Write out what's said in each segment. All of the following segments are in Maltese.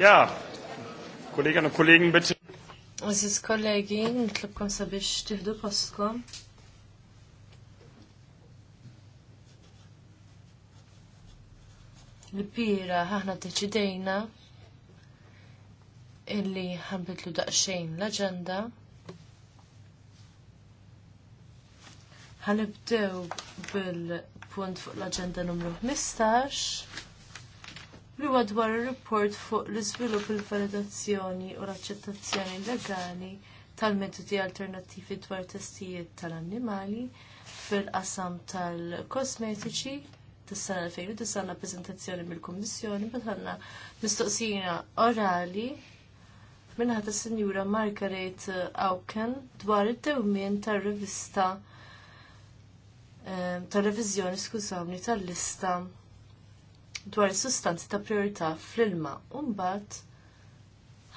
Ja, Kolleginnen und Kollegen, bitte. Aziz kollegi, nitlibkom sabiex tieħdu postkom. L-bira ħahna deċidejna illi ħanbidlu daqsxejn l-aġenda. Ħanibdew bil-punt fuq l-aġenda numru 15 li huwa dwar ir-rapport fuq l-iżvilupp il-validazzjoni u l-aċċettazzjoni legali tal-metodi alternattivi dwar testijiet tal-annimali fil-qasam tal-kosmetiċi tas-sena 2009 għandna preżentazzjoni mill-Kummissjoni meta għandna mistoqsija orali minnaħat tas-Sinjura Margaret Auken dwar id-dewmien tar-rivista eh, tar-reviżjoni, skużawni, tal-lista dwar is-sustanzi ta' priorità fl-ilma. u mbagħad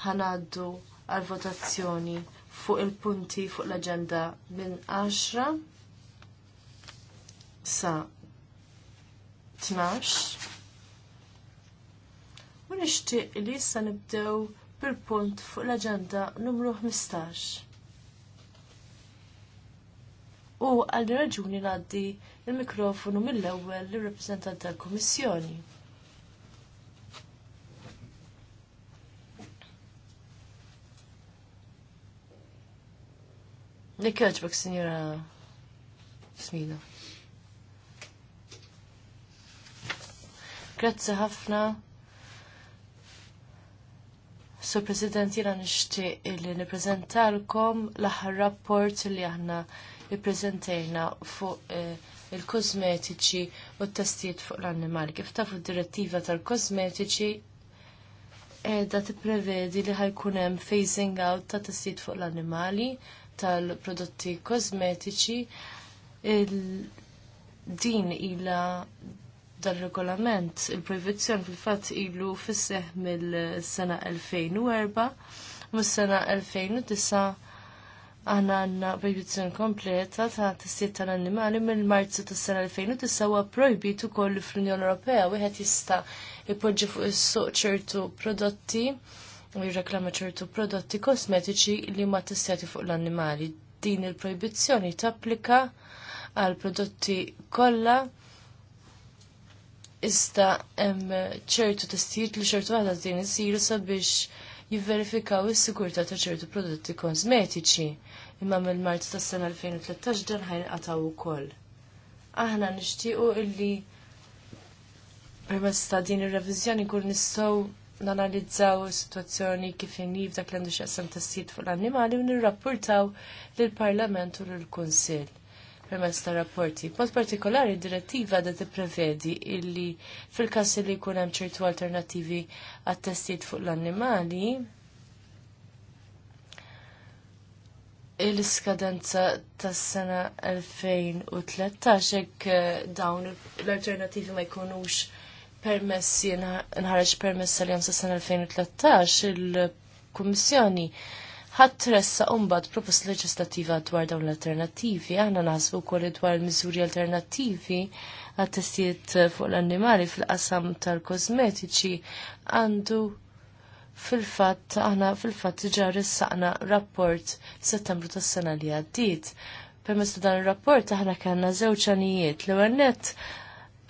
ħanaddu għal votazzjoni fuq il-punti fuq l-aġenda minn 10 sa 12. U nixtieq li issa nibdew bil-punt fuq l-aġenda numru 15. U għal raġuni ngħaddi l mikrofonu mill-ewwel lir-rappreżentant tal-Kummissjoni. Li kħedġbek, signora Smina. Grazzi ħafna. So, President, jena nishtiq li niprezentalkom l-aħħar rapport li aħna niprezentajna fuq eh, il-kosmetiċi u t-testijiet fuq l-annimali. Kif tafu d-direttiva tal-kosmetiċi edha t-prevedi li ħajkunem phasing out ta' testijiet fuq l-annimali tal-prodotti kosmetiċi din ila dal-regolament il-proibizzjoni fil-fatt ilu fisseħ mill-sena 2004 u mis-sena 2009 għana għanna proibizjoni kompleta ta' testiet tal-annimali mill-Marzu tas sena 2009 huwa projbit ukoll fl-Unjoni Ewropea wieħed jista' jpoġġi fuq is-suq ċertu prodotti u jirreklama ċertu prodotti kosmetiċi li ma testjati fuq l-annimali. Din il-proibizzjoni tapplika għal prodotti kollha Ista hemm ċertu testijiet li ċertu għadha din isiru sabiex jivverifikaw is-sigurtà ta' ċertu prodotti kosmetiċi imma mill-Mart tas-sena 2013 dan ħajnqataw ukoll. Aħna nixtiequ illi permezz ta' din ir-reviżjoni kur nistgħu nanalizzaw situazzjoni kif inni dak l għandu xaqsam tassijiet fuq l-annimali u nirrapportaw lill-Parlament u lill-Kunsill permezz ta' rapporti. Mod partikolari direttiva da tipprevedi illi fil-każ li jkun hemm ċertu alternattivi għat-testijiet fuq l-annimali, il-skadenza tas-sena 2013 hekk eh, dawn l-alternattivi ma jkunux permess jena nħarġ permess għal-jom sa' 2013 il-Kummissjoni ħat tressa umbad propost leġislativa dwar dawn l-alternativi, aħna naħsbu wkoll dwar miżuri alternativi għat-testijiet fuq l-annimali fil-qasam tal-kosmetiċi għandu fil-fatt aħna fil fat ġa ressaqna rapport settembru tas-sena li għaddiet. Permess ta' dan ir-rapport aħna kellna żewġ l ewwel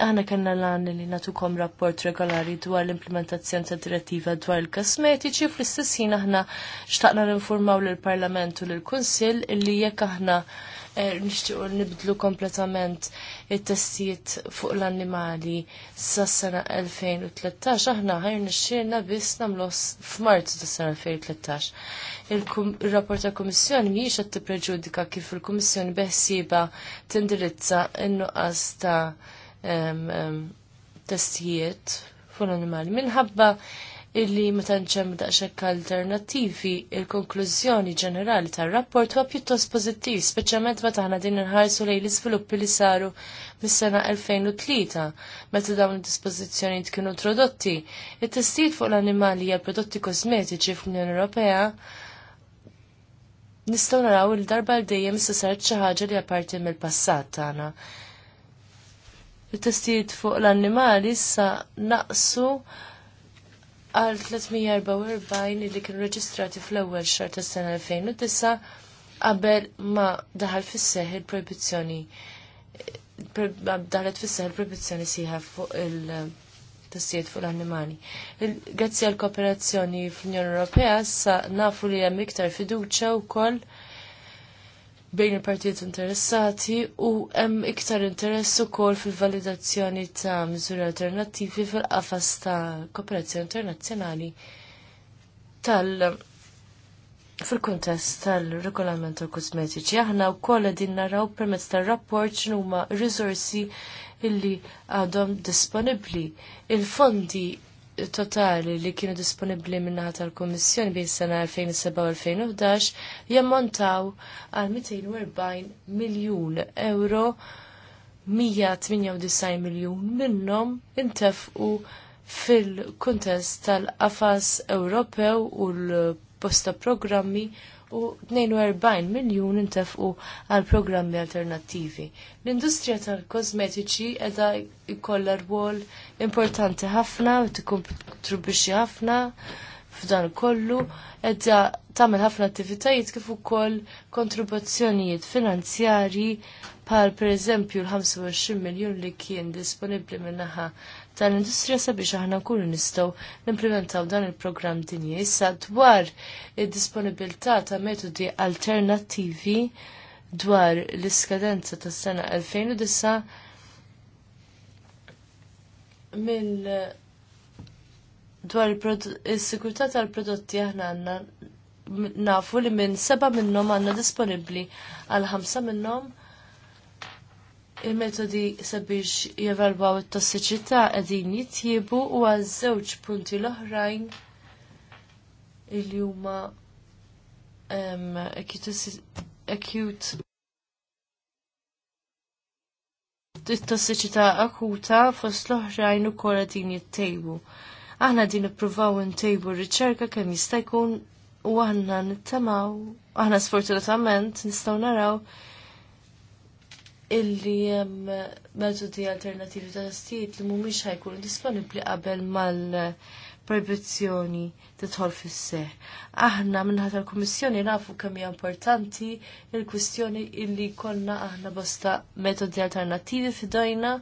Għana kanna l-għan li natukom rapport regolari dwar l-implementazzjoni ta' direttiva dwar il-kosmetiċi fl-istess ħin aħna xtaqna l-informaw l-Parlament u l-Kunsill li jekk aħna eh, nixtiequ nibdlu kompletament it-testijiet fuq l-annimali sas-sena 2013 aħna ħajr nixxirna biss namlos f'Marzu tas-sena 2013. Il-rapport ta' Kummissjoni mhijiex qed tippreġudika kif il-Kummissjoni beħsieba tindirizza n-nuqqas ta' testijiet fuq l-animali. Minħabba illi meta nċem daqshekk alternattivi, il-konklużjoni ġenerali tar-rapport huwa pjuttost pożittiv, speċjalment meta aħna din inħarsu lejn l-iżviluppi li saru mis-sena 2003 meta dawn id-dispożizzjonijiet kienu introdotti. It-testijiet fuq l-animali għal prodotti kosmetiċi fl-Unjoni Ewropea nistgħu naraw il-darba l dejjem issa saret xi ħaġa li apparti mill-passat tagħna il-testijiet fuq l-annimali issa naqsu għal 344 li kienu reġistrati fl-ewwel xar tas-sena 2009 qabel ma daħal fis-seħ il-proibizzjoni daħlet fis-seħ il-proibizzjoni siħa fuq il-testijiet fuq l-annimali. Grazzi għal kooperazzjoni fl-Unjoni Ewropea issa nafu li hemm iktar fiduċja wkoll koll bejn il-partijiet interessati u hemm iktar interess ukoll fil-validazzjoni ta' miżuri alternattivi fil-qafas ta' kooperazzjoni internazzjonali tal- fil-kuntest tal-regolament tal-kosmetiċi. Aħna wkoll qegħdin naraw permezz tar-rapport x'inhuma r-riżorsi illi għadhom disponibbli. Il-fondi totali li kienu disponibli minnaħa tal-Kommissjoni bejn sena 2007-2011 jammontaw għal 240 miljun euro 198 miljun minnhom intefqu fil-kuntest tal afas Ewropew u l-posta programmi u 42 miljun intefqu għal programmi alternattivi. L-industrija tal-kosmetiċi edha jkollha rwol importanti ħafna u tikkontribwixxi ħafna f'dan kollu edha tagħmel ħafna attivitajiet kif ukoll kontribuzzjonijiet finanzjarji bħal pereżempju l-25 miljun li kien disponibbli min-naħa tal-industrija sabiex aħna nkunu nistgħu nimplementaw dan il-programm dinji. Issa dwar id-disponibilità ta' metodi alternattivi dwar l-iskadenza tas sena 2009 mill dwar il-sigurtà tal-prodotti aħna għandna nafu li minn seba minnhom għandna disponibbli għal ħamsa minnhom il-metodi sabiex jevalwaw it-tossiċità qegħdin jitjiebu u għal żewġ punti l-oħrajn li huma acute it-tossiċità akuta fost l-oħrajn ukoll qegħdin jittejbu. Aħna din nippruvaw ntejbu r-riċerka kemm jista' jkun u aħna nittamaw, aħna sfortunatament nistgħu naraw illi hemm metodi alternativi ta' testijiet li mhumiex ħajkun disponibbli qabel mal-proibizzjoni tidħol fis-seħ. Aħna minnħat l kummissjoni nafu kemm hija importanti il-kwistjoni illi konna aħna bosta metodi alternativi fidajna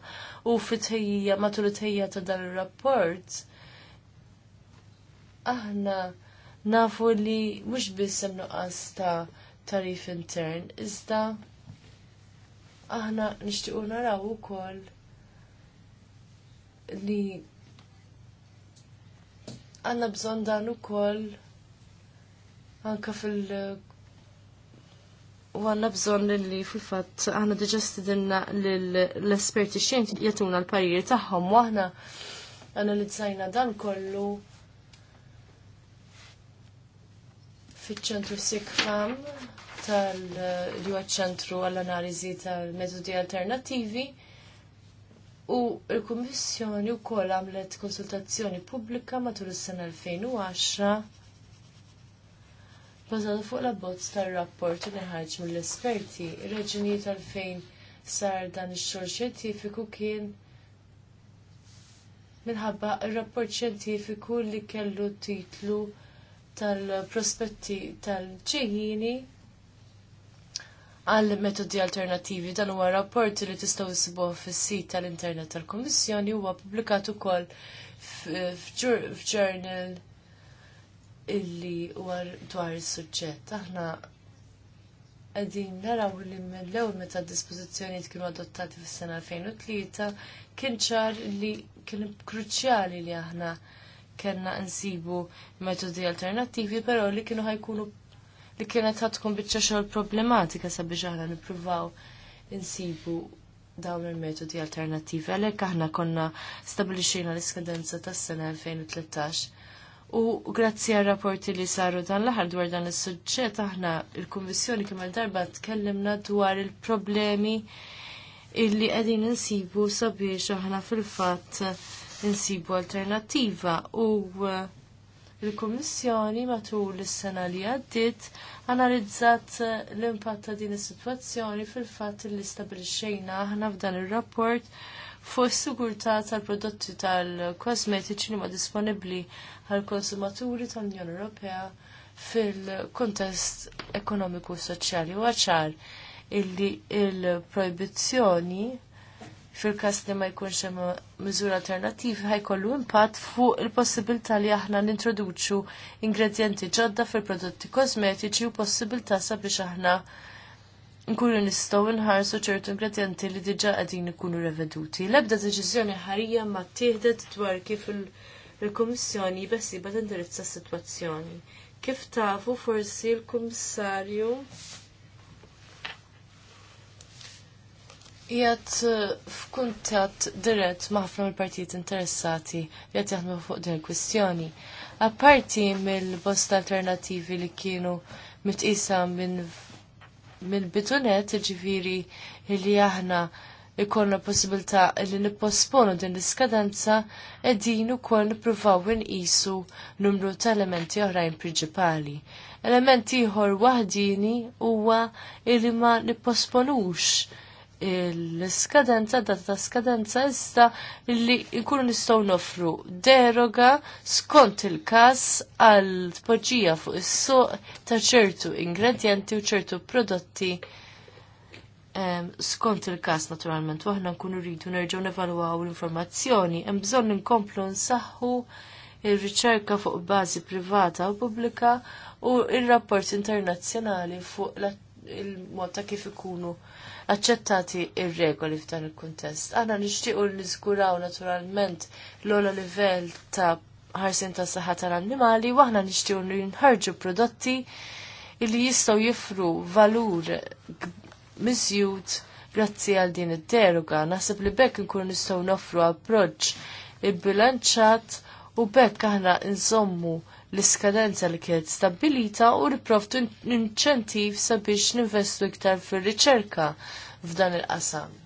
u fit matul it ta' dan ir-rapport. Aħna nafu li mhux biss hemm nuqqas ta' tarif intern, iżda aħna nixtiequ naraw ukoll li għanna bżon dan ukoll anka fil- u għanna bżon li fil-fat għanna diġa stidinna l-esperti xient jatuna l-parir taħħom u aħna analizzajna dan kollu fiċ-ċentru Sikfam tal-li ċentru għall-analiżi tal-metodi alternattivi u l-Kummissjoni wkoll għamlet konsultazzjoni pubblika matul is-sena 2010 bażata fuq l-abbozz tar-rapport li ħarġ mill-esperti. ir tal-fejn sar dan ix-xogħol xjentifiku kien minħabba r-rapport xjentifiku li kellu titlu tal-prospetti tal-ċejjini tal prospetti tal ċejjini għal metodi alternativi dan huwa rapport li tistgħu issibuh fis-sit tal-internet tal-Kummissjoni huwa pubblikat ukoll f'journal illi huwa dwar is-suġġett. Aħna qegħdin naraw li mill-ewwel meta d-dispożizzjonijiet kienu adottati fis-sena 2003 kien ċar li kien kruċjali li aħna kellna nsibu metodi alternattivi però li kienu ħajkunu li kienet ħat tkun biċċa xogħol problematika sabiex aħna nippruvaw insibu dawn il-metodi alternattivi għalhekk aħna konna stabilixxejna l-iskadenza tas-sena 2013 U grazzi għal rapporti li saru dan l-aħħar dwar dan is-suġġett aħna il-Kummissjoni kemm darba tkellimna dwar il-problemi illi qegħdin insibu sabiex aħna fil-fatt insibu alternattiva u uh, Il-Kummissjoni matul is-sena li għaddiet analizzat l-impatt ta' din is-sitwazzjoni fil-fatt li stabilixxejna aħna f'dan ir-rapport fuq is-sigurtà tal-prodotti tal-kosmetiċi li ma disponibbli għall-konsumaturi tal-Unjoni Ewropea fil-kontest ekonomiku soċjali u għaċar illi il-projbizzjoni il proibizzjoni il projbizzjoni fil-kas li ma jkunx hemm miżur alternattiv ħajkollu impatt fuq il-possibilità li aħna nintroduċu ingredjenti ġodda fil-prodotti kosmetiċi u possibilità sabiex aħna nkunu nistgħu nħarsu ċertu ingredjenti li diġà qegħdin ikunu reveduti. L-ebda deċiżjoni ħarija ma tieħdet dwar kif il-Kummissjoni besiba tindirizza s-sitwazzjoni. Kif tafu forsi l-Kummissarju jgħat eh, f'kuntat dirett maħfna mill-partijiet interessati li jgħat jaħdmu fuq din il-kwistjoni. Apparti mill-bosta alternativi li kienu mitqisa mill-bitunet ġifiri li aħna ikonna possibilità li nipposponu din l-iskadenza din u kol nipruvaw nqisu numru ta' elementi oħrajn prinċipali. Elementi ieħor waħdini huwa li ma nipposponux l-skadenza, data ta' skadenza, iżda li jkunu nistgħu nofru deroga skont il-każ għal tpoġġija fuq is-suq ta' ċertu ingredjenti u ċertu prodotti skont il-każ naturalment waħna nkunu rridu nerġgħu nevalwaw l-informazzjoni hemm bżonn inkomplu nsaħħu ir-riċerka fuq bażi privata u pubblika u r rapport internazzjonali fuq il-mod ta' kif ikunu aċċettati ir-regoli f'dan il-kuntest. Aħna nixtiequ niżguraw naturalment l-ola livell ta' ħarsin ta' saħħa tal-annimali u aħna nixtiequ li nħarġu prodotti li jistgħu jifru valur miżjud grazzi għal din id-deroga. Naħseb li bekk nkunu nistgħu nofru approċċ il-bilanċat u bekk aħna nżommu l-iskadenza li kienet stabilita u riprovtu inċentiv sabiex ninvestu iktar fil-riċerka f'dan il-qasam.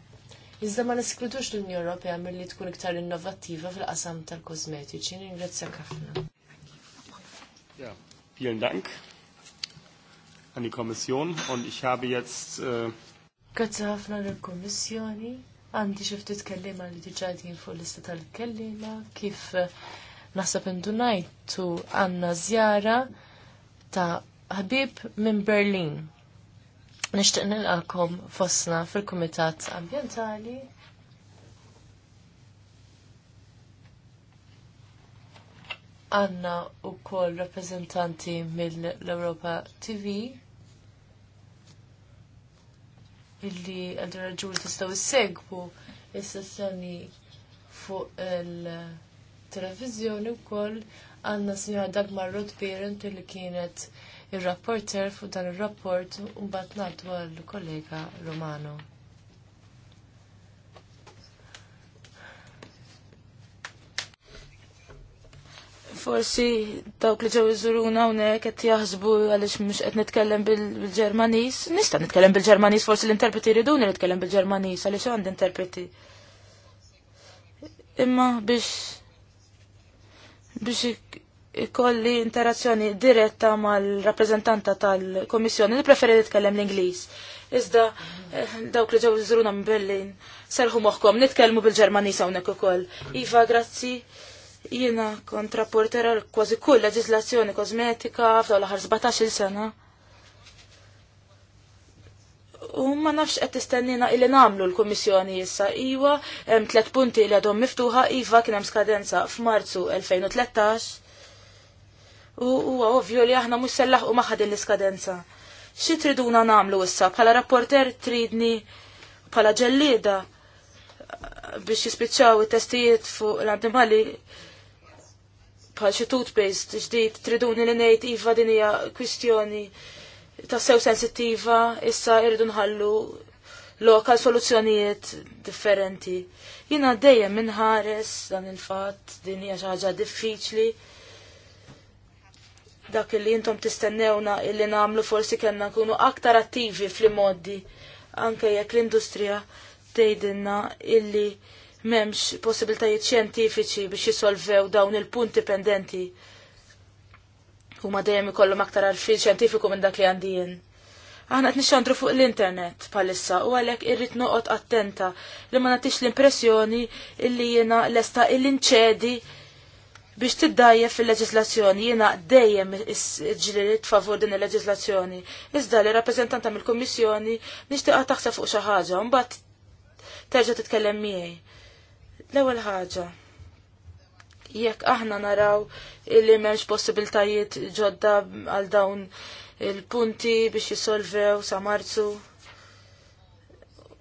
Iżda ma neskludux l-Unjoni Ewropea milli tkun iktar innovattiva fil-qasam tal-kosmetiċi. Ningrazzjak ħafna. Ja, vielen Dank an die Kommission und ich habe jetzt äh, Grazzi ħafna lill-Kummissjoni. Għandi xi ftit kellima li diġà fuq l-lista tal-kellima kif Naħseb indunajtu għanna zjara ta' ħbib minn Berlin. Nishtiq nilqakom fosna fil-Kumitat Ambientali. Għanna u kol rappresentanti mill-Europa TV illi għaddu raġuni tistaw segwu is-sessjoni fuq il- televizjoni wkoll għandna sinjora Dagmar Rothparent li kienet ir-rapporter fuq dan ir-rapport u mbagħad ngħaddu għall-kollega Romano. forsi dawk li ġew iżuruna hawnhekk qed jaħsbu għaliex mhux qed nitkellem bil-Ġermaniż. Nista' nitkellem bil-Ġermaniż forsi l-interpreti jriduni nitkellem bil-Ġermaniż għaliex għandi interpreti. Imma biex biex ikolli interazzjoni diretta mal-rappreżentanta tal-Komissjoni, preferi nitkellem l-Ingliż. Iżda eh, dawk li ġew iżruna minn Berlin, serħu moħħkom, nitkellmu bil-Ġermanis hawnhekk ukoll. Iva, grazzi. Jiena kontrapportera kważi kull leġislazzjoni kosmetika f'dawn l-aħħar 17-il sena. U ma nafx qed tistennina illi namlu l-Kummissjoni issa iwa hemm tliet punti li għadhom miftuħa iva kien hemm skadenza f'Marzu 2013. U huwa ovvju li aħna mhux u maħad din l-iskadenza. Xi triduna namlu issa bħala rapporter tridni bħala ġellieda biex jispiċċaw it-testijiet fuq l antimali bħal xi toothpaste ġdid triduni li ngħid iva din hija kwistjoni ta' sew sensittiva, issa irridu nħallu lokal soluzzjonijiet differenti. Jina dejjem minħares dan il-fatt, din hija xi ħaġa diffiċli. Dak li intom tistennewna illi namlu forsi kellna nkunu aktar attivi fl-modi anke jekk l-industrija tgħidilna illi m'hemmx possibiltajiet xjentifiċi biex jisolvew dawn il-punti pendenti huma dejjem ikollhom aktar għalfil xjentifiku minn dak li għandijin. Aħna qed nixxandru fuq l-internet bħalissa u għalhekk irrid noqgħod attenta li ma nagħtix l-impressjoni illi jiena lesta illi nċedi biex tiddajjef fil-leġislazzjoni jiena dejjem ġlilit favur din il-leġislazzjoni. Iżda li rappreżentanta mill-Kummissjoni nixtieqa taħseb fuq xi ħaġa u mbagħad terġa' titkellem miegħi. L-ewwel ħaġa jekk aħna naraw li m'hemmx possibiltajiet ġodda għal dawn il-punti biex jisolvew sa marzu.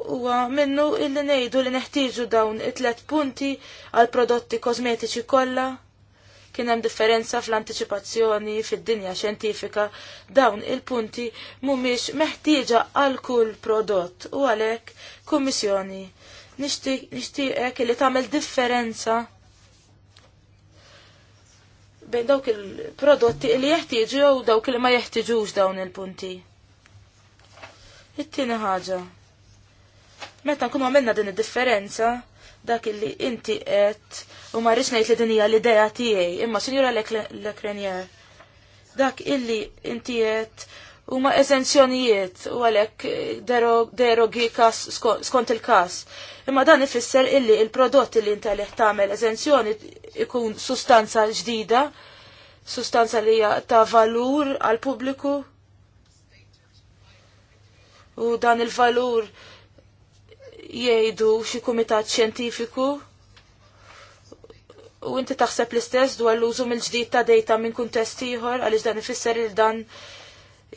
Huwa minnu illi ngħidu li neħtieġu dawn it-tlet punti għal prodotti kosmetiċi kollha kien hemm differenza fl-antiċipazzjoni fid-dinja xjentifika dawn il-punti mhumiex meħtieġa għal kull prodott u għalhekk kummissjoni nixtieqek li tagħmel differenza bejn dawk il-prodotti li jeħtieġu jew dawk li ma jeħtieġux dawn il-punti. It-tieni ħaġa. Meta nkunu għamilna din id-differenza, dak li inti qed u ma rridx ngħid li din hija l-idea tiegħi, imma Sinjura Lekrenjer, dak illi inti qed huma eżenzjonijiet u għalhekk eh, derogi kas skont il-każ. Imma dan ifisser illi il-prodotti li inta leħ tagħmel eżenzjoni ikun sustanza ġdida, sustanza li hija ta' valur għal pubbliku. U dan il-valur jgħidu xi kumitat xjentifiku u inti taħseb l-istess dwar l-użu mill-ġdid ta' dejta minn kuntest ieħor għaliex dan ifisser il dan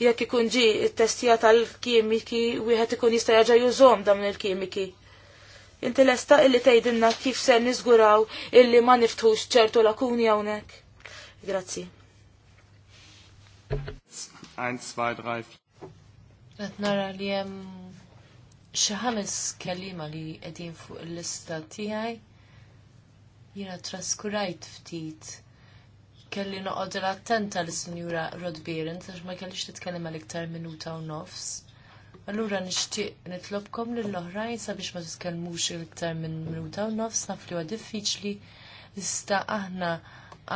jekk ikun ġi testija tal-kimiki wieħed ikun jista' jerġa' jużhom dawn il-kimiki. Inti lesta illi tgħidilna kif se niżguraw illi ma niftux ċertu lakuni hawnhekk. Grazzi. 1, Qed nara li hemm xi ħames kelliema li qegħdin fuq il-lista tiegħi jiena traskurajt ftit kelli noqgħod attenta lis sinjura Rodbirin għax ma kellix titkellem għal iktar minuta u nofs. Allura nixtieq nitlobkom lill oħrajn sabiex ma titkellmux iktar minn minuta u nofs naf li huwa diffiċli iżda aħna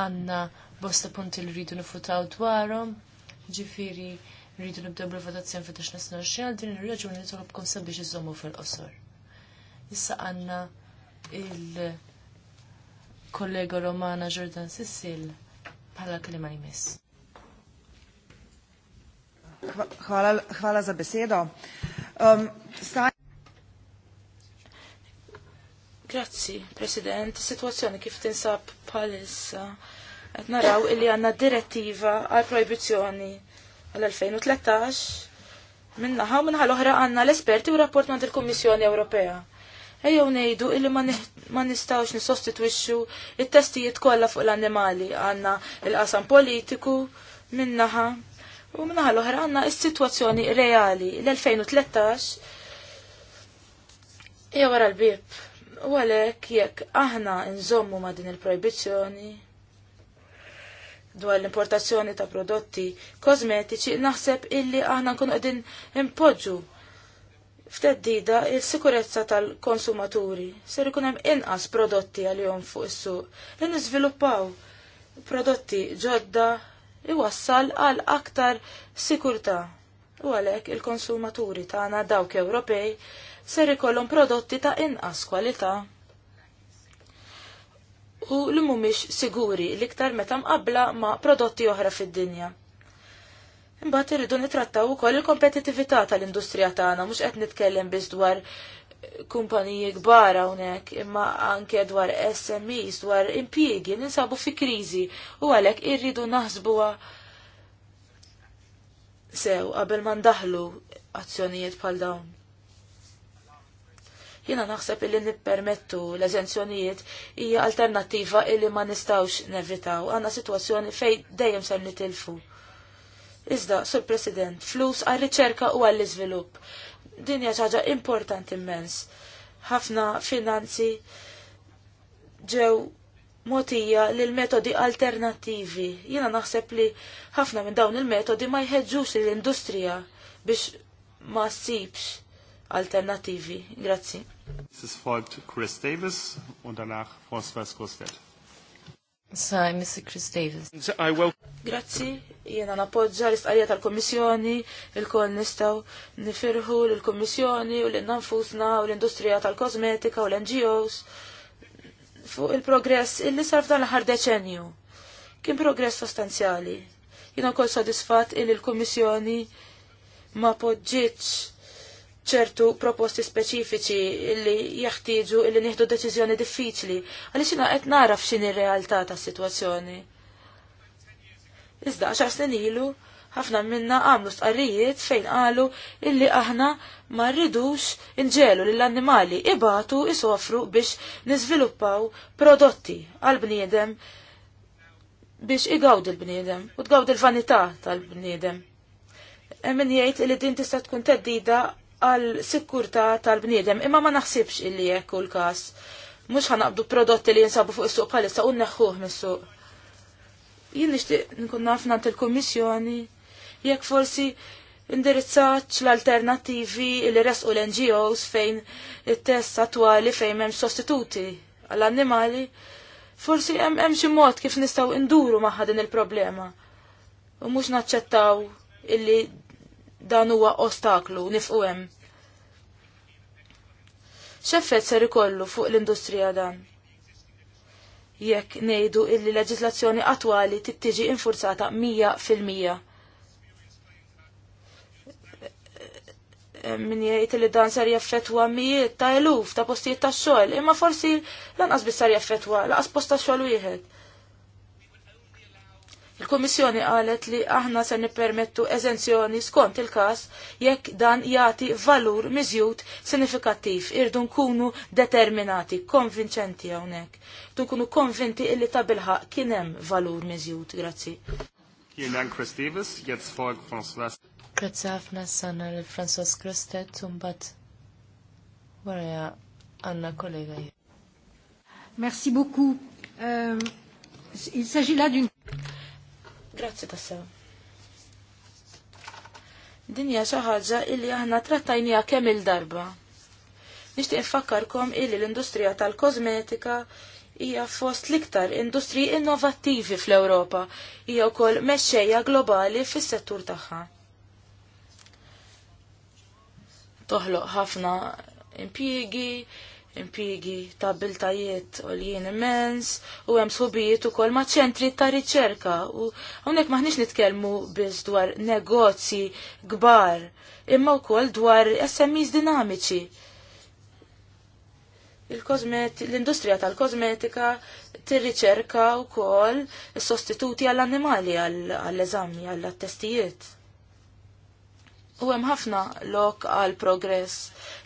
għandna bosta punti li rridu nifutaw dwarhom, ġifieri rridu nibdew bil-votazzjoni fetax nisna xejn din ir-raġuni nitolobkom sabiex iżommu fil-qosor. Issa għandna il-kollega Romana Jordan Sissil bħala kelima jmiss. Hvala za besedo. Grazie, um, Grazzi, President. Situazzjoni kif tinsab palissa. Et naraw illi għanna direttiva għal proibizjoni għal-2013 minnaħa minnaħa l-oħra għanna l-esperti u rapport mant il-Kommissjoni Ewropea. Ejjew ngħidu illi ma nistgħux nisostitwixxu it-testijiet kollha fuq l-annimali għandna il-qasam politiku minnaħa u minnaħa l-oħra għandna is-sitwazzjoni reali l-2013 hija wara l-bib. U għalhekk jekk aħna nżommu ma' din il-projbizzjoni dwar l-importazzjoni ta' prodotti kosmetiċi naħseb illi aħna nkunu qegħdin impoġġu F'teddida il-sikurezza tal-konsumaturi ser ikun hemm inqas prodotti għalihom fuq is-suq li niżviluppaw prodotti ġodda iwassal għal aktar sikurtà. U għalhekk il-konsumaturi tagħna dawk Ewropej ser ikollhom prodotti ta' inqas kwalità u li mhumiex siguri l-iktar meta mqabbla ma' prodotti oħra fid-dinja. Imbagħad irridu nitrattaw ukoll il-kompetittività tal-industrija tagħna mhux qed nitkellem biss dwar kumpaniji kbar hawnhekk imma anke dwar SMEs dwar impjiegi ninsabu fi kriżi u għalhekk irridu naħsbuha sew qabel ma ndaħlu azzjonijiet bħal dawn. Jiena naħseb illi nippermettu l-eżenzjonijiet hija alternattiva illi ma nistgħux nevitaw għandna sitwazzjoni fejn dejjem ser nitilfu Iżda, sur President, flus għal riċerka u għall iżvilupp Din hija ħaġa importanti immens. Ħafna finanzi ġew motija lil metodi alternattivi. Jiena naħseb li ħafna minn dawn il-metodi ma jħeġġux l-industrija biex ma ssibx alternattivi. Grazzi. This is Chris Davis und danach François Grossfeld. Saj, Mr. Chris Davis. Grazzi, jena napoġġa l-istqarrija tal-Komissjoni, il-kol nistaw nifirħu l-Komissjoni u l-innanfusna u l-industrija tal-kosmetika u l-NGOs fuq il-progress illi sarf dan l-ħar deċenju. Kien progress sostanzjali. Jena kol sodisfat illi l-Komissjoni ma poġġiċ ċertu proposti speċifiċi li jaħtieġu illi nieħdu deċiżjoni diffiċli għaliex xina qed nara f'xini ir realtà tas-sitwazzjoni. Iżda għaxar snin ilu ħafna minna għamlu stqarrijiet fejn qalu illi aħna ma rridux inġelu lill annimali ibatu isofru biex niżviluppaw prodotti għal bniedem biex igawd il-bniedem u tgawd il-vanità tal-bniedem. Emmin jgħid li din tista' tkun teddida għal sikkurta tal-bniedem, imma ma naħsibx illi jekk u l-kas. Mux ħanaqbdu prodotti li jinsabu fuq is-suq bħalissa u neħħuh mis-suq. Jien nixtieq nkun nafna il-Kummissjoni jekk forsi indirizzat l-alternativi li resqu l-NGOs fejn it-test attuali fejn hemm sostituti għall-annimali, forsi hemm xi mod kif nistgħu induru maħħa din il-problema. U mhux naċċettaw illi dan huwa ostaklu nifqu hemm. X'effett ser ikollu fuq l-industrija dan? Jekk ngħidu illi leġislazzjoni attwali tittiġi infurzata mija fil-mija. Min jgħid li dan ser jaffettwa mijiet ta' eluf ta' postijiet ta' xogħol, imma forsi lanqas biss ser jaffettwa laqas post ta' xogħol wieħed Il-Komissjoni qalet li aħna se nippermettu eżenzjoni skont il-każ jekk dan jagħti valur miżjud sinifikattiv irdu nkunu determinati, konvinċenti hawnhekk. Tu nkunu konvinti illi ta' bilħaq kien hemm valur miżjud. Grazzi. Grazzi Dank, Chris ħafna sana l François Crostet un bat wara għanna kollega. Merci beaucoup. Euh, il s'agit là d'une Grazzi sew. Dinja xi ħaġa illi aħna trattajnija kemm il-darba. Nixtieq infakkarkom illi l-industrija tal-kosmetika hija fost l-iktar industriji innovattivi fl-Ewropa, hija wkoll mexxejja globali fis-settur tagħha. Toħloq ħafna impjiegi, impigi ta' biltajiet u li jien immens u hemm subijiet ukoll ma' ċentri ta' riċerka u hawnhekk maħniex nitkellmu biss dwar negozji kbar imma wkoll dwar SMEs dinamiċi. L-industrija tal-kosmetika tirriċerka wkoll is-sostituti għall-annimali għall-eżami għall-attestijiet. U hemm ħafna lok għal progress.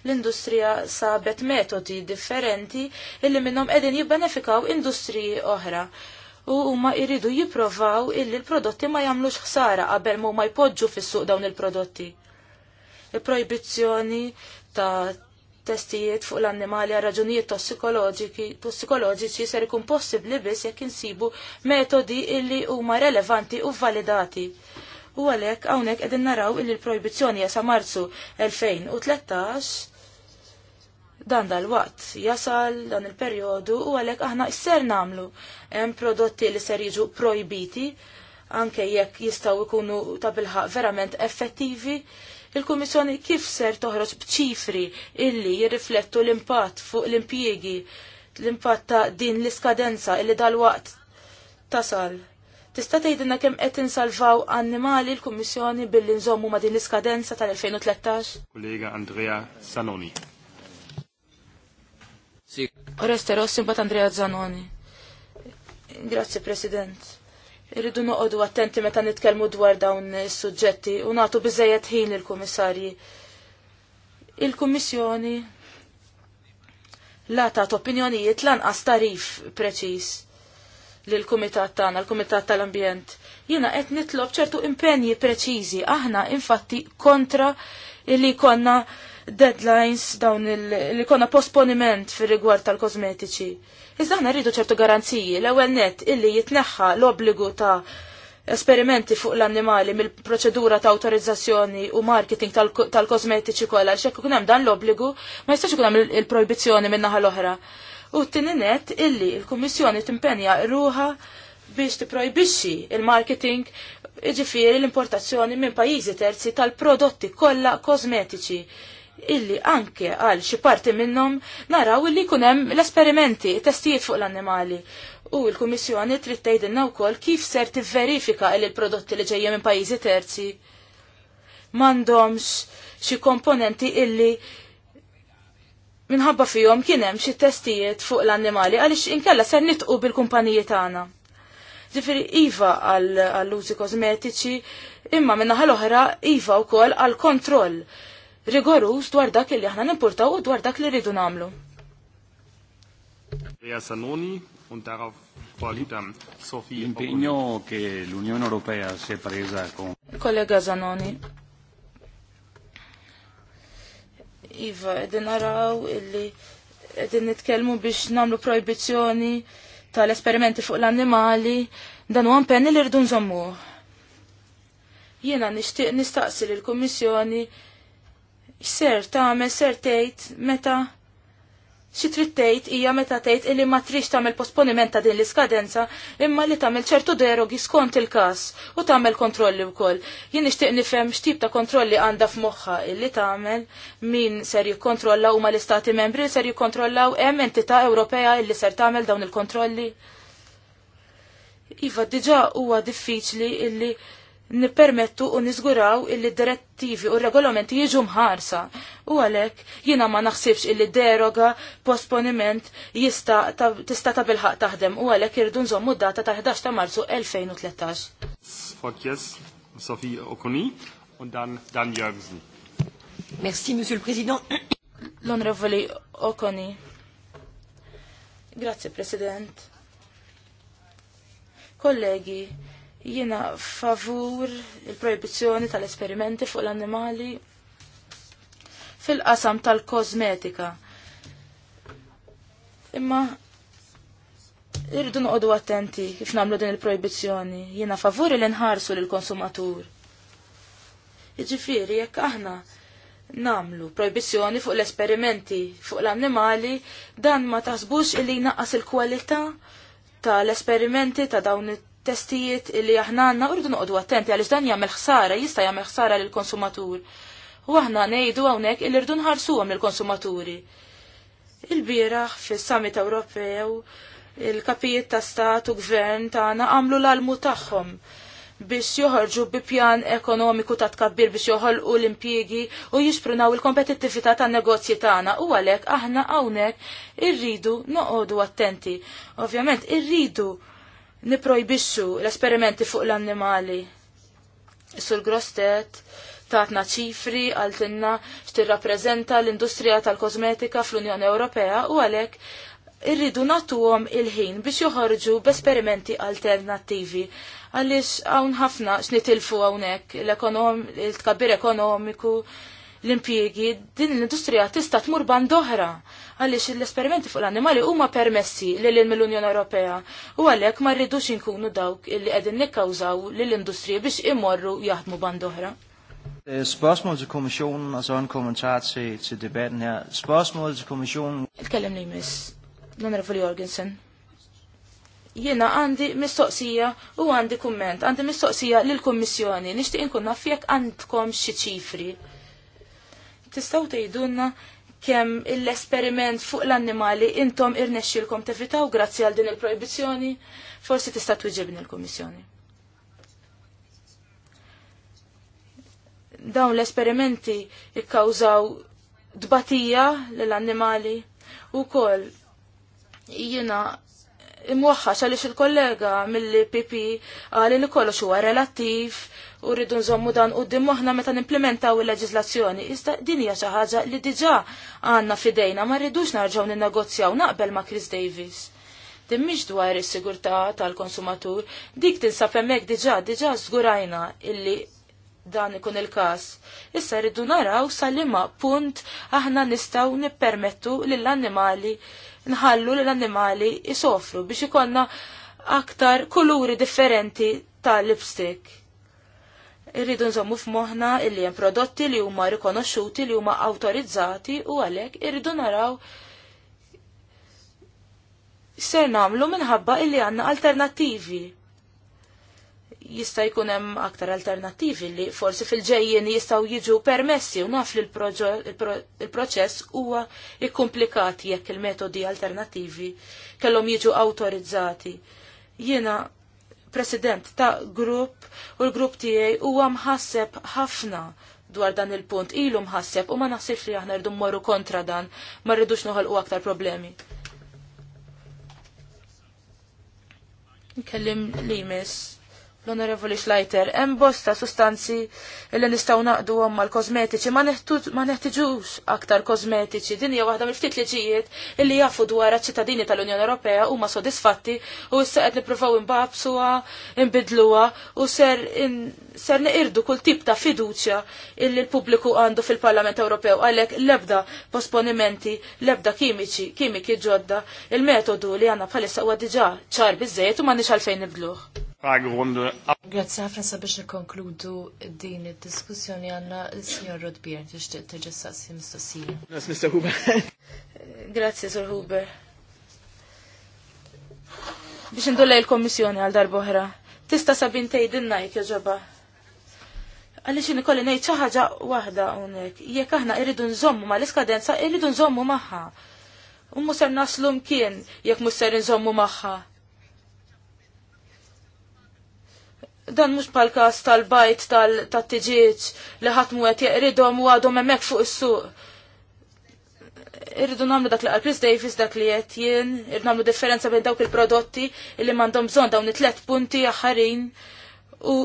L-industrija sabet metodi differenti illi minnhom qegħdin jibbenefikaw industriji oħra. U huma jridu jipprovaw illi l-prodotti ma jagħmlux ħsara qabel ma huma jpoġġu fis-suq dawn il-prodotti. Il-projbizzjoni ta' testijiet fuq l-annimali għal raġunijiet tossikoloġiċi ser ikun possibbli biss jekk insibu metodi illi huma relevanti u validati u għalhekk hawnhekk qegħdin naraw illi l-projbizzjoni sa Marzu 2013 dan dal-waqt jasal dan il-perjodu u għalhekk aħna isser namlu hemm prodotti li ser jiġu projbiti anke jekk jistgħu jkunu ta' bilħaq verament effettivi il-Kummissjoni kif ser toħroġ b'ċifri illi jirriflettu l-impatt fuq l-impjiegi, l-impatt ta' din l-iskadenza illi dal-waqt tasal Tista' tgħidilna kemm qed insalvaw annimali l-Kummissjoni billi nżommu ma' din l-iskadenza tal-2013? Kollega Andrea Zanoni. Oreste Rossi mbagħad Andrea Zanoni. Grazzi President. Irridu noqogħdu attenti meta nitkellmu dwar dawn is-suġġetti u nagħtu biżejjed ħin lill-kummissarji. Il-Kummissjoni la tat opinjonijiet lanqas tarif preċiż lill-kumitat tagħna, l-kumitat tal-ambjent. Jiena qed nitlob ċertu impenji preċiżi. Aħna infatti kontra li konna deadlines dawn li konna posponiment fir rigward tal-kosmetiċi. Iżda aħna rridu ċertu garanziji l-ewwel net illi jitneħħa l-obbligu ta' esperimenti fuq l-annimali mill-proċedura ta' autorizzazzjoni u marketing tal-kosmetiċi kollha għal xekk ikun hemm dan l-obbligu ma jistax ikun hemm il-projbizzjoni min-naħa l-oħra. U t-tininet illi l-Kummissjoni timpenja ruha biex tiprojbixxi il-marketing iġifieri l-importazzjoni minn pajjiżi terzi tal-prodotti kollha kosmetiċi illi anke għal xi parti minnhom naraw illi jkun hemm l-esperimenti, testijiet fuq l-annimali. U l-Kummissjoni trid tgħidilna wkoll kif ser tivverifika li l-prodotti li ġejjin minn pajjiżi terzi m'għandhomx xi komponenti illi minħabba fihom kien hemm xi testijiet fuq l-annimali għaliex inkella ser nitqu bil-kumpaniji tagħna. Ġifieri iva għall-użi kosmetiċi, imma minnaħa l-oħra iva wkoll għall kontroll rigorus dwar dak li aħna nimpurtaw u dwar dak li rridu nagħmlu. Andrea un L'impegno che l'Unione Europea si è presa con Kollega Zanoni, Iva, edin naraw illi edin nitkelmu biex namlu proibizjoni tal-esperimenti fuq l-annimali, dan huwa impenni li rridu nżommu. Jiena nixtieq nistaqsi lill kummissjoni ser me ser tgħid meta xi trid tgħid hija meta tgħid illi ma trix tagħmel posponiment ta' din l-iskadenza imma li tagħmel ċertu derogi skont il-każ u tagħmel kontrolli wkoll. Jien nixtieq nifhem x'tip ta' kontrolli għandha f'moħħa illi tagħmel min ser jikkontrollaw huma l-istati membri li ser jikkontrollaw hemm entità Ewropea illi ser tagħmel dawn il-kontrolli. Iva, diġà huwa diffiċli illi nippermettu u niżguraw illi direttivi u regolamenti jiġu mħarsa. U għalhekk jiena ma naħsibx illi deroga posponiment jista' tista' ta' bilħaq taħdem u għalhekk irridu nżommu data ta' 11 ta' Marzu 2013. Fokjes, Sofi Okuni u dan Dan Jörgzi. Merci, Monsieur le Président. L'Onorevoli Okoni. Grazie, President. Kollegi, Jiena favur il-proibizzjoni tal-esperimenti fuq l-annimali fil-qasam tal-kosmetika. Imma irridu noqogħdu attenti kif nagħmlu din il-proibizzjoni. Jiena favur li nħarsu lill konsumatur Jiġifieri jekk aħna namlu proibizzjoni fuq l-esperimenti fuq l-annimali, dan ma taħsbux illi naqqas il-kwalità tal-esperimenti ta' dawn it testijiet li aħna għanna urdu noqdu attenti għaliex dan jagħmel ħsara, jista' jagħmel ħsara lil konsumatur. U aħna ngħidu hawnhekk li rdu nħarsuhom lil konsumaturi. Il-bieraħ fis-Summit Ewropew il-kapijiet ta' stat u gvern tagħna għamlu l-almu tagħhom biex joħorġu bi pjan ekonomiku ta' tkabbir biex joħolqu l-impjiegi u jisprunaw il-kompetittività ta' negozji tagħna u għalhekk aħna hawnhekk irridu noqogħdu attenti. Ovvjament irridu niprojbissu l-esperimenti fuq l-annimali. Sur Grostet tatna ċifri għaltinna x'tirrappreżenta l-industrija tal-kosmetika fl-Unjoni Ewropea u għalhekk irridu nagħtuhom il-ħin biex joħorġu b'esperimenti alternattivi għaliex hawn ħafna x'nitilfu hawnhekk l-tkabbir ekonomiku, l-impjiegi din l-industrija tista' tmur band oħra għaliex l-esperimenti fuq l-annimali huma permessi lil mill-Unjoni Ewropea u għalhekk ma rridux inkunu dawk illi qegħdin nikkawżaw lill industriji biex imorru jaħdmu band oħra. Eh, spørgsmål til kommissionen, og så en kommentar til, til debatten her. Spørgsmål til kommissionen... Itkellem li, miss. l Jorgensen. Jena għandi mistoqsija u għandi komment. Għandi mistoqsija lill kommissjoni Nishtiq inkun naf jekk għandkom xi ċifri Tistaw tgħidulna kemm l-esperiment fuq l-annimali intom irnexxilkom tevitaw grazzi għal din il-proibizzjoni, forsi tista' twiġibni l-Kummissjoni. Dawn l-esperimenti ikkawżaw dbatija l-annimali u kol jina imwaxħax għaliex il-kollega mill-PP għali li kollox huwa relattiv u rridu nżommu dan u dimmoħna meta nimplementaw il leġizlazzjoni Iżda din hija xi ħaġa li diġà għandna fidejna ma rridux narġgħu ninnegozjaw naqbel ma' Chris Davis. Din mhix dwar is-sigurtà tal-konsumatur, dik tinsab hemmhekk diġà diġà żgurajna illi dan ikun il-każ. Issa rridu naraw sal punt aħna nistgħu nippermettu lill-annimali nħallu lill-annimali isofru biex ikonna aktar kuluri differenti tal-lipstick Irridu nżommu f'moħħna illi hemm prodotti li huma rikonoxxuti li huma awtorizzati u għalhekk irridu naraw ser nagħmlu minħabba illi għandna alternattivi jista' jkun hemm aktar alternattivi li forsi fil-ġejjien jistgħu jiġu permessi u naf li l-proċess huwa ikkumplikat jekk il-metodi alternattivi kellhom jiġu awtorizzati. Jiena president ta' grupp u l-grupp tiegħi huwa mħasseb ħafna dwar dan il-punt ilu mħasseb u ma naħsibx li aħna rridu mmorru kontra dan ma rridux noħolqu aktar problemi. Nkellim li miss l-Onorevoli Schleiter, hemm bosta sustanzi li nistgħu naqdu għom mal-kosmetiċi, ma neħtiġux aktar kosmetiċi. Din hija waħda mill-ftit liġijiet illi jafu dwar ċittadini tal-Unjoni Ewropea huma sodisfatti u issa qed nippruvaw imbabsuha, inbidluha u ser ser niqirdu kull tip ta' fiduċja illi l-pubbliku għandu fil-Parlament Ewropew għalhekk l-ebda posponimenti, l-ebda kimiċi, kimiki ġodda, il-metodu li għandna bħalissa u għadġa ċar biżejjed u m'għandniex għalfejn nibdluh. Grazzi ħafna sabiex nikkonkludu din id-diskussjoni għandna l sinjor Rodbier tixtieq tiġessaqsi mistoqsija. Grazzi Sur Huber. Biex ndullaj il-Kommissjoni għal darbohra. Tista sabin tejdinna jek joġoba. Għaliex li kolli ngħid xi ħaġa waħda hawnhekk. Jekk aħna irridu nżommu mal-iskadenza, irridu nżommu magħha. U mhux ser naslu mkien jekk mhux nżommu magħha. Dan mhux pal każ tal-bajt tal-tiġiġ li ħadd mu qed jeqridhom u għadhom hemmhekk fuq is-suq irridu namlu dak li għal Chris Davis dak li qed jien, irridu namlu differenza bejn dawk il-prodotti illi m'għandhom bżonn dawn it-tlet punti aħħarin u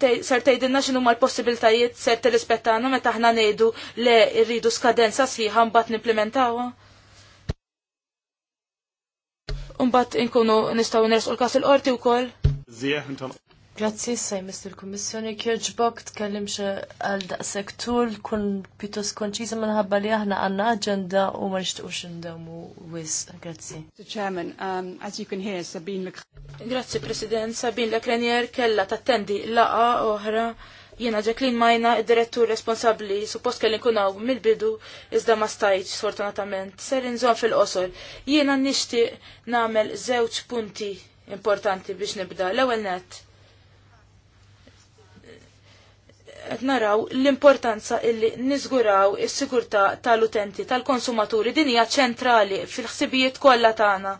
ser tgħidilna xinu ma l-possibiltajiet ser tirrispettana meta aħna ngħidu le rridu skadenza sħiħa mbagħad implementawa Mbagħad inkunu nistgħu nersqu l-każ il-qorti wkoll. Grazzi, sej Mr. Kommissjoni, kjoġbok tkellim għal daqsek tul, kun pitos konċiza minħabba li aħna għanna agenda u ma nishtuqx ndemu wiz. Grazzi. Mr. Chairman, um, as you can hear, Sabine Lecrenier. Grazzi, President. Sabine Lecrenier kella tattendi laqa oħra. Jena Jacqueline Majna, id-direttur responsabli, suppost kelli għaw mill-bidu, iżda ma stajċ, sfortunatament. Ser nżon fil-qosor. Jena nishti namel zewċ punti importanti biex nibda. L-ewel net qed naraw l-importanza illi niżguraw is-sigurtà tal-utenti tal-konsumaturi din hija ċentrali fil-ħsibijiet kollha tagħna.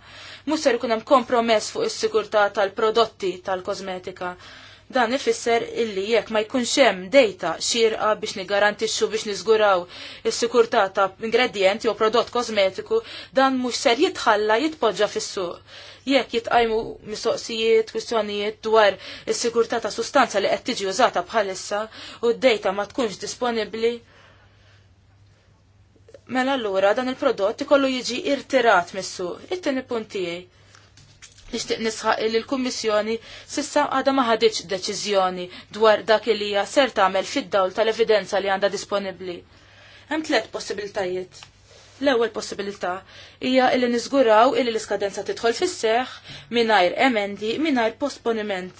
Mhux se ikun hemm kompromess fuq is-sigurtà tal-prodotti tal-kosmetika. tal prodotti tal kosmetika Dan ifisser illi jekk ma jkunx hemm dejta xirqa biex nigarantixxu biex niżguraw is-sikurtà ta' ingredient jew prodott kosmetiku, dan mhux ser jitħalla jitpoġġa fis-suq. Jekk jitqajmu mistoqsijiet, kwistjonijiet dwar is-sikurtà ta' sustanza li qed tiġi użata bħalissa u d-dejta ma tkunx disponibbli, Mela allura dan il-prodott ikollu jiġi irtirat mis-suq. It-tieni punt tiegħi Nixtieq nisħaq li l-Kummissjoni sissa għadha ma deċizjoni deċiżjoni dwar dak li hija ser tagħmel fid-dawl tal-evidenza li għandha disponibbli. Hemm tliet possibiltajiet. L-ewwel possibilità hija li niżguraw illi l-iskadenza tidħol fis-seħħ mingħajr emendi mingħajr postponiment.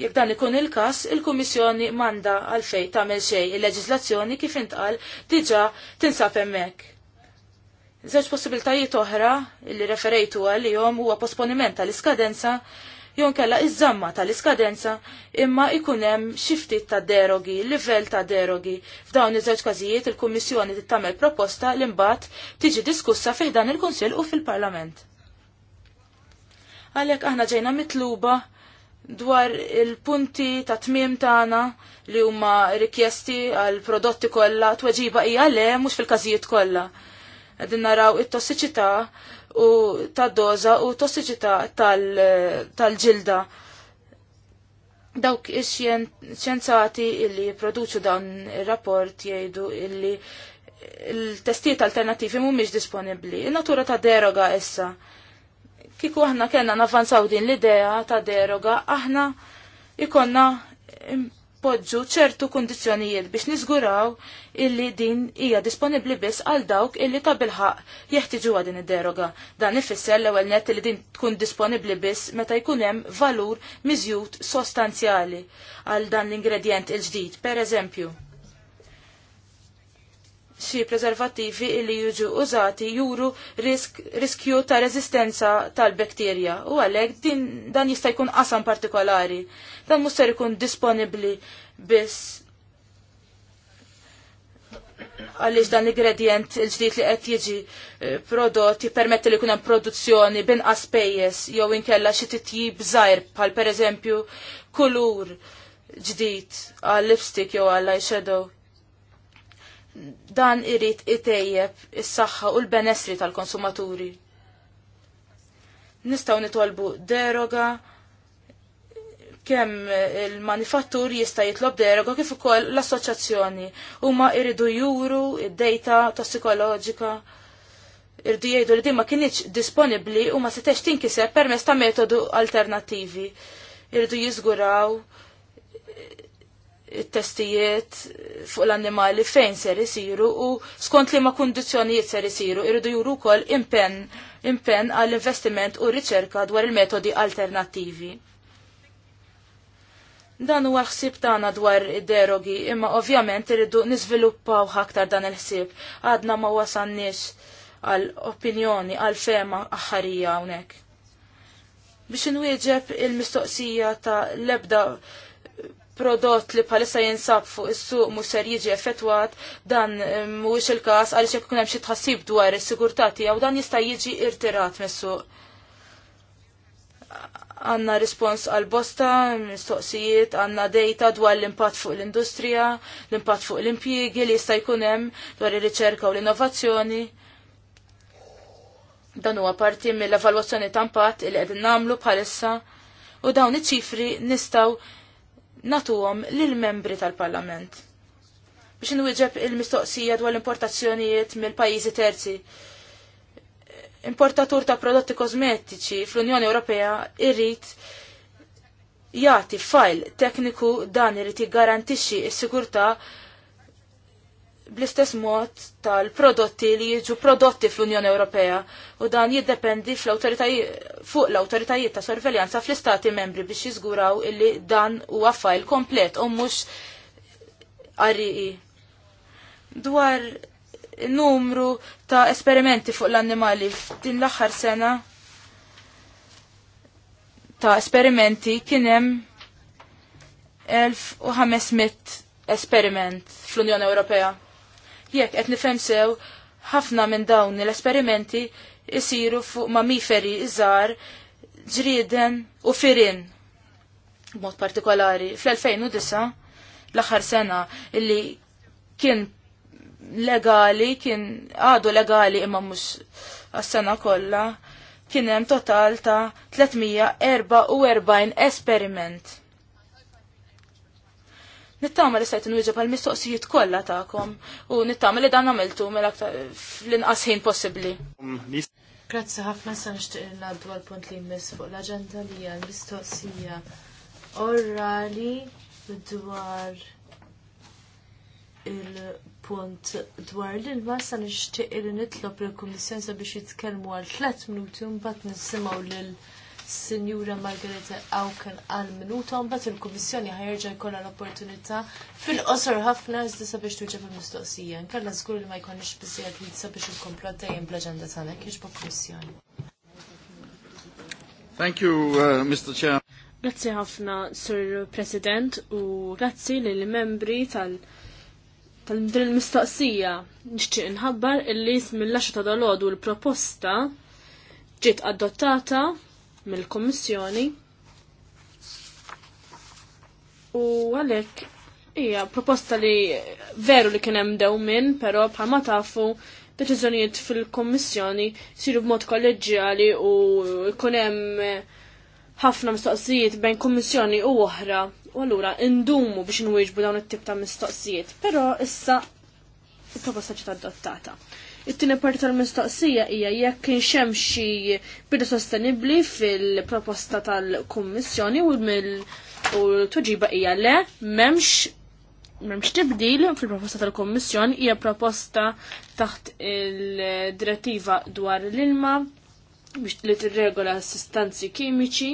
Jekk dan ikun il-każ, il-Kummissjoni manda għalfejn tagħmel xej il leġislazzjoni kif intqal diġa' tinsab hemmhekk Żewġ possibiltajiet oħra li referejtu għalihom huwa posponiment tal-iskadenza jew kella iż-żamma tal-iskadenza imma ikun hemm xi ftit ta' derogi, livell ta' derogi. F'dawn iż-żewġ każijiet il-Kummissjoni tittamel proposta li mbagħad tiġi diskussa fih dan il-Kunsill u fil-Parlament. Għalhekk aħna ġejna mitluba dwar il-punti ta' tmiem tagħna li huma rikjesti għal prodotti kollha tweġiba hija le mhux fil-każijiet kollha. Għedin naraw it-tossiċità u ta' doza u tossiċità tal-ġilda. Dawk ix-xjenzati illi produċu dan ir-rapport jgħidu illi il-testijiet alternativi mhumiex disponibbli. Il-natura ta' deroga issa. Kiku aħna kena navanzaw din l-idea ta' deroga, aħna ikonna poġġu ċertu kondizjonijiet biex niżguraw illi din hija disponibbli biss għal dawk illi ta' bilħaq jeħtiġu din id-deroga. Dan ifisser l-ewwel nett li din tkun disponibbli biss meta jkun hemm valur miżjud sostanzjali għal dan l-ingredjent il-ġdid, per eżempju xi preservattivi li jiġu użati juru risk, riskju ta' rezistenza tal-bakterja u għalhekk din dan jista' jkun qasam partikolari. Dan mhux ser ikun disponibbli biss għaliex dan l-ingredient il-ġdid li qed jiġi eh, prodott jippermetti li jkun hemm produzzjoni binqas pejjeż jew inkella xi titjib żgħir bħal pereżempju kulur ġdid għal lipstick jew għal eyeshadow dan irrit itejjeb is-saħħa u l-benessri tal-konsumaturi. Nistaw nitolbu deroga kemm il-manifattur jista' jitlob deroga kif ukoll l-assoċjazzjoni huma jridu juru id-data tossikoloġika irdu jgħidu li din ma kienx disponibbli u ma setgħex tinkiseb permezz ta' metodu alternattivi. Irdu jiżguraw testijiet fuq l-annimali fejn ser isiru u skont li ma kondizjonijiet ser isiru irridu juru kol impen impen għall investiment u riċerka dwar il-metodi alternativi. Dan huwa ħsieb tagħna dwar id-derogi, imma ovvjament irridu niżviluppaw aktar dan il-ħsieb. Għadna ma wasanniex għal opinjoni għal fema aħħarija hawnhekk. Biex inwieġeb il-mistoqsija ta' lebda prodott li bħalissa jinsab fuq is-suq mhux ser jiġi effettwat dan eh, mhuwiex il-każ għaliex jekk ikun hemm xi tħassib dwar is-sigurtà tiegħu dan jista' jiġi irtirat mis-suq. Għanna rispons għal bosta, mistoqsijiet, għanna dejta dwar l-impatt fuq l-industrija, l-impatt fuq l-impjiegi li jista' jkun hemm dwar ir-riċerka u l-innovazzjoni. Dan huwa parti mill-evalwazzjoni ta' impatt li qegħdin nagħmlu bħalissa u dawn iċ-ċifri nistgħu natuhom lill-membri tal-Parlament. Biex inwieġeb il-mistoqsija dwar l-importazzjonijiet mill-pajjiżi terzi. Importatur ta' prodotti kosmetiċi fl-Unjoni Ewropea irrid jagħti fajl tekniku dan irid jiggarantixxi s-sigurtà bl-istess mod tal-prodotti li jiġu prodotti fl-Unjoni Ewropea u dan jiddependi fuq l-autoritajiet ta' sorveljanza fl-istati membri biex jiżguraw illi dan huwa fajl komplet u mhux arriqi. E e. Dwar numru ta' esperimenti fuq l-annimali din l-aħħar sena ta' esperimenti kienem 1500 esperiment fl-Unjoni Ewropea. Jekk qed nifhem sew ħafna minn dawn l-esperimenti jsiru fuq mammiferi iżgħar ġrieden u firin. B'mod partikolari fl-2009 l-aħħar sena illi kien legali, kien għadu legali imma mhux għas-sena kollha, kien hemm total ta' 344 esperiment Nittama li stajt nwiġa pal mistoqsijiet kollha tagħkom u nittama li dan għamiltu mill-aktar mela fl-inqas ħin possibbli. Grazzi ħafna sa nixtieq ngħaddu għal punt li jmiss fuq l agenda li għal l-mistoqsija orali dwar il-punt dwar l-ilma sa nixtieq li nitlob lill-Kummissjon sabiex jitkellmu għal tliet minuti u mbagħad nisimgħu lil Sinjura Margareta Awken għal minuta, mbagħad il-Kummissjoni ħajerġa' jkollha l-opportunità fil-qosor ħafna iżda sabiex tuġeb il-mistoqsija. Nkalla żgur li ma jkollniex biżejjed li sabiex inkomplu għaddejjem bl-aġenda tagħna kiex b'Kummissjoni. Thank you, uh, Mr. Chair. Grazzi ħafna, Sir President, u li lill-membri tal- tal-din il-mistoqsija nixtieq inħabbar illi mill laxa ta' dalodu l-proposta ġiet adottata mill-Kummissjoni u għalhekk hija proposta li veru li kien hemm pero bħal bħalma tafu deċiżjonijiet fil-Kommissjoni siru b'mod kolleġjali u jkun hemm ħafna mistoqsijiet bejn Kommissjoni u oħra u allura indumu biex nwieġbu dawn it-tip ta' mistoqsijiet, però issa il-proposta ġiet adottata. It-tieni parti tal-mistoqsija hija jekk kien xemm xi bidu sostenibbli fil-proposta tal-Kummissjoni u mill u tuġiba hija le m'hemmx m'hemmx tibdil fil-proposta tal-Kummissjoni hija proposta taħt il-direttiva dwar l-ilma biex li tirregola s-sustanzi kimiċi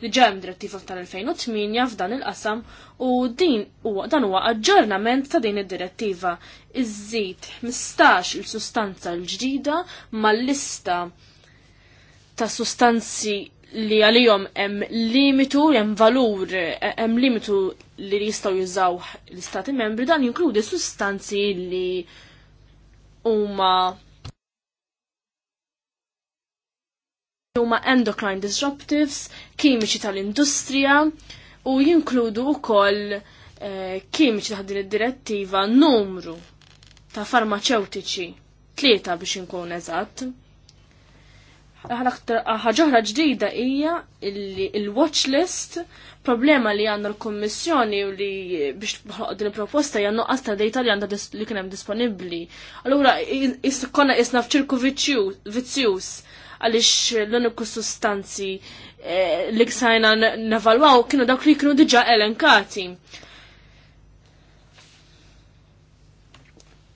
Li ġem direttiva tal-2008 f'dan il-qasam u din u dan huwa aġġornament ta' din id-direttiva. Iżżid 15 il-sustanza l-ġdida mal-lista ta' sustanzi li għalihom hemm limitu, hemm valur, hemm limitu li jistgħu jużaw l-istati membri dan jinkludi sustanzi li huma huma endocrine disruptives, kimiċi tal-industrija u jinkludu wkoll eh, kimiċi taħt din id-direttiva numru ta' farmaceutiċi tlieta biex inkun eżatt. Ħaġoħra ġdida hija il-watch list problema li għandna l-Kommissjoni u li biex din il-proposta hija noqqas ta' dejta li għandha li kien hemm disponibbli. Allura jistkonna isna f'ċirku vizzjuż għaliex l-uniku sustanzi eh, li ksajna nevalwaw kienu dawk li kienu diġa elenkati.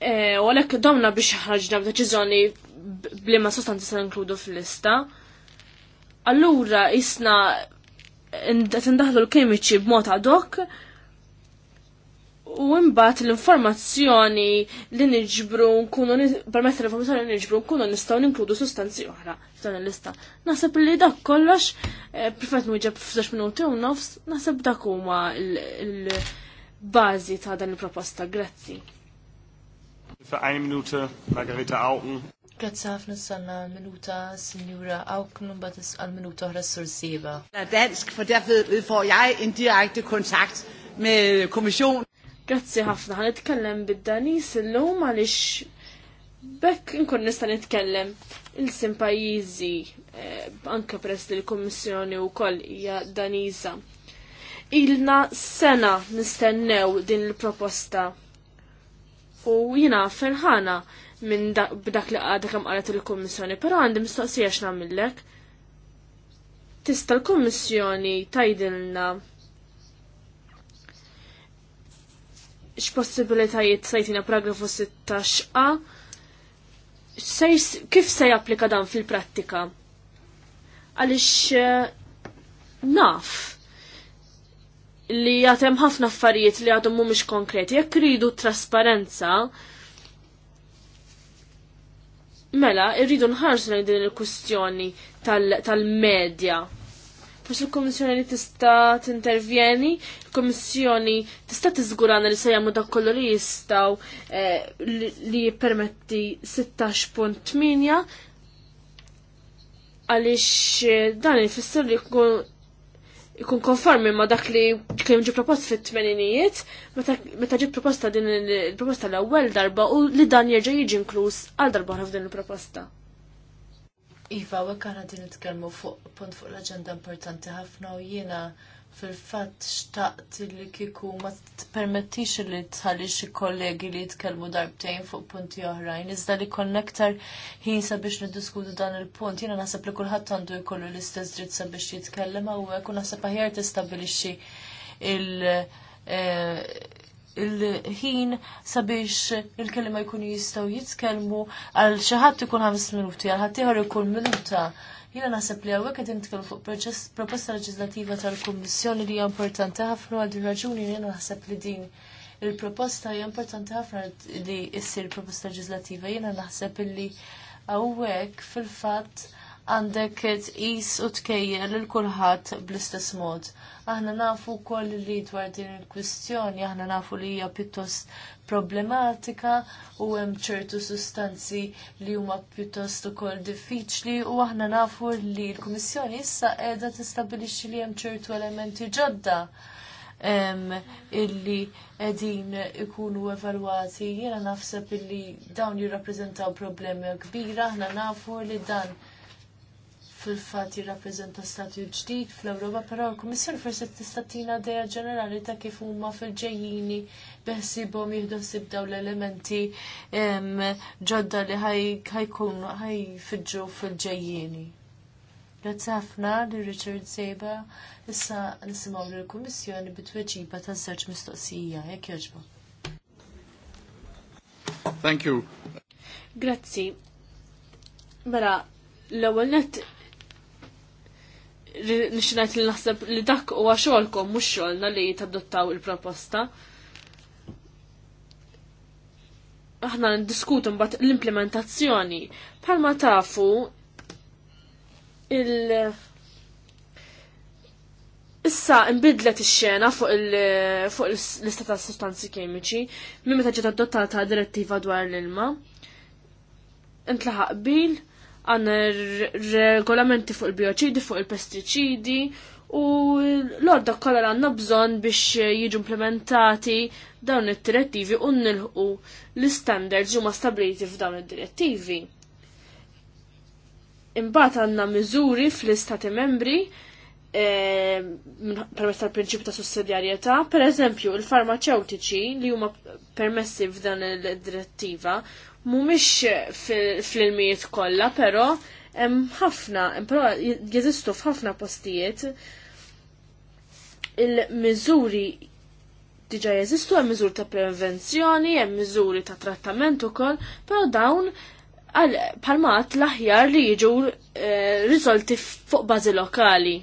Eh, u għalhekk domna biex ħarġna b'deċiżjoni bl-ma sostanzi se inkludu fil-lista. Allura isna tindaħlu l-kemiċi b'mod ad hoc U imbagħad l-informazzjoni li niġbru nkunu permezz l-informazzjoni li niġbru nkunu nistgħu ninkludu sustanzi oħra f'dan il-lista. Naħseb li dak kollox eh, prifat nwieġeb f'żewġ minuti u nofs, naħseb dak huma l-bażi ta' dan il-proposta. Grazzi. Fa' eine minuta Margarita Auken. Grazzi ħafna sanna minuta sinjura Awk numba tisqal minuta oħra s-sursiba. Dansk, for derfor får jeg en kontakt med kommission. Grazzi ħafna għan itkellem bid-Danis illum għaliex bekk nkun nista' nitkellem il-sim pajjiżi anka eh, anke press li u kummissjoni wkoll hija Danisa. Ilna sena nistennew din il-proposta u jina ferħana minn b'dak li għadha kemm qalet il-Kummissjoni, però għandi mistoqsija x'namillek. Tista' l-Kummissjoni tajdilna possibilitajiet sajtina paragrafu 16a kif se japplika dan fil-prattika? Għaliex eh, naf li jatem ħafna affarijiet li għadhom mhumiex konkreti, jekk ridu trasparenza, mela irridu nħarsu din il-kustjoni tal-medja. Tal fax il-Komissjoni tista' tista' intervjeni il-Komissjoni tista' t-izgurana li se jagħmlu dak kollu li jistaw eh, li jippermetti 16.8 għaliex eh, dan jfisser li jkun konformi ma dak li kien ġi propost fit-tmeninijiet, meta ġi proposta din il-proposta l-ewwel darba u li dan jerġa' jiġi inkluż għal darba f'din il-proposta. Iva, u għek għana din fuq punt fuq l-agenda importanti ħafna u jiena fil-fat xtaqt li kiku ma t-permettix li tħalli xi kollegi li jitkellmu darbtejn fuq punti oħrajn, iżda li konnektar ħin sabiex niddiskutu dan il-punt, Jina naħseb li kulħadd għandu jkollu l-istess dritt sabiex jitkellem U hekk u naħseb aħjar tistabilixxi il- eh, il-ħin sabiex il-kelima jkunu jistaw jitkellmu għal xi ħadd ikun ħames minuti, għal ħadd ieħor ikun minuta. Jiena naħseb li hawnhekk qed nitkellmu fuq proposta leġislativa tal-Kummissjoni li hija importanti ħafna għal raġuni jiena naħseb li din il-proposta hija importanti ħafna li issir proposta leġislativa. Jiena naħseb illi hawnhekk fil-fatt għandek tqis u tkejjel l kulħadd bl-istess mod. Aħna nafu wkoll li dwar din il-kwistjoni, aħna nafu li hija pjuttost problematika u hemm ċertu sustanzi li huma pjuttost ukoll diffiċli u aħna nafu li l-Kummissjoni issa qiegħda tistabbilixxi li hemm ċertu elementi ġodda illi edin ikunu evalwati, jena nafseb illi dawn jirrappreżentaw problemi kbira, aħna nafu li dan fil-fat jirrappreżenta statju ġdid fl-Ewropa, però l-Kummissjoni forsi tista' tina idea ġenerali ta' kif huma fil-ġejjini beħsibhom jieħdu ħsieb dawn l-elementi ġodda li ħajkunu ħajfiġġu fil-ġejjini. Grazzi ħafna li Richard Seba issa nisimgħu lill kummissjoni bit-tweġiba ta' żewġ mistoqsija, jekk jogħġbu. Thank you. Grazzi. Mela, l-ewwel net nixinajt li naħseb li dak u għaxolkom mux xolna li tadottaw il-proposta. Aħna diskutu mbagħad l-implementazzjoni. Palma tafu il- Issa imbidlet ix-xena fuq il- fuq l istat ta' sostanzi kemiċi minn meta ġiet adottata direttiva dwar l-ilma. Intlaħaq bil għanna regolamenti fuq il-bioċidi, fuq il-pestiċidi u l ordak kollha għandna bżonn biex jiġu implementati dawn id-direttivi u nilħu l-standards huma stabiliti f'dawn id-direttivi. Imbagħad għandna miżuri fl-istati membri eh, permess tal-prinċipju ta' sussidjarjetà, per eżempju, il-farmaceutiċi li huma permessi f'dan il-direttiva mhumiex fl-ilmijiet kollha, però ħafna, pero jeżistu f'ħafna postijiet il-miżuri diġa jeżistu, hemm miżuri ta' prevenzjoni, hemm miżuri ta' trattament ukoll, però dawn palmat l-aħjar li jiġu eh, rizolti fuq bażi lokali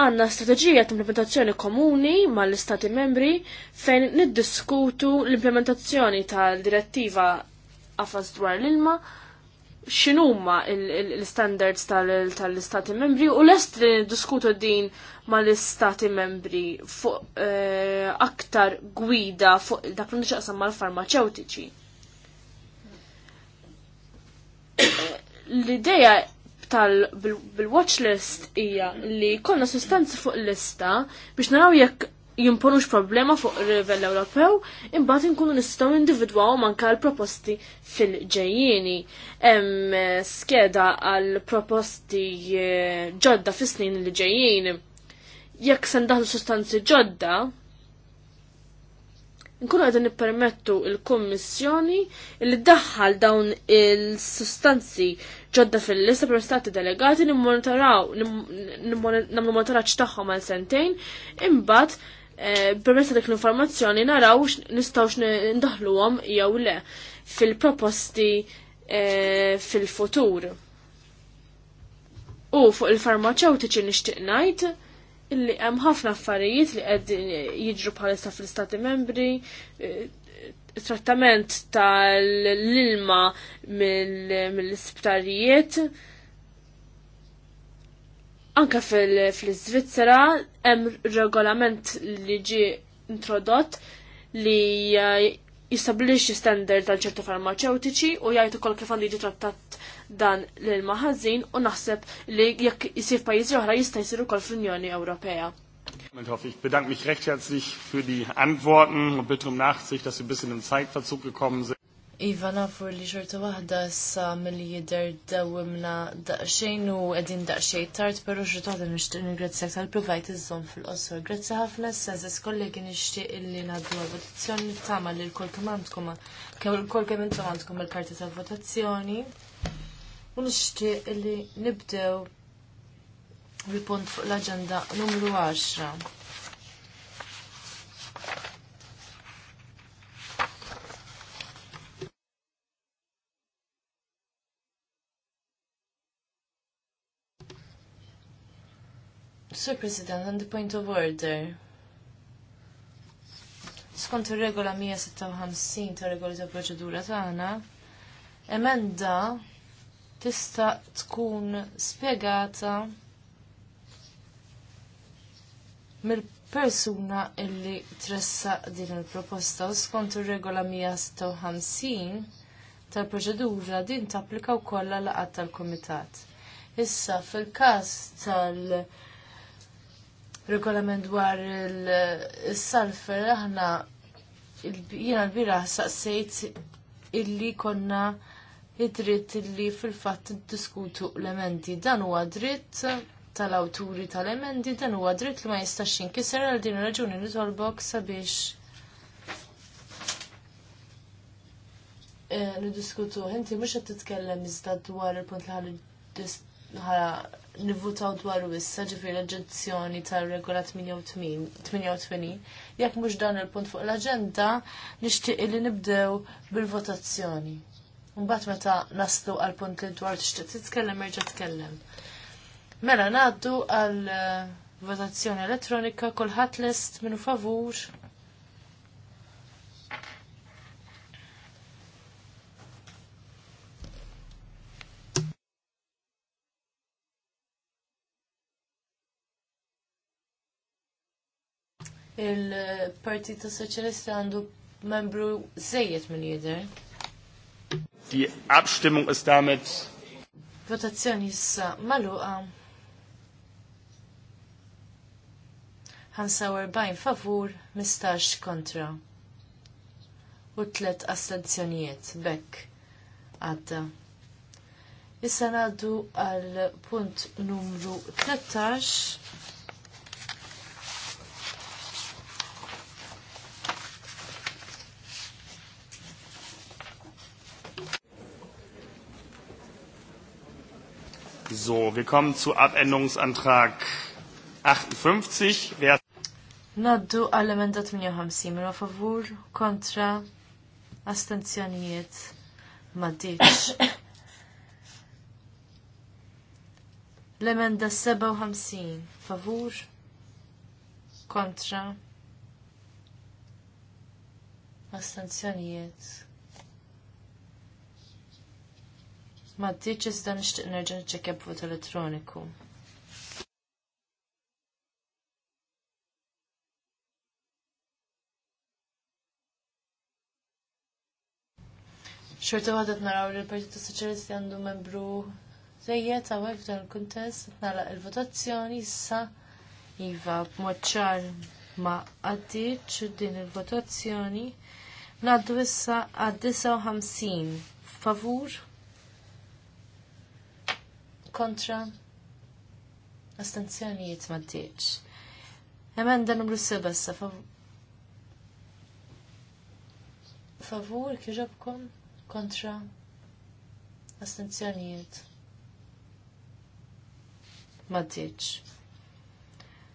għanna strategija ta' implementazzjoni komuni mal-Istati membri fejn niddiskutu l-implementazzjoni tal-direttiva għafas dwar l-ilma, xinumma l-standards tal-Istati membri u lest li niddiskutu din mal-Istati membri fuq eh, aktar gwida fuq dak li mal-farmaceutiċi. L-ideja tal-watch list hija li konna sustanzi fuq lista biex naraw jekk jimponux problema fuq livell Ewropew, imbagħad inkunu nistgħu individwaw manka l-proposti fil-ġejjieni. Hemm eh, skeda għal proposti eh, ġodda fis-snin li ġejjin, Jekk se ndaħlu sustanzi ġodda, nkunu għedin nippermettu il-Kommissjoni li daħħal dawn il-sustanzi ġodda fil-lista per stati delegati nimmonitoraw, namlu monitoraċ tagħhom għal sentejn, imbagħad eh, permezz dik l-informazzjoni naraw nistgħu ndaħluhom jew le fil-proposti eh, fil-futur. U fuq il-farmaceutiċi nixtieq ngħid illi hemm ħafna affarijiet li qed jiġru bħalissa fl-Istati Membri, eh, trattament tal-ilma mill-isptarijiet. Anka fl-Iżvizzera hemm regolament li ġi introdott li eh, jistabilixi standard tal ċerti farmaceutiċi u jgħid ukoll kif għandu jiġi trattat dan l maħazzin u naħseb li jekk jisir pajjiżi oħra jista' jsir ukoll fl-Unjoni Ewropea. Ich bedanke mich recht herzlich für die Antworten und bitte um Nachsicht, dass wir ein bisschen im Zeitverzug gekommen sind. Iva nafur li xorta wahda sa mill-li jider dawimna daqxejn u edin daqxejn tart, pero xorta wahda nishtiq ningrazzjak tal-provajt iż-żom fil-qosor. Grazzi ħafna s-sazis kollegi nishtiq illi naddu għal-votazzjoni tama li l-kol kemantkom, kol għandkom il-karti tal-votazzjoni u nixtieq li nibdew bil fuq l agenda numru 10. Sir President, on the point of order. Skont ir-regola 156 ta' regoli ta' proċedura tagħna, emenda tista' tkun spjegata mill-persuna illi tressa din il-proposta u skont ir-regola 150 tal-proċedura din tapplika wkoll għal laqgħat tal-kumitat. Issa fil-każ tal- regolament dwar il-salfer aħna jiena l-bira saqsejt illi konna id-dritt li fil-fatt diskutu l-emendi. Dan huwa dritt tal-awturi tal-emendi, dan huwa dritt li ma jistax jinkisser għal din raġuni nitolbok sabiex eh, nidiskutu. Inti mhux qed titkellem iżda dwar il-punt li ħala nivvutaw dwar issa ġifieri l ġedzjoni tar-regola 88. Jekk mhux dan il-punt fuq l-aġenda, nixtieq li nibdew bil-votazzjoni. Mbagħad meta naslu għal punt li dwar tixtieq titkellem erġa' tkellem. Mela ngħaddu għal eh, votazzjoni elettronika kulħadd lest minu favur. il partita Soċjalista għandu membru żejjed minn jidher. Die Abstimmung ist damit. Votazzjoni issa maluqa. 45 favur, mistax kontra. U tlet astenzjonijiet bekk għadda. Issa ngħaddu għal punt numru 13 So, wir kommen zu Abänderungsantrag 58. Naddu għall-emenda 58 minn favur kontra astenzjonijiet ma' L-emenda 57 favur kontra astenzjonijiet Ma d-diċ iżda nishtiq nerġa' nċekkja vot elettroniku. Xorta għadat naraw li l-Partitu Soċjalisti għandu membru Zejjed għawek f'dan il-kuntest nalaq il-votazzjoni issa iva b'moċċar ma għaddiċ din il-votazzjoni ngħaddu issa għad 59 favur kontra astenzjonijiet ma ddiċ. Emenda numru seba' sa favur kieġobkom kontra astenzjonijiet ma ddiċ.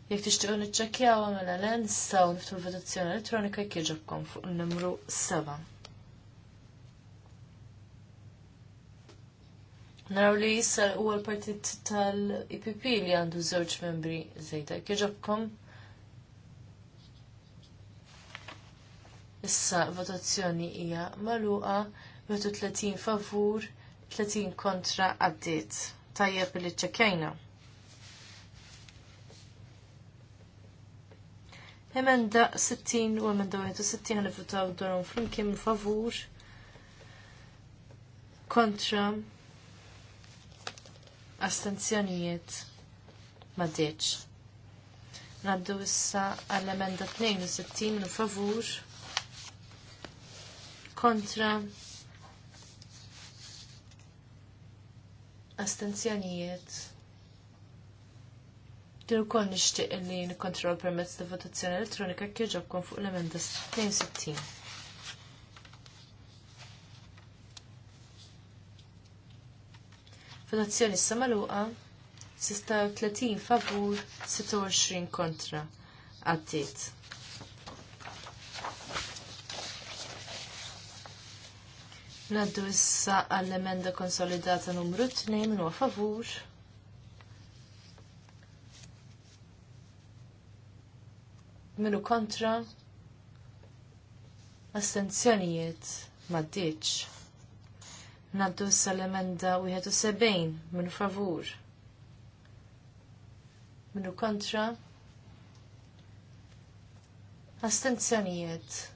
Jek tixtiqu niċċekkjaw għamela l-ensaw niftu l-votazzjoni elettronika jkieġobkom fuq n numru 7. Naraw li jissa u għal-partit tal-IPP li għandu żewġ membri zejta. Kieġobkom issa votazzjoni hija maluqa 30 favur, 30 kontra għaddit. Tajjeb li ċekjajna. Emenda 60 u emenda 61 għan votaw dorom flimkien favur kontra astenzjonijiet ma deċ. Naddu issa għall-emenda 62 minu favur kontra astenzjonijiet. Diru kol nishtiq li nikontrol permezz ta' votazzjoni elettronika kieġobkom fuq l-emenda 62. Fondazzjoni Samaluqa magħluqa. 36 favur, 26 kontra. Għaddiet. Naddu issa għall-emenda konsolidata numru 2 minn huwa favur. Minu kontra astenzjonijiet maddiċ. Naddu sal-emenda sebejn minu favur. Minu kontra. Astenzjonijiet.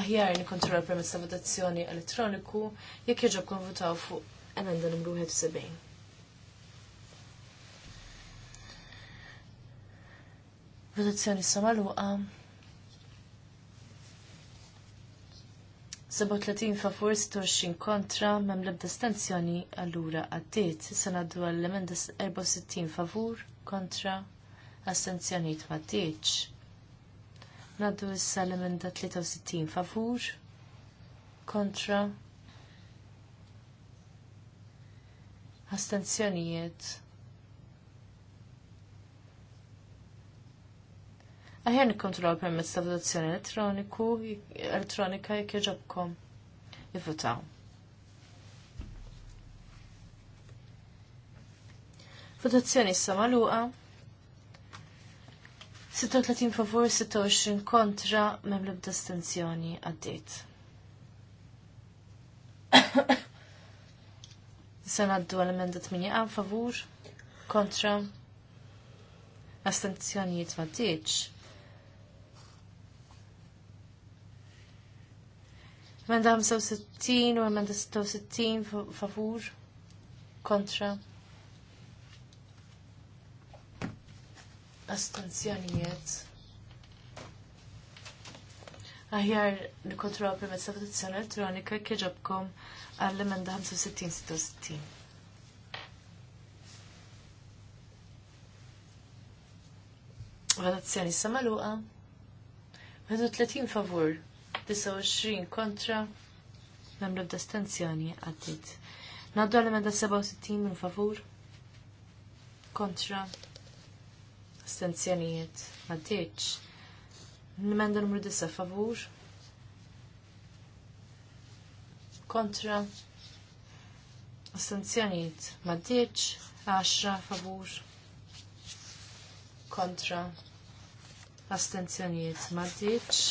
Aħjar nikontrolla permezz ta' votazzjoni elettroniku jekk jiġu votaw fuq emenda numru sebejn? Votazzjoni samaluqa. 37 favur 26 kontra mem lebda stanzjoni allura għaddiet. sena du għall-emenda 64 favur kontra astenzjoniet ma ddietx. Naddu issa l-emenda 63 favur kontra astenzjonijiet Aħjar nikkontrollaw permezz ta' votazzjoni elettroniku, elettronika jek jogħġobkom Jifutaw. Votazzjoni issa magħluqa. 36 favur, 26 kontra, mem l-ibda għaddit. Sena għaddu għal-emenda 8 għan favur, kontra, astenzjonijiet ma' Emenda 65 u emenda 66 favur kontra astenzjonijiet. Aħjar nikontrolla permezz ta' votazzjoni elettronika kieġobkom għall-emenda 65-66. Votazzjoni samaluqa. 30 favur, 29 kontra, memlu b'dastanzjoni għaddit. Naddu għal-emenda 67 minn favur, kontra, astenzjonijiet għaddiċ. Emenda numru 9 favur, kontra, astenzjonijiet għaddit. 10 favur, kontra, astenzjonijiet maddiċ.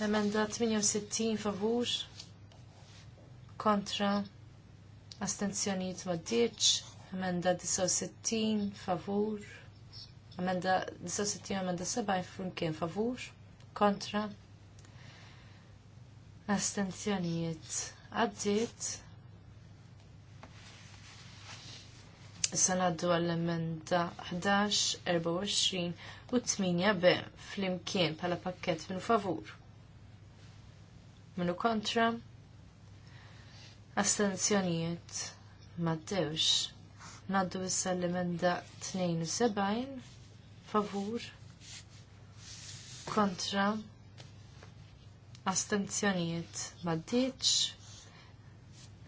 Emenda 68 favur kontra astenzjonijiet ma ddiċ. Emenda 69 favur. Emenda 69 emenda 70 flimkien favur kontra astenzjonijiet għaddiet. Issa naddu għall-emenda 11, 24 u 8 b flimkien bħala pakket minn favur Minu kontra? Astenzjonijiet? Maddewx. Naddu issa l-emenda 72. Favur? Kontra? Astenzjonijiet? Maddiċ.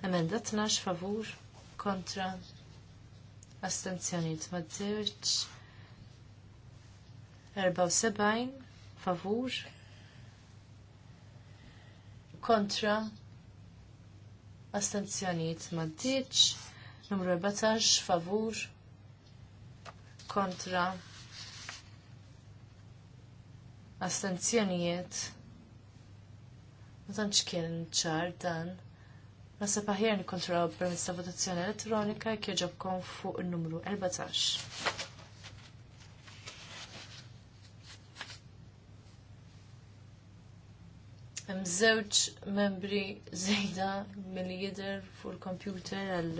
Emenda 12. Favur? Kontra? Astenzjonijiet? Maddewx. 74. Favur? kontra astenzjoniet maddiċ, numru 14 favur kontra astenzjonijiet. Ma tantx kien ċar dan. Nasib aħjar nikkontrollaw permezz ta' votazzjoni elettronika kieġobkom fuq in-numru 14. Hemm żewġ membri żejda milli jidher fuq il-computer għal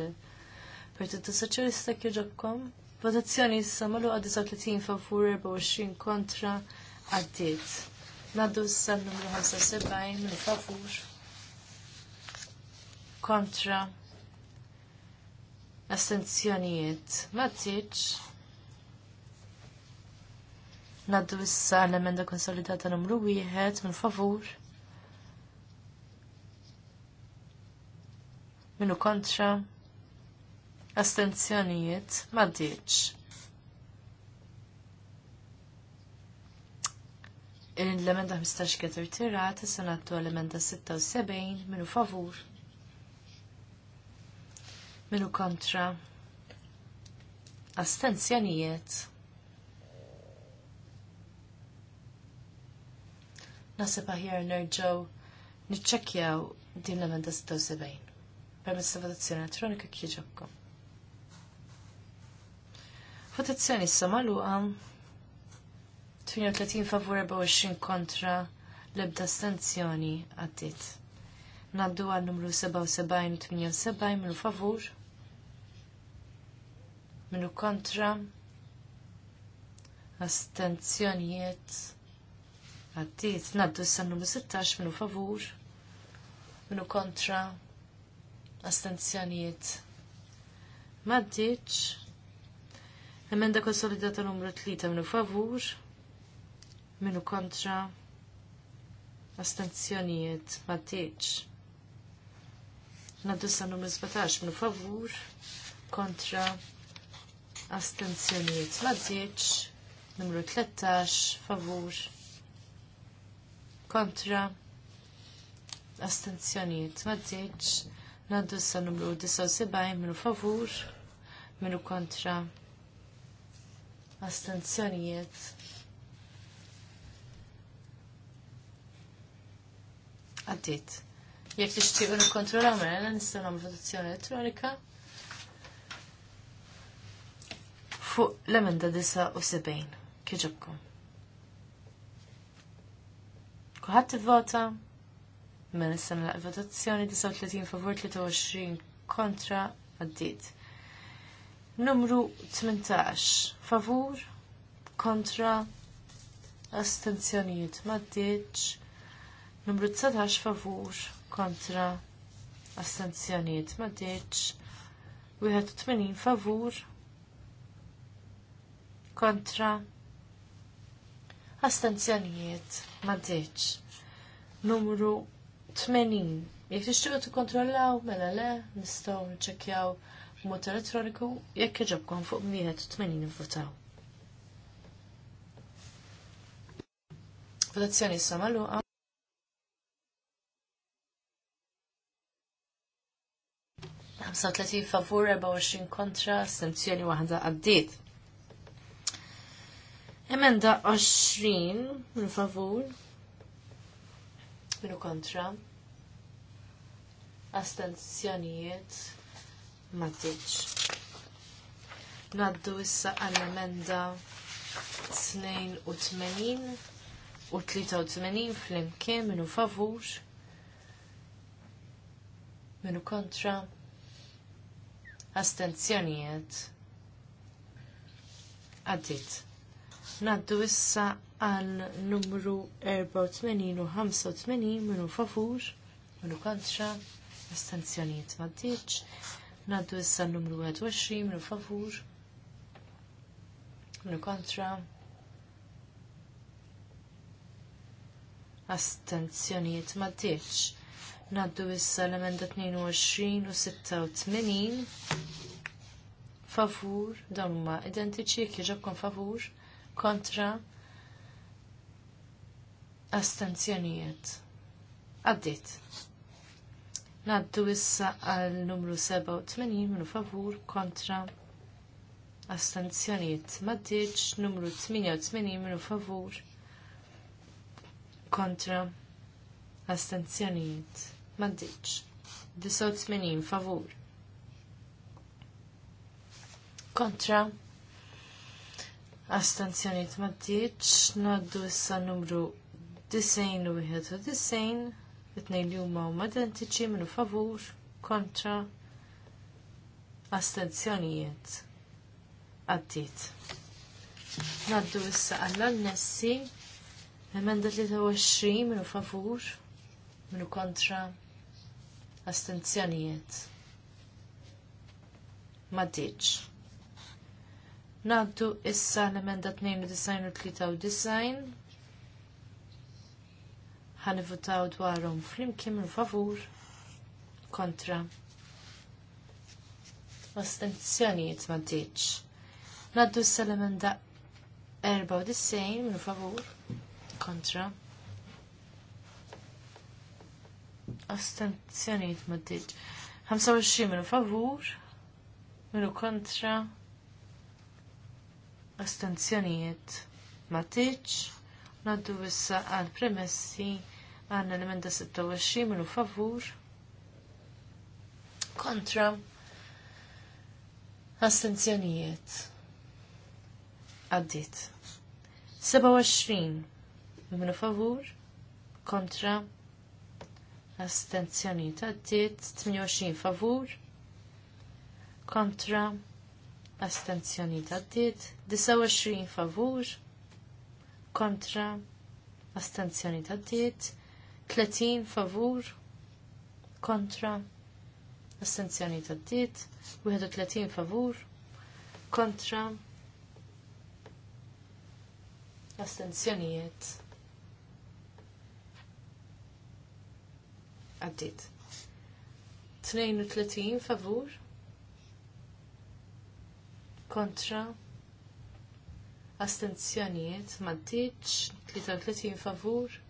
Partit Soċjalista kieġobkom. Votazzjoni issa malu għad 39 favur 24 kontra għaddiet. Naddu issa l-numru 75 mill favur kontra astenzjonijiet. Ma tiġ Naddu issa l-emenda konsolidata numru wieħed minn favur Minu kontra? Astenzjonijiet? Maddiċ. Il-lemenda 15 kietur tirat, sanattu l-lemenda 76, minu favur. Minu kontra? Astenzjonijiet? Nasib aħjar nerġaw nitċekjaw din l-emenda 76 permezz ta' votazzjoni elettronika kieġobkom. Votazzjoni issa magħluqa 38 favur 24 kontra l-ebda stanzjoni għaddit. Naddu għal numru 77-78 minu favur, minu kontra, astenzjonijiet, għaddit. Naddu issa numru 16 minu favur, minu kontra, astenzjonijiet. Maddiċ. Emenda konsolidata numru 3 minu favur, minu kontra, astenzjonijiet. Maddiċ. Naddu sa numru 17 minu favur, kontra, astenzjonijiet. Maddiċ. Numru 13 favur, kontra, astenzjonijiet. Maddiċ Naddu sa numru 79 minu favur, minu kontra astenzjonijiet. Għaddit. Jek tixtiequ nikkontrollaw mela nistgħu nagħmlu votazzjoni elettronika fuq l-emenda 79 kieġobkom. Kulħadd t vota Mela issa nagħlaq votazzjoni 39 favur 23 kontra għaddiet. Numru 18 favur kontra astenzjonijiet maddiċ. Numru 19 favur kontra astenzjonijiet maddiċ. 81 favur kontra astenzjonijiet maddiċ. Numru 80. Jek tixtiequ tikkontrollaw mela le, nistgħu niċċekkjaw b'mod elettroniku jekk iġobkom fuq wieħed tmenin votaw. Votazzjoni issa magħluqa. Ħamsa tletin favur, 24 kontra, sensjoni waħda qaddiet. Emenda 20 minn favur, minu kontra astanzjonijiet matiċ. Naddu issa għall-emenda 82 u 83 fl-imkien minu favur minu kontra astenzjonijiet għaddit. Naddu issa għal numru 84 u 85 minu favur, minu kontra, astenzjoniet maddiċ. Naddu issa numru 21 minu favur, minu kontra, astenzjoniet maddiċ. Naddu issa l-emenda 22 u 86 favur, ma identiċi kieġabkom favur, kontra, astenzjonijiet. Għaddit. Naddu issa għal numru 87 minu favur kontra astenzjonijiet. Maddiċ numru 88 minu favur kontra astenzjonijiet. Maddiċ. 89 favur. Kontra astenzjonijiet. Maddiċ. Naddu issa numru Disejn u wieħed u disejn, it tnejn li huma huma identiċi minnu favur kontra astenzjonijiet. Għaddit. Naddu issa għall nessi Emenda 23 minnu favur, minnu kontra astenzjonijiet. Maddiċ. Naddu issa l-emenda 92 u 93 ħanivutaw dwarom flimkien minn favur kontra astenzjonijiet ma ddiċ. Naddu s-salamenda salamen 94 minn favur kontra astenzjonijiet ma ddiċ. 25 minn favur minn kontra astenzjonijiet ma ddiċ. Naddu s-salamen da favur kontra issa għal premessi Għanna l-emenda 26 minu favur. Kontra. Astenzjonijiet. Għaddit. 27 minu favur. Kontra. Astenzjonijiet. Għaddit. 28 favur. Kontra. Astenzjonijiet. Għaddit. 29 favur. Kontra astenzjonijiet għaddit 30 favur kontra astenzjoni tad-diet, 31 favur kontra astenzjonijiet għaddit. 32 favur kontra astenzjonijiet maddiċ 33 favur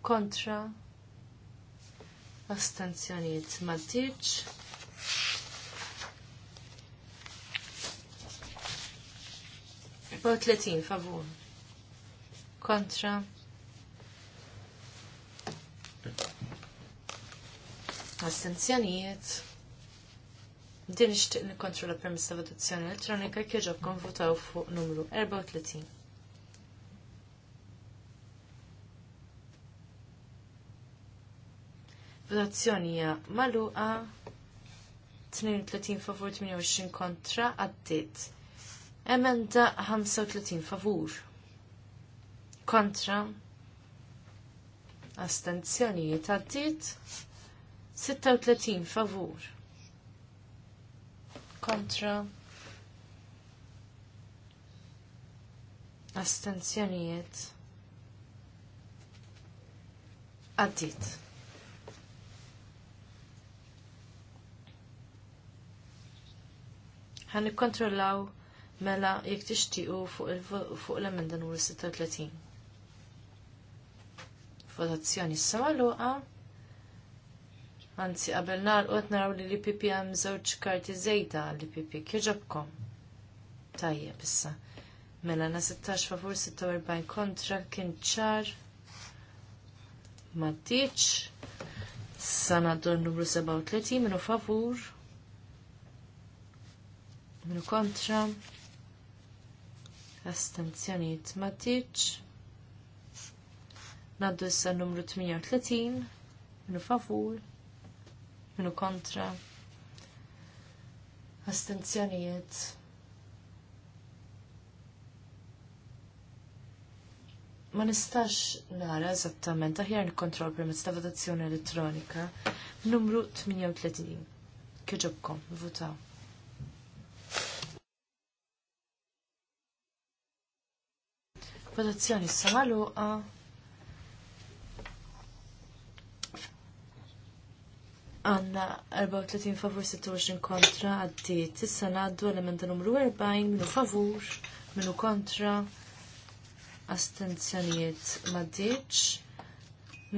kontra astenzjoniet maddiċ. Po 30 favur kontra astenzjoniet din ixtieq nikkontrolla permess ta' votazzjoni elettronika kieġob konvotaw fuq numru 34. Votazzjonija maluqa 32 favur 28 kontra għaddit. Emenda 35 favur. Kontra astenzjonijiet għaddit 36 favur. Kontra astenzjonijiet għaddit. ħan nikkontrollaw mela jekk tixtiequ fuq l-emenda numru 36. Votazzjoni s-sama luqa. Anzi, qabel narqot naraw li l-IPP hemm żewġ karti żejda l-IPP kieġobkom. Tajje, issa. Mela na 16 favur 46 kontra kien ċar ma tiċ. Sana numru 37 minu favur minu kontra, astenzjoniet ma tiċ, naddu issa numru 38, minu favur, minu kontra, astenzjonijiet? Ma nistax nara eżattament aħjar nikkontroll permezz ta' votazzjoni elettronika numru 38. Kieġobkom, votaw. interpretazzjoni s magħluqa. Għanna 34 favur 26 kontra għaddiet. Issa ngħaddu elementa numru 40 minu favur, minu kontra astenzjonijiet maddiċ.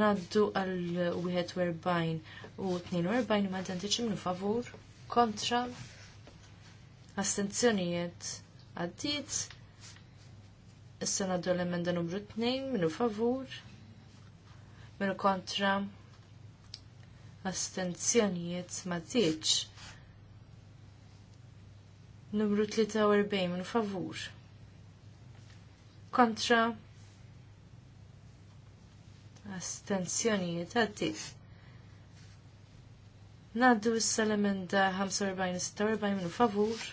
Naddu għal 41 u 42 ma identiċi minu favur, kontra astenzjonijiet għaddit Issa naddu l-emenda numru 2 minu favur, minu kontra astenzjonijiet ma tiċ. Numru 43 minu favur. Kontra astenzjonijiet għaddit. Naddu issa l-emenda 45-46 minu favur.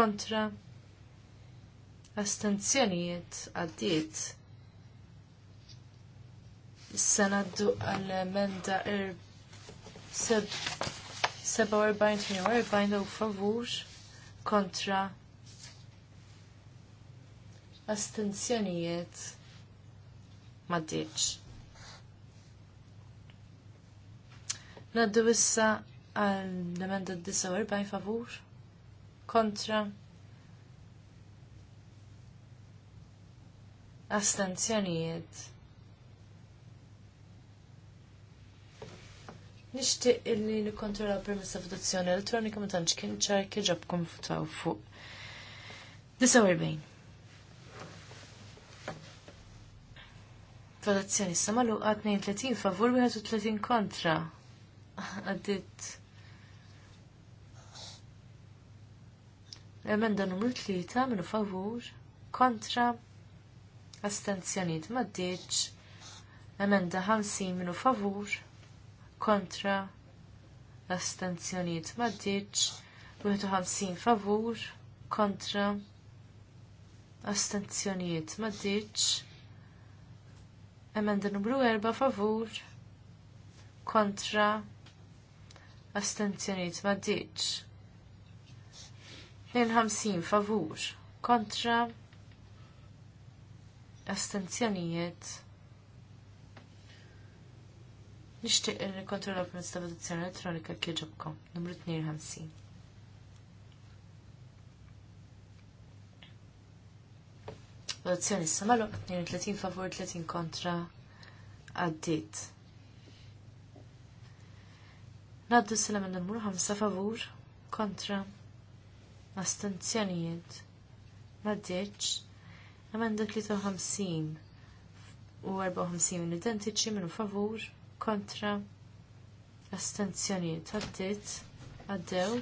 Kontra astenzjonijiet għaddiet. Issa naddu għall-emenda 47-48 er- u favur kontra astenzjonijiet maddiċ. Naddu issa għall-emenda 49 favur kontra astenzjonijiet. Nixtieq illi nikontrolla permezz ta' votazzjoni elettronika ma tantx kien ċar kif ġabkom futaw fuq 49. Votazzjoni samalu magħluqa 32 favur 31 kontra. Għaddit. Emenda numru 3 minu favur kontra astenzjoniet maddiċ, emenda 50 minu favur, kontra, astenzjoniet maddiċ, 51 favur, kontra, astenzjoniet maddiċ, emenda numru 4 favur, kontra, astenzjoniet maddiċ. 52 favur, kontra, l astenzjonijiet nishtiq il-kontrolla l ta' votazzjoni elettronika kieġobkom, numru 52. Votazzjoni s magħluq 32 favur 30 kontra għaddit. Naddu s-salam numru 5 favur kontra astenzjonijiet ma' 10 Emenda 53 u 54 minn identiċi minn favur kontra astenzjonijiet għaddit għaddew.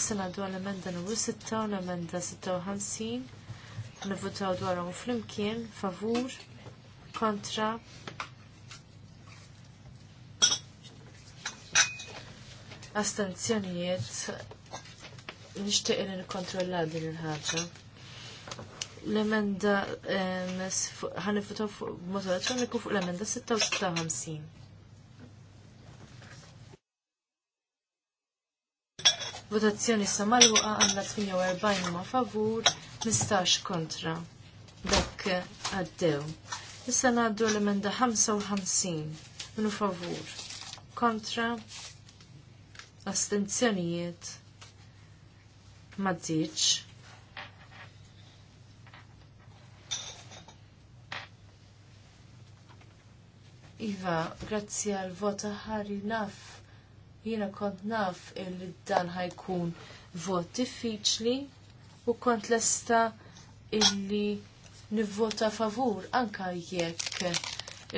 Issa għaddu għal emenda numru 6 u l-emenda 56 nivvutaw dwarhom flimkien favur kontra astenzjonijiet nixtieq li nikkontrolla din il-ħaġa l-emenda ħanifutaw fuq mod elettroniku fuq l-emenda 56. Votazzjoni sa malwaqa għanna 48 ma favur, 15 kontra. Dak għaddew. Issa ngħaddu l-emenda 55 minu favur. Kontra. Astenzjonijiet. Maddiċ. Iva, grazzi għal vota ħari naf, jiena kont naf illi dan ħajkun vot diffiċli u kont lesta illi nivvota favur anka jekk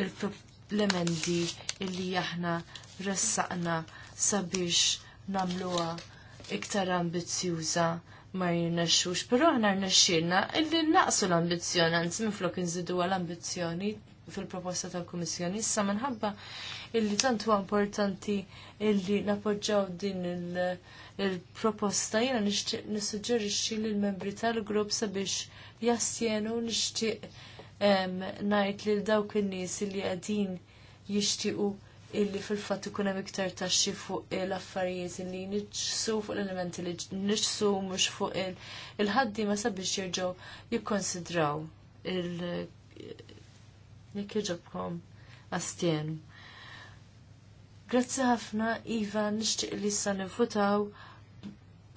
il-problemendi illi aħna ressaqna sabiex namluwa iktar ambizjuża ma jirnexxux, però aħna rnexxilna illi naqsu l-ambizzjoni, anzi minflok nżidu l-ambizzjoni fil-proposta tal-Kummissjoni. Issa minħabba illi tant huwa importanti illi nappoġġaw din il-proposta jiena nixtieq nissuġġerixxi lill membri tal-grupp sabiex jassjenu nixtieq ngħid lil dawk in-nies illi qegħdin jixtiequ illi fil-fatt ikun hemm iktar taxxi fuq l-affarijiet illi niġsu fuq l-elementi li niġsu mhux fuq il-ħaddiema sabiex jerġgħu jikkonsidraw jekk jġobkom astienu. Grazzi ħafna, Iva, nixtieq li issa nivvotaw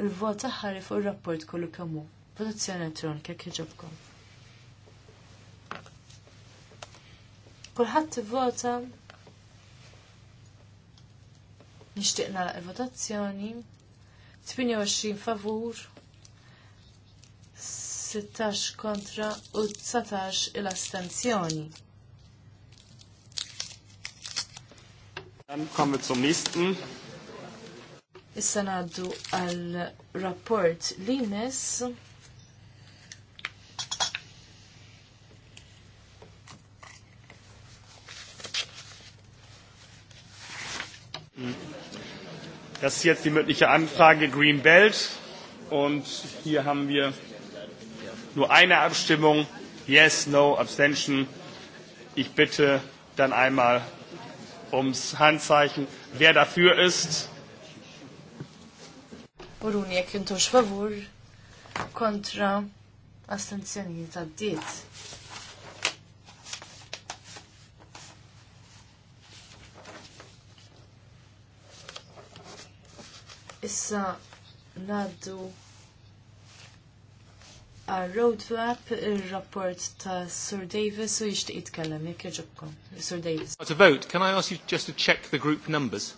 il-vot aħħari fuq ir-rapport kollu kamu. hu. Votazzjoni elettronika jekk Kulħat Kulħadd vota nixtieq nagħlaq il-votazzjoni. 28 favur, 16 kontra u 19 il-astenzjoni. Dann kommen wir zum nächsten. Issa naddu għal rapport li mess Das ist jetzt die mögliche Anfrage Green Belt. Und hier haben wir nur eine Abstimmung. Yes, no, Abstention. Ich bitte dann einmal ums Handzeichen. Wer dafür ist? Uruni, jek jintux favur kontra astenzjoni ta' Issa naddu Roadmap, il-rapport ta' Sir Davis u jishtiq jitkellem, jek jġobkom, Sir Davis. To vote, can I ask you just to check the group numbers?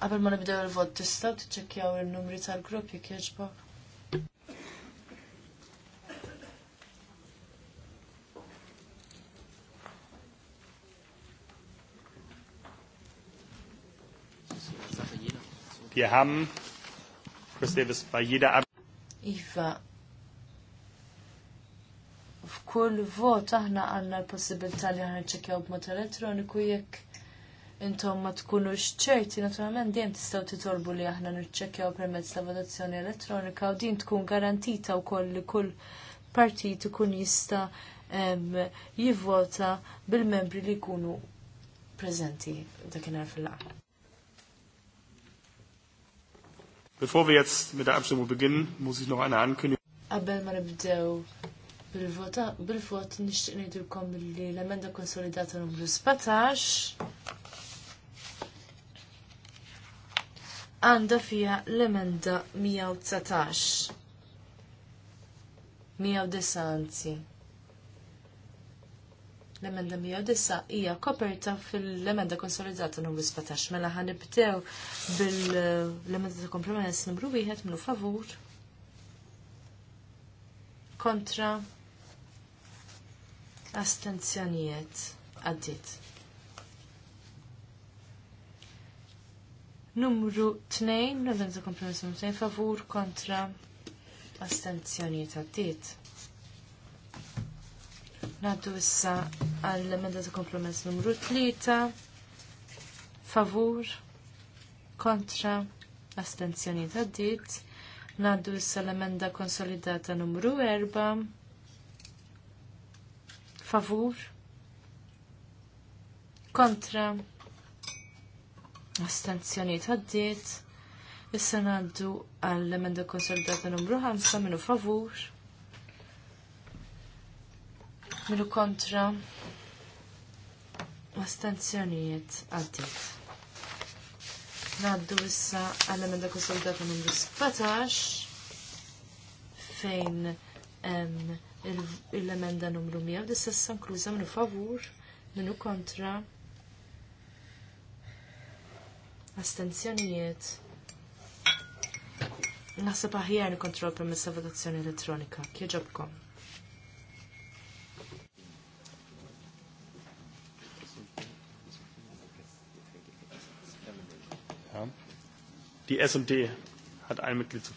Qabel ma nibdew il-vot, tistaw tiċċekkjaw il-numri tal-grupp jek jġbok? Wir haben, Chris Davis, bei jeder Ab Iva, f'kull vot aħna għanna l-possibilità li aħna ċekjaw b'mod elettroniku jekk intom ma tkunu xċerti, naturalment dien tistaw titolbu li aħna niċċekkjaw permezz ta' votazzjoni elettronika u din tkun garantita wkoll li kull partit ikun jista' jivvota bil-membri li jkunu prezenti dakinhar fil-laqgħa. Bevor wir jetzt mit der Abstimmung beginnen, muss ich noch eine Ankündigung. Qabel ma nibdew bil-vot nixtieq ngħidulkom li l-emenda konsolidata numru 17 għandha fiha l-emenda 119. 119 anzi. L-emenda 109 hija koperta fil-emenda konsolidata numru 17. Mela nibdew bil-emenda ta' kompromess numru 1 minnu favur kontra astenzjonijiet għaddit. Numru 2, l-emenda ta' kompromess numru 2 favur kontra astenzjonijiet għaddit. Naddu issa għall-emenda ta' kompromess numru 3. Favur. Kontra. Astenzjoni ta' dit. Naddu issa l-emenda konsolidata numru 4. Favur. Kontra. Astenzjoni ta' dit. Issa naddu għall-emenda konsolidata numru 5 minu favur Minu kontra astenzjonijiet għaddit. Naddu issa għall-emenda konsolidata numru 17 fejn l-emenda numru 100 dissessa nkluża minu favur minu kontra astenzjonijiet Naħseb aħjar kontrol permessa votazzjoni elettronika. Kieġobkom. Die S&D hat ein Mitglied zu.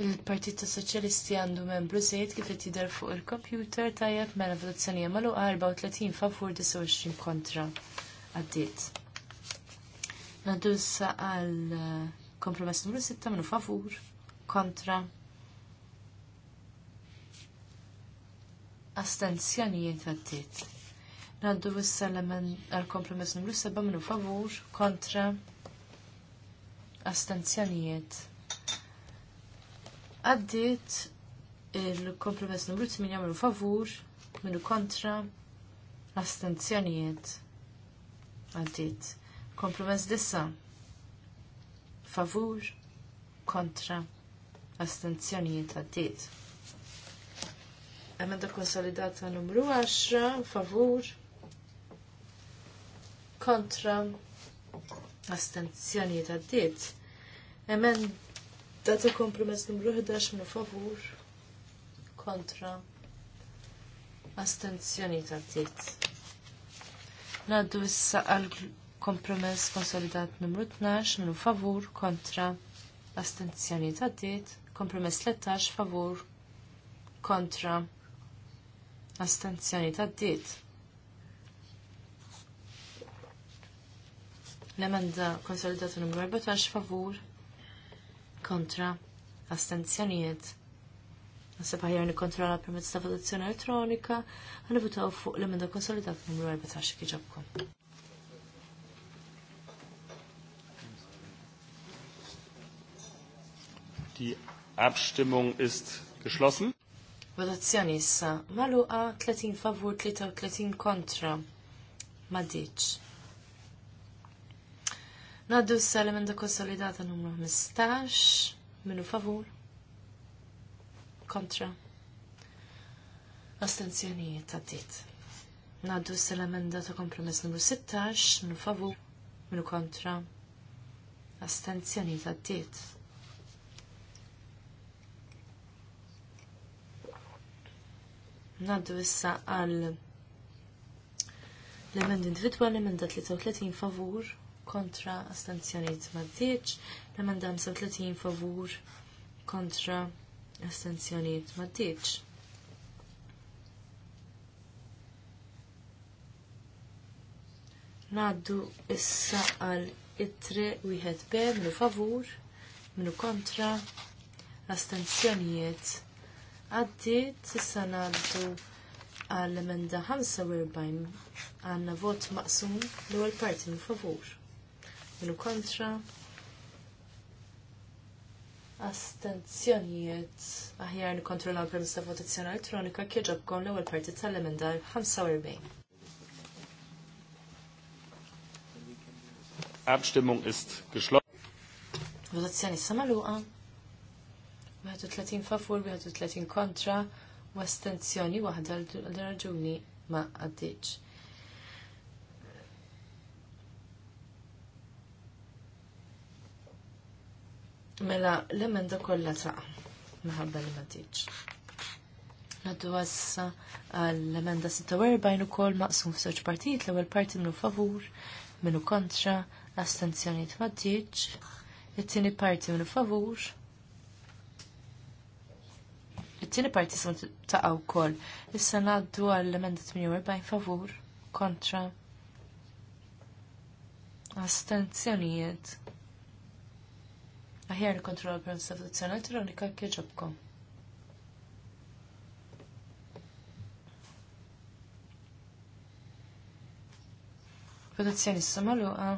Il-Partit Soċjalisti għandu membru żejt kif qed jidher fuq il computer tajjeb mela votazzjoni jagħmlu 34 favur 29 kontra għaddiet. Nadu issa għal eh, kompromess numru 6 minnu favur kontra astenzjonijiet għaddiet. Naddu issa għal kompromess numru 7 minnu favur kontra astenzjonijiet. Għaddit il-kompromess numru 8 minnu favur, minnu kontra, astenzjonijiet. Għaddit. Kompromess dissa. Favur, kontra, astenzjonijiet għaddit. Emenda konsolidata numru 10, favur, kontra, astenzjonijiet għaddit. Emen, datu kompromess numru 11 minu favur kontra astenzjoni ta' tit. Naddu issa għal kompromess konsolidat numru 12 minu favur kontra astenzjoni ta' Kompromess 13 favur kontra astenzjoni ta' tit. l-emenda konsolidata numru 14 favur kontra astenzjonijiet. Nasib kontra la permezz ta' votazzjoni elettronika, votaw fuq l-emenda konsolidat numru 14 kieġabkom. Die Abstimmung ist geschlossen. Votazzjoni issa maluqa 30 favur 33 kontra. Madiċ. Naddu s-salimenda konsolidata numru 15, minu favur, kontra, astenzjonijiet għaddit. Naddu s-salimenda ta' kompromess numru 16, minu favur, minu kontra, astenzjonijiet għaddit. Naddu issa għal l-emend individuali, emenda 33 favur, kontra astenzjoniet maddiċ, l-emenda 35 favur kontra astenzjoniet maddiċ. Naddu issa għal it-tre wieħed b minu favur, minu kontra, astenzjonijiet. Għaddiet issa naddu għal emenda 45 għanna vot maqsum l-ewwel parti minn favur minu kontra. Astenzjonijiet, aħjar nikontrollaw permess ta' votazzjoni elettronika kieġobkom l-ewwel parti tal-emenda 45. Abstimmung ist geschlossen. Votazzjoni samaluqa. 31 favur, 31 kontra, u astenzjoni waħda l-raġuni ma' għaddiċ. Mela, l-emenda kollha ta' minħabba li ma tiġ. Naddu għassa l-emenda 46 u kol maqsum f'żewġ partijiet l-ewwel parti minnu favur, minnu kontra, astenzjonijiet ma tiġ, it-tieni parti minnu favur. It-tieni parti sum ta' wkoll. Issa ngħaddu għall-emenda 48 favur, kontra, astenzjonijiet Aħjar nikontrolla permezz ta' votazzjoni elettronika kieġobkom. Votazzjoni s-samaluqa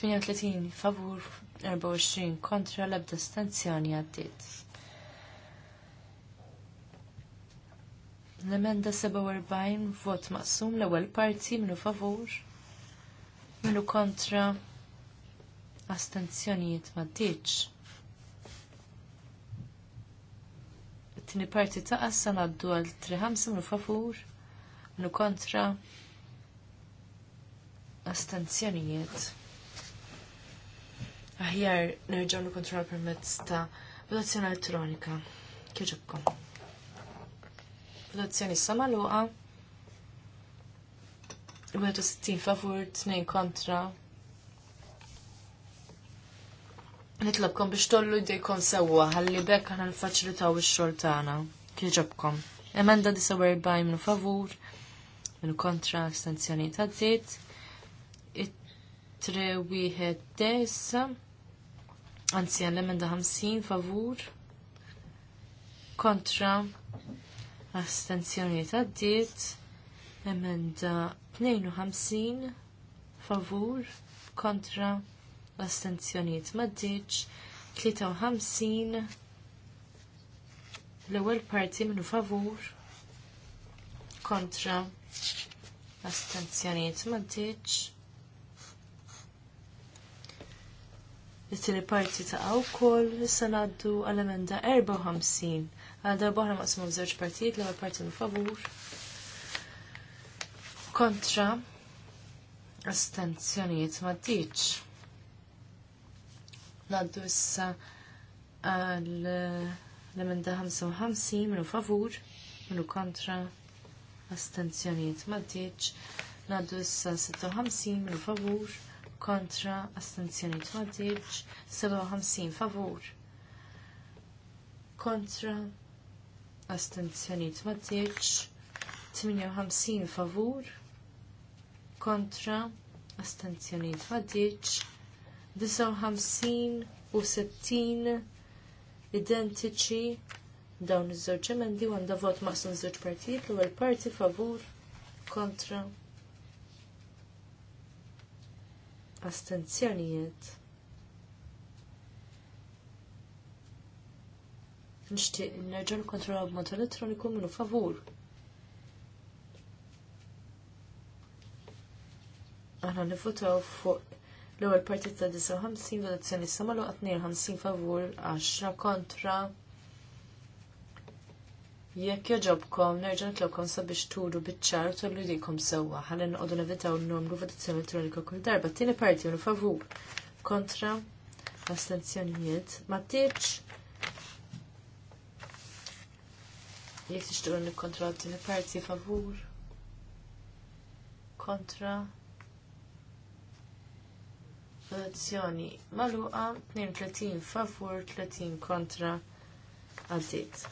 38 favur 24 kontra l-ebda stanzjoni għaddit. L-emenda 47 vot maqsum l-ewwel parti minnu favur minnu kontra astenzjonijiet ma maddiċ. Tini parti ta' assa naddu għal 3-5 mlu favur, mlu kontra astenzjonijiet. Aħjar nerġaw nikontrolla permezz ta' votazzjoni elettronika. Kieġibkom. Votazzjoni sama luqa. 60 fafur, 2 kontra, Nitlobkom biex tollu jdejkom sewwa ħalli bekk aħna nfaċilitaw ix-xogħol tagħna. Kieġabkom. Emenda 49 minu favur, minn kontra astenzjoni ta' żied. It-tre wieħed desa. Anzi l-emenda 50 favur. Kontra astenzjoni ta' żied. Emenda 52 favur kontra astenzjoniet maddiċ, 53 l-ewwel parti minnu favur kontra astenzjoniet maddiċ. it-tieni parti ta' wkoll issa ngħaddu għal emenda 54 għal darba oħra maqsmu żewġ partijiet l-ewwel parti minn favur kontra astenzjonijiet ma' tiġ. Naddu issa għal l-emenda 55 minu favur, minu kontra, astenzjoniet maddiċ. Naddu issa 56 minu favur, kontra, astenzjoniet maddiċ. 57 favur, kontra, astenzjoniet maddiċ. 58 favur, kontra, astenzjoniet maddiċ u 60 identiċi dawn iż-żewġ emendi u għandha vot maqsum żewġ partijiet l-ewwel parti favur kontra astenzjonijiet. Nixtieq nerġa' nikkontrollaw b'mod elettroniku minnu favur. Aħna nivvotaw fuq l-ewwel partit ta' 59 votazzjoni samalu qatt 52 favur 10 kontra. Jekk joġobkom nerġa' nitlobkom sabiex turu biċ-ċar u tollu jdejkom sewwa ħalli nqogħdu nevitaw n-numru votazzjoni elettronika kull darba. Tieni parti unu favur kontra astenzjonijiet. Ma tiġ jek tixtiequ nikkontrolla tieni parti favur kontra votazzjoni maluqa 32 favur 30 kontra għaddit.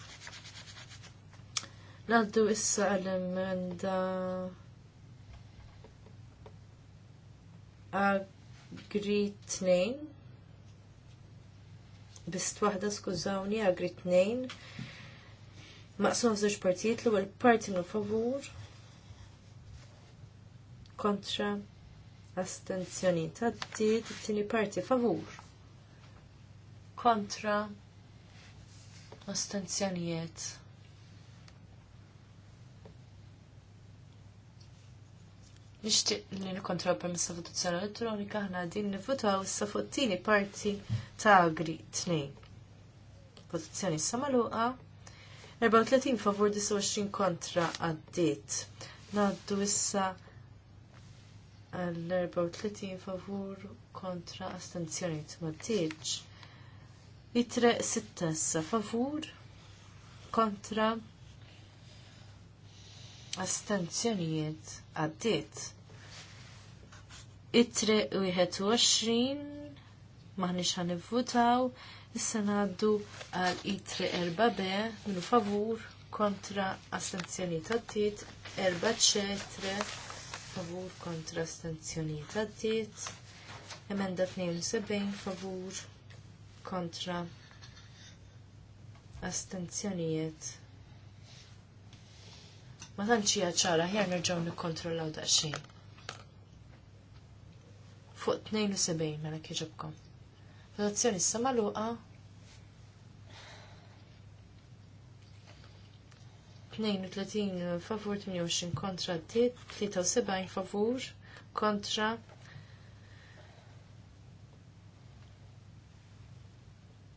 Naddu issa l-emenda Agri 2 bist wahda skużawni Agri 2 maqsum żewġ partijiet l-ewwel parti favur kontra astenzjoni taddi, it-tieni parti favur kontra astenzjonijiet. Nixtieq li nikontra permessa votazzjoni elettronika ħna din nivvotaw issa fuq tieni parti ta' agri tnejn. Votazzjoni issa magħluqa. 34 favur 29 kontra għaddiet. Naddu issa għall-34 favur kontra astenzjoniet mal-tieġ. Itre 6 favur kontra astenzjoniet għaddiet. Itre 21 maħniċ ħan votaw issa ngħaddu għal itre 4 b minu favur kontra astenzjoniet għaddiet 4 ċetre favur kontra astenzjonijiet għaddiet. Emenda 72 favur kontra astenzjonijiet. Ma tantx hija ċara ħjar nerġgħu nikkontrollaw daqsxejn. Fuq 72 mela kieġobkom. Votazzjoni s magħluqa 32 favur, 28 kontra, 73 favur, kontra.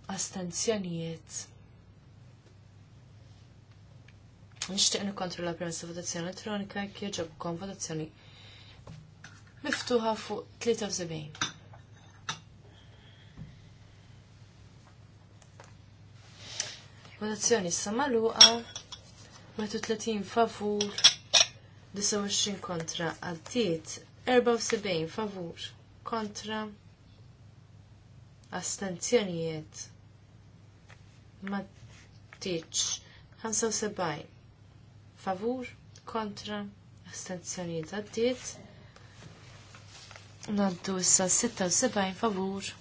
Astenzjonijiet. Nishtiq nikontrolla permess ta' votazzjoni elettronika kif ukoll votazzjoni miftuħa fuq 73. Votazzjoni issa magħluqa. 31 favur, 29 kontra, għaddiet 74 favur kontra, astenzjonijiet ma tiċ 75 favur kontra astenzjonijiet għaddiet Naddu issa 76 favur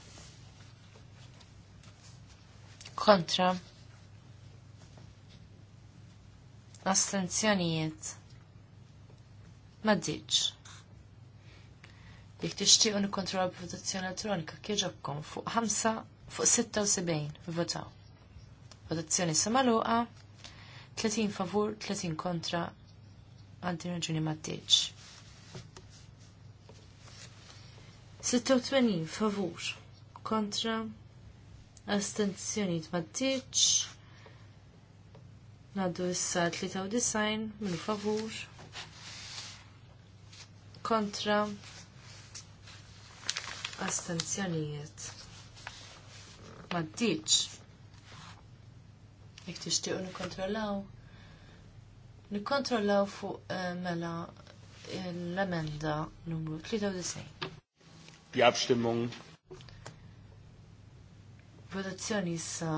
kontra astenzjonijiet ma ddiċ. Jek tixtiequ nikkontrolla b'votazzjoni elettronika kieġobkom fuq 5 fuq 76 votaw. Votazzjoni samaluqa 30 favur, 30 kontra għandi raġuni ma ddiċ. 86 favur kontra astenzjonijiet ma ddiċ. Naddu issa 93 minn favur kontra astenzjonijiet. Maddiċ. Jek tixtiequ nikkontrollaw. Nikkontrollaw fuq eh, mela l-emenda numru 93. Die Abstimmung. Votazzjoni issa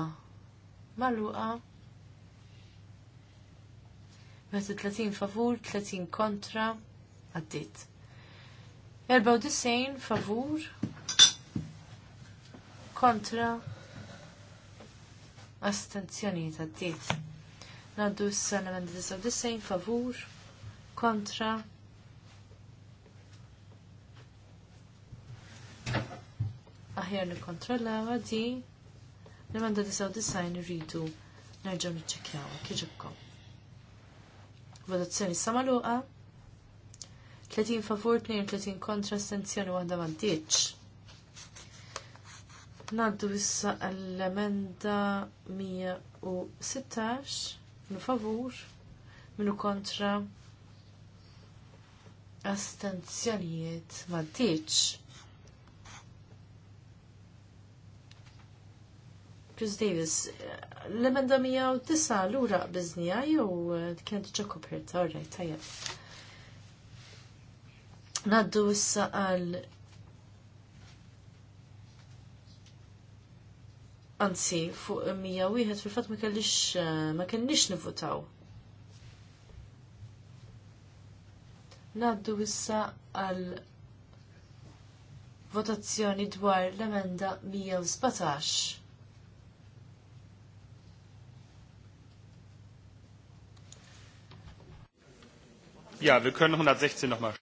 maluqa. Meta 30 favur, 30 kontra, għaddit. 94 favur, kontra, astenzjoni għaddit. Naddu s-sena 99 favur, kontra, aħjar nikkontrollawa di li manda disaw design rridu nerġaw nċekjaw, kieġibkom. Votazzjoni samaluqa. 30 favur, 32 kontra, stenzjoni waħda ma ddiċ. Naddu issa għall-emenda 116 minu favur, minu kontra, astenzjonijiet ma Chris Davis, l-emenda 109 l-ura biznija jew eh, kienet ġa koperta, orrejt, tajjeb. Naddu issa għal Anzi, fuq 101 fil-fat ma kellix eh, ma kellix nivutaw. Naddu issa għal votazzjoni dwar l-emenda 117. Ja, wir können 116 nochmal.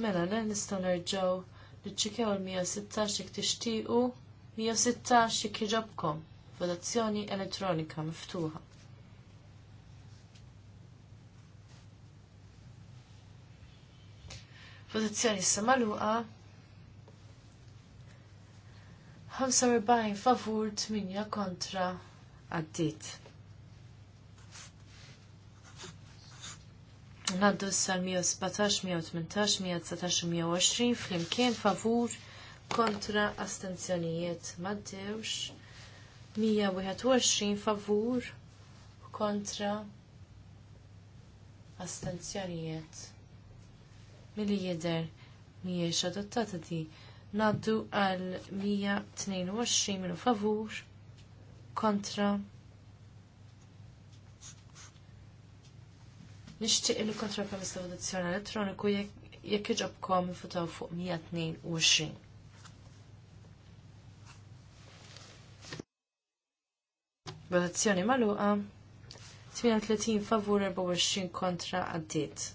Mela, ne, nistaw nerġaw niċċikjaw il-116 jek tixtiequ 116 jek jiġobkom. Votazzjoni elettronika miftuħa. Votazzjoni samaluqa magħluqa. 45 favur 8 kontra għaddit. Naddu sal-117, 118, 119, 120 flimkien favur kontra astenzjonijiet maddewx. 121 favur kontra astenzjonijiet. Mili jider miex adottata di naddu għal 122 minu favur kontra Nixtieq li kontra permess ta' votazzjoni elettroniku jekk iġobkom ifutaw fuq 122. Votazzjoni magħluqa 38 favur 24 kontra għaddit.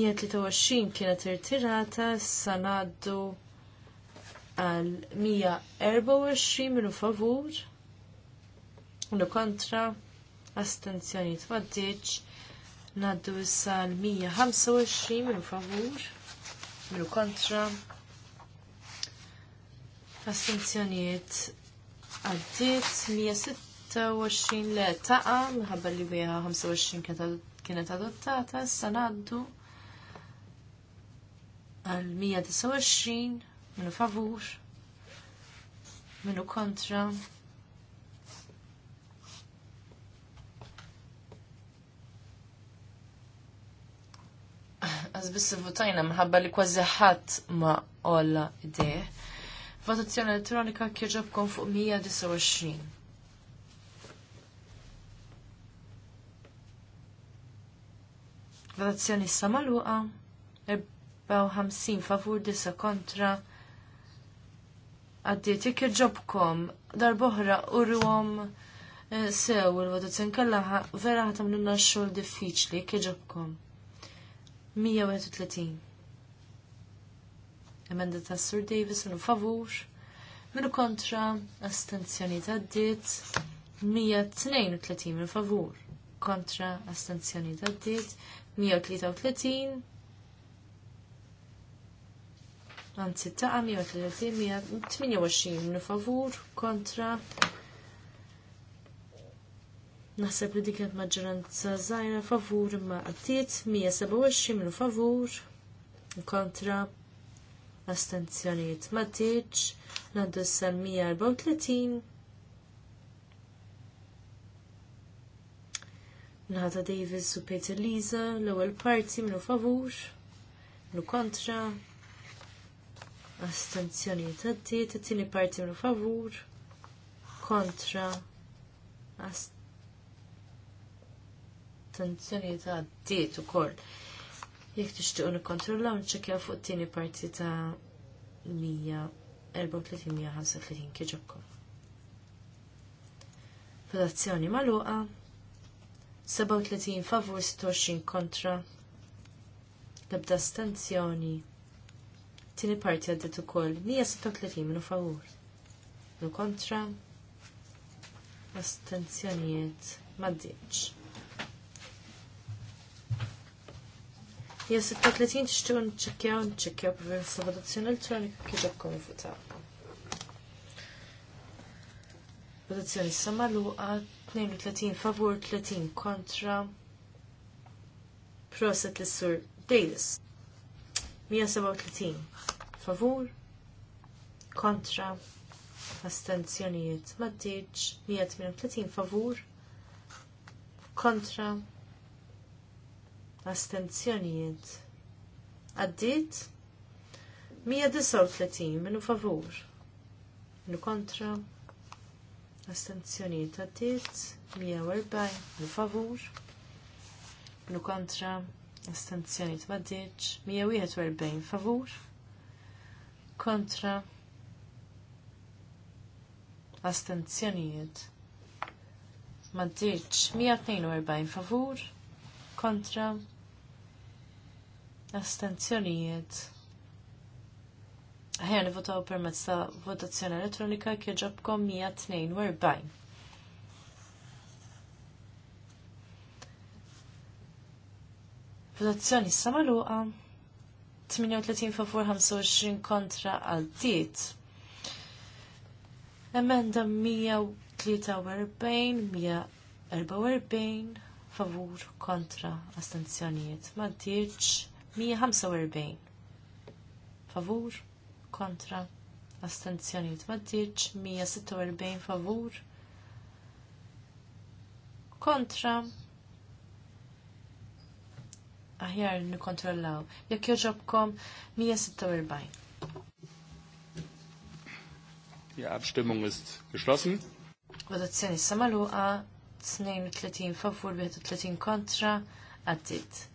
123 kienet irtirata sanaddu għal 124 minu favur minu kontra astenzjoni tmaddiċ, naddu issa l-125 minu favur, minu kontra, astenzjoniet għaddiet 126 le taqa, minħabba li bieħa 25 kienet adottata, issa naddu għal 129 minu favur, minu kontra, biss votajna minħabba li kważi ħadd ma olla ideh. Votazzjoni elettronika kon fuq 129. Votazzjoni issa magħluqa 54 favur disa kontra għaddiet jekk darboħra urwom eh, sew il-votazzjoni kellha vera ħatamlilna x-xogħol diffiċli kieġobkom. 131. Emenda ta' Sur Davis minu favur. Minu kontra astenzjoni ta' ddit 132 minu favur. Kontra astenzjoni ta' ddit 133. Anzi ta' 133 128 minu favur kontra Naħseb li dik maġġoranza żgħira favur imma qattiet 127 minu favur kontra astenzjonijiet ma tiġ ngħaddu issa 134 Nħata Davis u Peter Liza l-ewwel parti minu favur minu kontra astenzjonijiet għaddiet it-tieni parti minu favur kontra astenzjonijiet astenzjonijiet għaddiet ukoll. Jekk tixtiequ nikkontrollaw nċekkjaw fuq tieni parti ta' 134-135 kieġobkom. Votazzjoni magħluqa 37 favur 26 kontra l-ebda stanzjoni tini parti u ukoll 136 minu favur. Nu kontra astenzjonijiet maddiċ. Ja 36 tixtiju nċekjaw, nċekjaw permezz ta' votazzjoni elettronika kif ikkom votaw. Votazzjoni issa magħluqa 32 favur 30 kontra. Proset l-sur Davis. 137 favur kontra astenzjonijiet maddiċ 138 favur kontra astenzjonijiet għaddit 139 minu favur minu kontra astenzjonijiet għaddit 140 minu favur minu kontra astenzjonijiet għaddit 141 favur kontra astenzjonijiet maddiċ 142 favur kontra astenzjonijiet. Ħajja nivotaw permezz ta' votazzjoni elettronika kieġobkom 142. Votazzjoni samaluqa 38 favur 25 kontra għal tiet. Emenda 143, 144 favur kontra astenzjonijiet. Ma 145. Favur, kontra, astenzjoniet maddiċ, 146 favur, kontra, aħjar nikontrollaw, jekk joġobkom 146. Die Abstimmung ist geschlossen. Votazzjoni samaluqa 32 favur 31 kontra għaddit.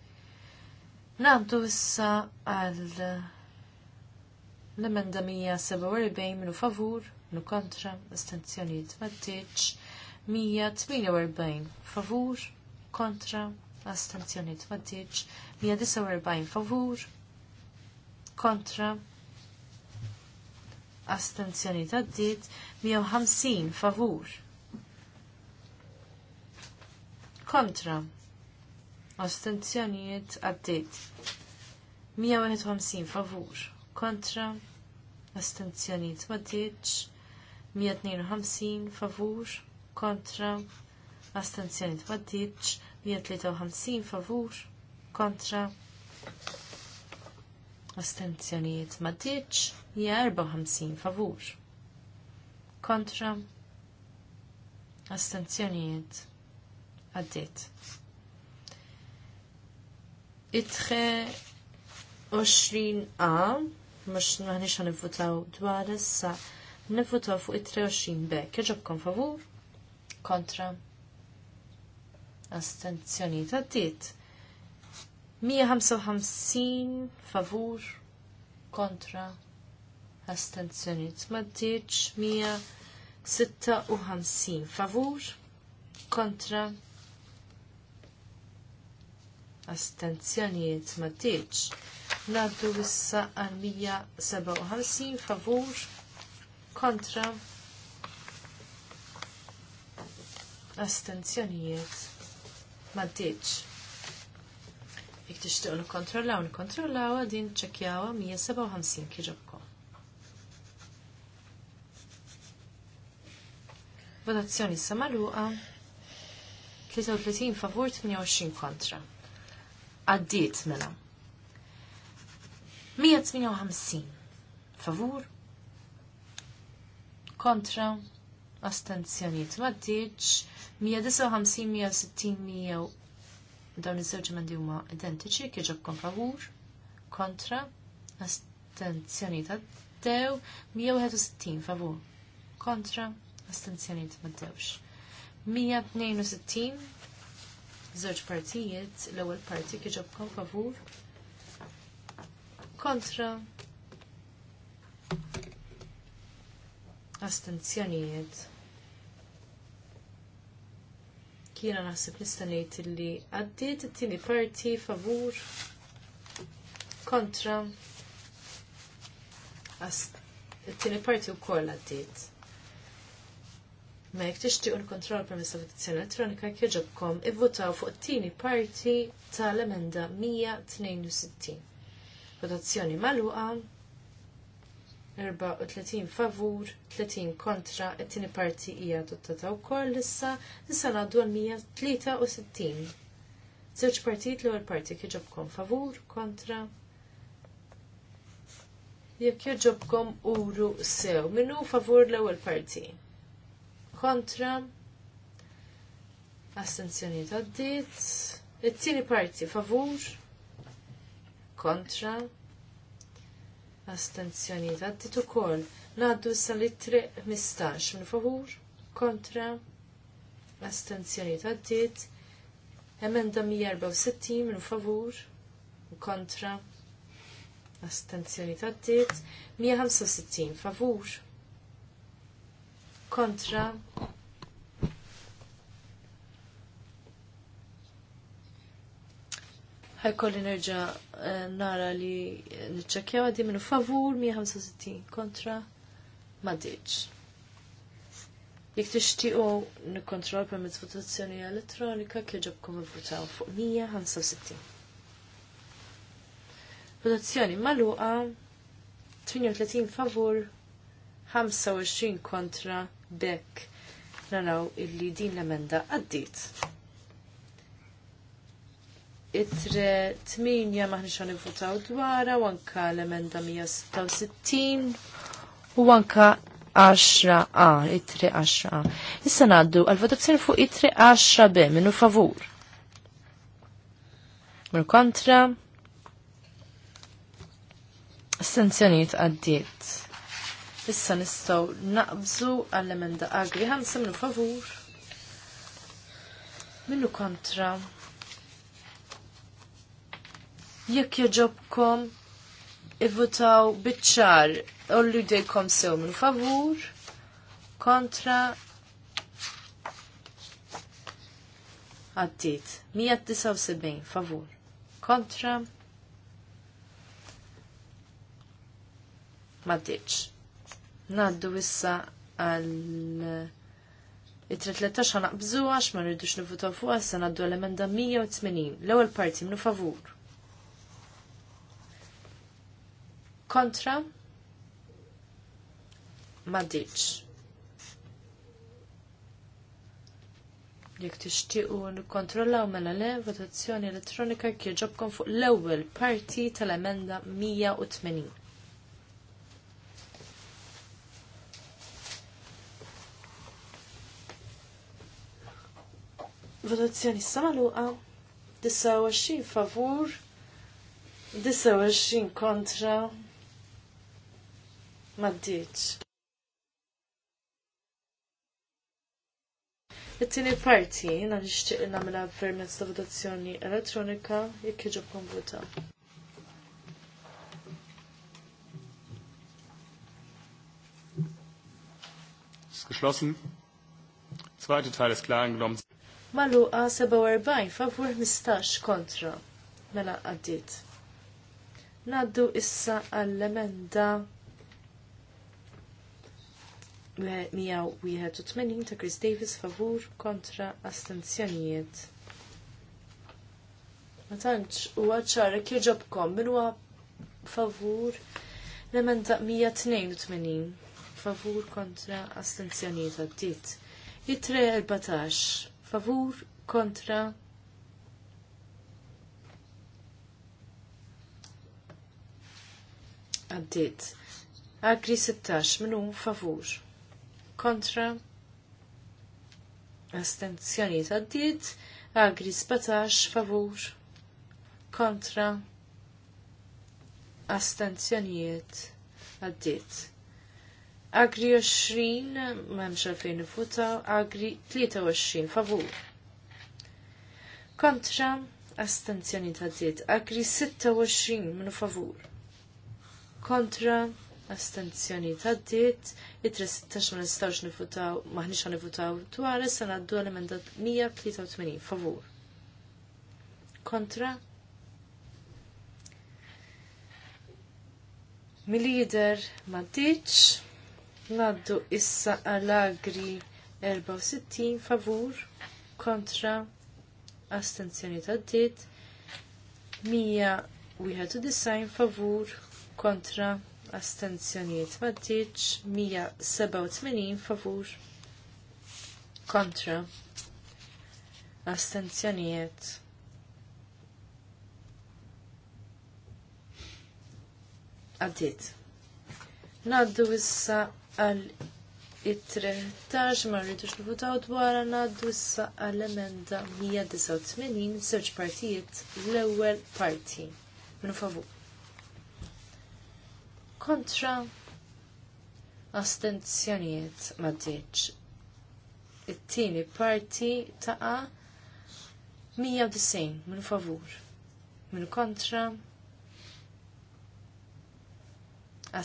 Naddu issa għal l-emenda 147 minu favur, minu kontra, astenzjoniet maddiċ, 148 favur, kontra, astenzjoniet maddiċ, 149 favur, kontra, astenzjoniet għaddit, 150 favur, kontra, astenzjonijiet għaddit. 151 favur kontra astenzjonijiet għaddit. 152 favur kontra astenzjonijiet għaddit. 153 favur kontra astenzjonijiet għaddit. 154 favur kontra astenzjonijiet għaddit. Itħe 20a, mux maħnix għan nivvutaw dwar issa, nifutaw fuq itħe 20b. Kieġobkom favur? Kontra? Astenzjoni ta' dit. 155 favur kontra astenzjoni tmaddiċ 156 favur kontra astenzjonijiet ma tiġ. Naddu issa għal 157 favur kontra astenzjonijiet ma tiġ. Jek tixtiqu nikkontrollaw, nikkontrollaw għadin ċekjawa 157 kieġobkom. Votazzjoni samaluqa 33 favur 28 kontra għaddiet mela. 158 favur kontra astenzjoniet maddiċ 159-160 dawn iż-żewġ mendi huma identiċi kieġobkom favur kontra astenzjoniet għaddew 161 favur kontra astenzjoniet maddewx 162 żewġ partijiet, l-ewwel parti kon favur kontra astenzjonijiet. Kiena naħseb nista' ngħid li għaddiet it-tieni parti favur kontra it-tieni parti wkoll għaddiet. Ma jek tixtiqu l kontrol permess tal-votazzjoni elettronika kieġobkom ivvutaw fuq it-tieni parti tal-emenda 162. Votazzjoni magħluqa 34 favur, 30 kontra, it-tieni parti hija adottata wkoll issa issa ngħaddu għal 163. Żewġ partijiet l-ewwel parti kieġobkom favur, kontra, jekk uru sew, minnu favur l ewwel parti kontra, ta' dit. it-tieni parti favur, kontra, dit u ukoll. Naddu sa li triq 15 minn favur, kontra, ta' dit. emenda 164 minn favur, kontra, ta' dit. 165 favur, kontra ħajkolli nerġa eh, nara li nċakjaw għaddi minu favur 165 kontra ma diċ. Jek tixtiqu nikkontrol permezz votazzjoni elettronika kieġobkom votaw fuq 165. Votazzjoni maluqa 38 favur 25 kontra bekk naraw illi din l-emenda għaddit. Itre 8 maħni xan votaw dwara, wanka l-emenda 166, u anka 10a, itre 10a. Issa naddu għal-votazzjoni fuq itre 10b, minnu favur. Mur kontra, sanzjoniet għaddiet. Issa nistgħu naqbżu għall-emenda agri Għan semnu favur. Minnu kontra. Jekk joġobkom ivvutaw bitċar ollu dejkom sew minn favur kontra għaddit 179 favur kontra maddiċ Naddu issa għal it-tretlettax ħana bżu għax ma rridux nivutaw fuq għassa naddu l-emenda 180. L-ewel parti minu favur. Kontra ma diċ. Jek tixtiequ nikkontrollaw mela le votazzjoni elettronika kieġobkom fuq l-ewwel parti tal-emenda 180. Votazzjoni samaluqa. 29 favur. 29 kontra. Maddiċ. Il-tini parti jiena nixtieq nagħmilha permezz ta' votazzjoni elettronika jekk jiġu komputa. geschlossen. Zweite Teil ist klar angenommen maluqa 47 favur 15 kontra. Mela għaddit. Naddu issa għall-emenda 181 ta' Chris Davis favur kontra astenzjonijiet. Ma tantx huwa ċara kif ġobkom min huwa favur l-emenda 182 favur kontra astenzjonijiet għaddit. Jitre 14 favur kontra għaddit. Agri 17, minu favur. Kontra. Astenzjoni għaddit. Agri 17 favur. Kontra. Astenzjoniet għaddit. Agri 20, nxal fejn futa, agri 23, favur. Kontra, astenzjoni ta' diet, agri 26, minu favur. Kontra, astenzjoni ta' diet, itre 16 ma nistawx nifutaw, maħnix għan nifutaw, dwar sena għaddu għal-emenda 183, favur. Kontra, lider ma' diċ, Naddu issa għal-agri 64 favur kontra astenzjoni ta' d 191 favur kontra astenzjoniet ma' d 187 favur kontra astenzjoniet. Għaddit. Naddu issa għal it taġ ma rridux nifutaw dwar naddu issa għall-emenda 189 żewġ partijiet l-ewwel parti. Minu favur. Kontra astenzjonijiet ma ddiċ. It-tieni parti taqa 190 minu favur. Minu kontra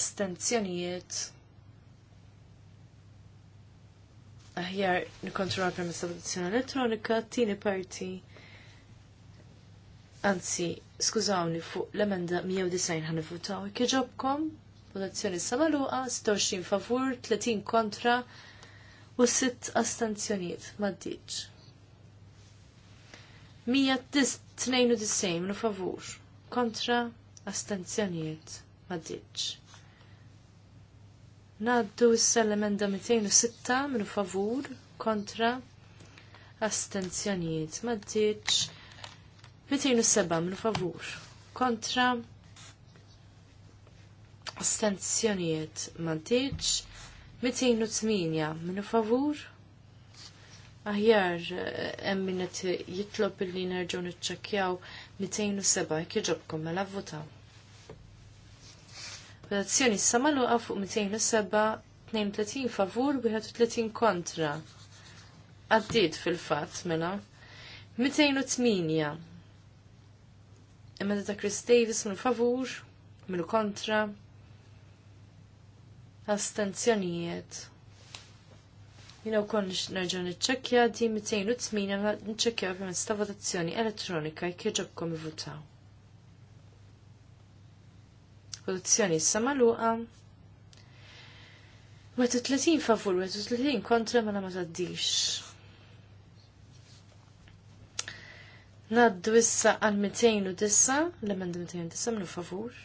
astenzjonijiet aħjar nikontrolla permezz ta' votazzjoni elettronika, tini parti anzi, skużawni fuq l-emenda 190 ħan votaw kieġobkom, votazzjoni samaluqa, 26 favur, 30 kontra u 6 astanzjoniet maddiċ. 192 minu favur, kontra astanzjoniet maddiċ. Naddu s-salemenda 206 minn favur kontra astenzjonijiet. Maddiċ 207 minn favur kontra astenzjonijiet. Maddiċ 208 minn favur Aħjar eh, hemm min qed jitlob illi nerġgħu niċċekkjaw 207 kieġobkom mela votaw. Votazzjoni issa magħluqa fuq 207 32 favur, 31 kontra. Għaddit fil-fatt mela. 208. Imma ta' Chris Davis minn favur, minn kontra. Astenzjonijiet. Jina u kon nerġa nċekja di 208 nċekja għafim sta votazzjoni elettronika jkieġobkom votaw votazzjoni issa magħluqa. t-tletin favur, t tletin kontra ma mela ma taddix. Naddu issa għal 209, l-emenda 209 minu favur.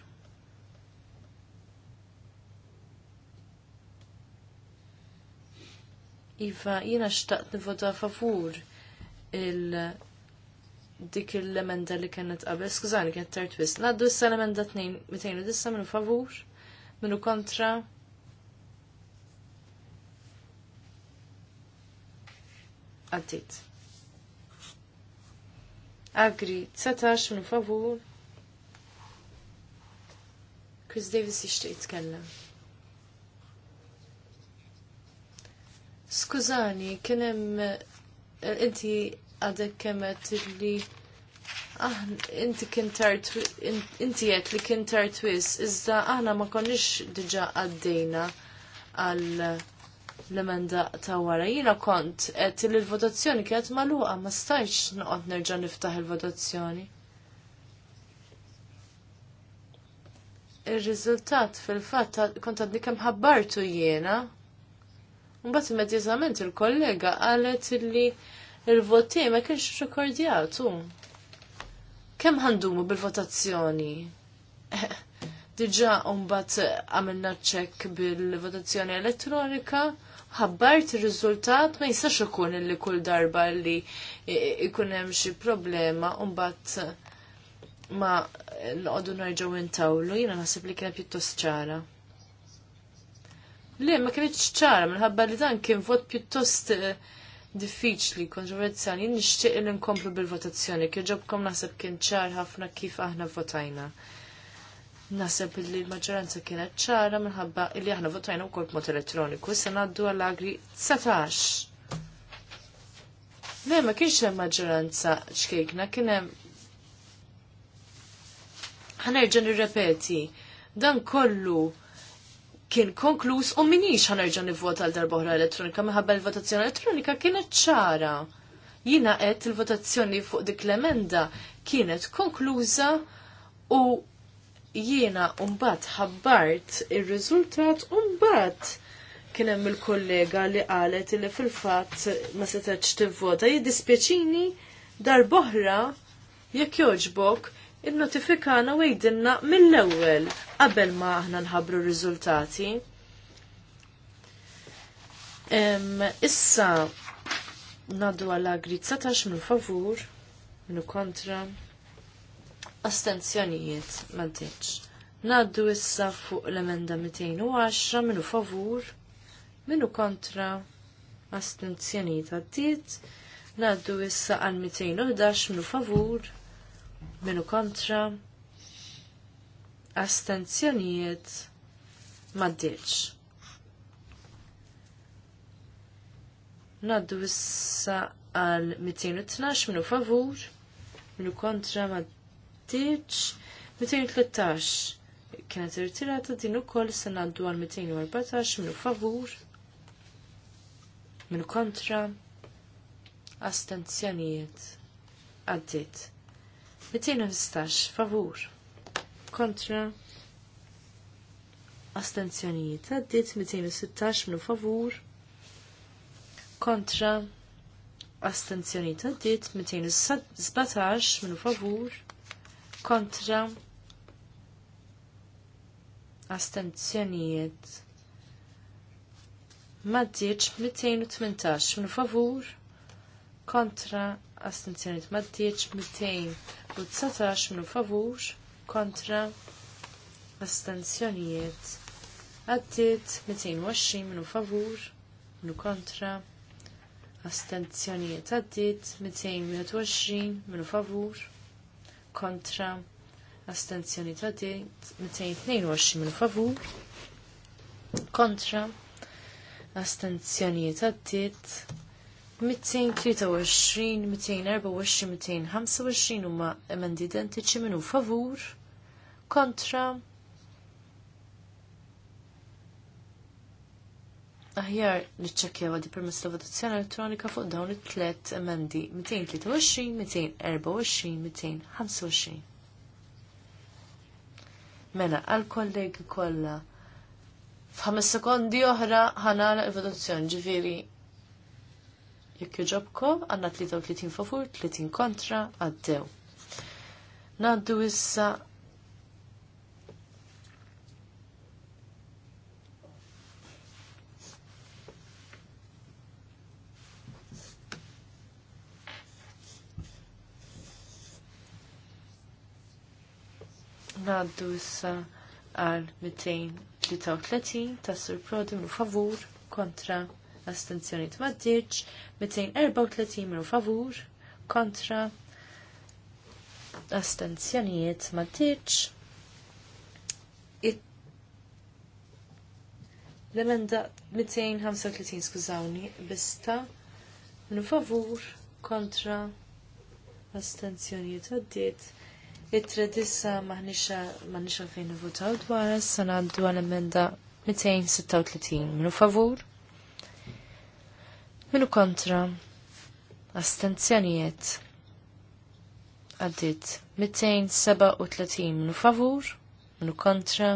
Iva, jina xtaqt nivota favur il- dik l-emenda li kienet qabel, skużani, kienet twist. Naddu issa l-emenda dissa minu favur, minu kontra. Għaddit. Agri 19 minu favur. Chris Davis jixtieq jitkellem. Skużani, kien hemm eh, inti għadek kemet li ah, inti kien inti jett li kien tart wis, iżda aħna ma konniex diġa għaddejna għal l-emenda ta' wara. Jina kont qed li l-votazzjoni kienet magħluqa ma stajtx noqgħod nerġa' niftaħ il-votazzjoni. Ir-riżultat fil-fatt kont għadni kemm ħabbartu jiena. Mbagħad immedjatament il-kollega qalet li il-voti ma kienx rekordjatu. Kem ħandumu bil-votazzjoni? Diġa umbat għamilna ċek bil-votazzjoni elettronika, ħabbart il-rizultat ma jistax ikun li kull darba li ikun hemm xi problema umbat ma noqogħdu nerġgħu intawlu, jiena naħseb li kien pjuttost ċara. Le, ma kienx ċara minħabba li dan kien vot pjuttost uh, diffiċli, kontroversjali, nixtieq li nkomplu bil-votazzjoni, kif ġobkom naħseb kien ċar ħafna kif aħna votajna. Naħseb li l-maġġoranza kienet ċara minħabba li aħna votajna wkoll b'mod elettroniku, issa ngħaddu għall-agri 19. Le, ma kienx hemm maġġoranza xkejkna, kien hemm ħanerġa' nirrepeti dan kollu kien konkluż u minix ħanerġa' nivvota għal darba oħra elettronika minħabba l-votazzjoni elettronika kienet ċara. Jina qed il-votazzjoni fuq dik l-emenda kienet konkluża u jiena mbagħad ħabbart ir-riżultat u mbagħad kien hemm il-kollega li qalet li fil-fatt ma setgħetx tivvota jiddispjaċini darboħra jekk jogħġbok il-notifikana wejdinna mill-ewwel qabel ma aħna nħabru r-riżultati. Issa naddu għal agri 19 minn favur, minn kontra, astenzjonijiet ma Naddu issa fuq l-emenda 210 minu favur, minu kontra astenzjonijiet ta' naddu issa għal 211 minu favur, minu kontra, astenzjonijiet maddiċ. Naddu issa għal 212 minu favur, minu kontra maddiċ, 213 kienet irtirata din ukoll se naddu għal 214 minu favur, minu kontra, astenzjonijiet għaddit. 215 favur kontra astenzjonijiet għaddit 216 minu favur kontra astenzjonijiet għaddit 217 minu favur kontra astenzjonijiet maddiċ 218 minu favur kontra astenzjoniet maddieċ 219 minu favur kontra astenzjoniet għaddit 220 minu favur minu kontra astenzjoniet għaddit 221 minu favur kontra astenzjoniet għaddit 222 minu favur kontra astenzjoniet għattiet 223, 224, 225 huma emendi identiċi minnu favur kontra aħjar niċċekkjaw di permess ta' votazzjoni elettronika fuq dawn it-tlet emendi 223, 224, 225. Mela, għal-kollegi kollha f'ħames sekondi oħra ħanala il-votazzjoni ġifieri Jekk joġobkom għanna 33 favur, 30 kontra, għaddew. Naddu issa Naddu issa għal 233 ta' surprodim u favur kontra astenzjoniet maddiċ, 234 minu favur, kontra, astenzjonijiet maddiċ, L-emenda 235 skużawni bista minu favur kontra astenzjonijiet għaddiet. It-tredissa maħnixa maħnixa fejn votaw dwar sanaddu għal-emenda 236 minu favur Minu kontra? Astenzjonijiet. Għaddit. 237 minu favur, minu kontra,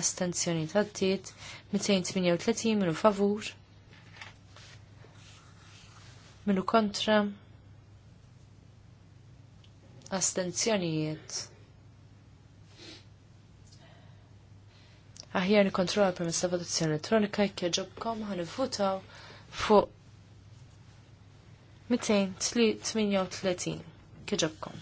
astenzjonijiet għaddit. 238 minu favur, minu kontra, astenzjonijiet. Aħjar nikontrolla permess ta' votazzjoni elettronika jekk jaġobkom fuq 238 kieġobkom.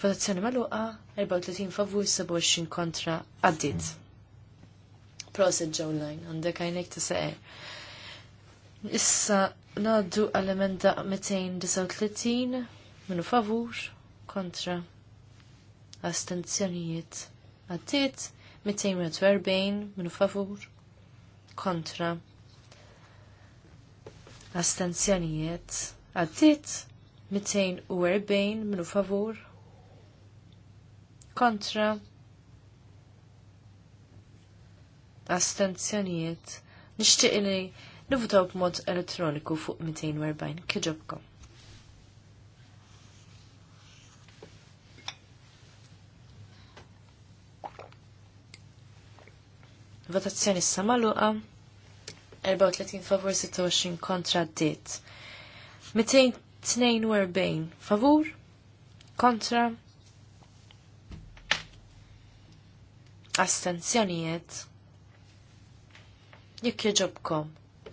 Votazzjoni maluqa 34 favur 27 kontra għaddit. Proset ġew lajn, għandek għajnek tisaqer. Issa naddu għal-emenda 239 minu favur kontra astenzjonijiet għaddit 240 minu favur kontra astenzjonijiet għaddit 240 minu favur kontra astenzjonijiet nixtieq li nivutaw b'mod elettroniku fuq 240 kieġobkom. Votazzjoni s-samaluqa. 34 favur 26 kontra dit. 242 favur kontra astenzjonijiet. Jekk jġobkom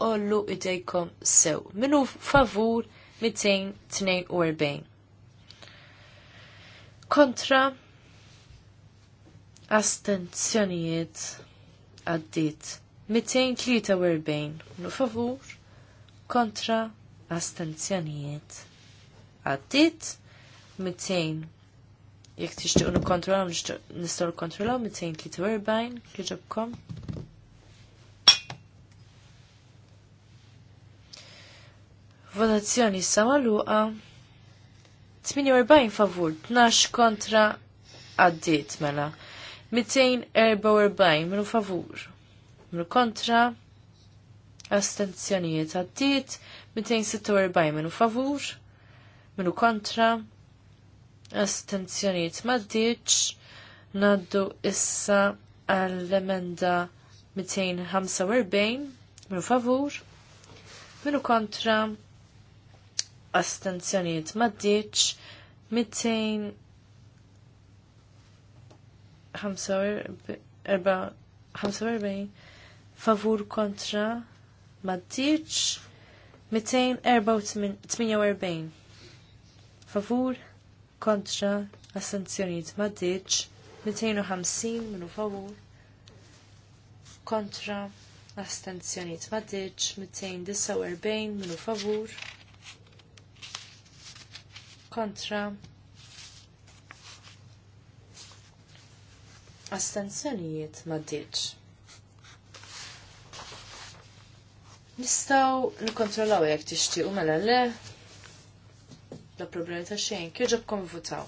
ollu idejkom sew. Minu favur 242. Kontra astenzjonijiet għaddit 243 no favur kontra astenzjonijiet. Għaddit 200 jekk tixtiequ nkontrollaw nistgħu nikkontrollaw 243 kieġobkom. Votazzjoni issa magħluqa 48 favur, 12 kontra għaddit mela. 244 minu favur minn kontra astenzjonijiet għaddit 246 minu favur minu kontra astenzjonijiet maddiċ naddu issa għall-emenda 245 minu favur minn kontra astenzjonijiet maddiċ 200 45 favur kontra Matic 248 favur kontra assenzjoniet Matic 250 minu favur kontra astenzjoniet Matic 249 minu favur kontra astenzjonijiet maddiċ. Nistaw nikontrollaw jek tixtiequ mela le. La problemi ta' xejn, kif ġobkom votaw.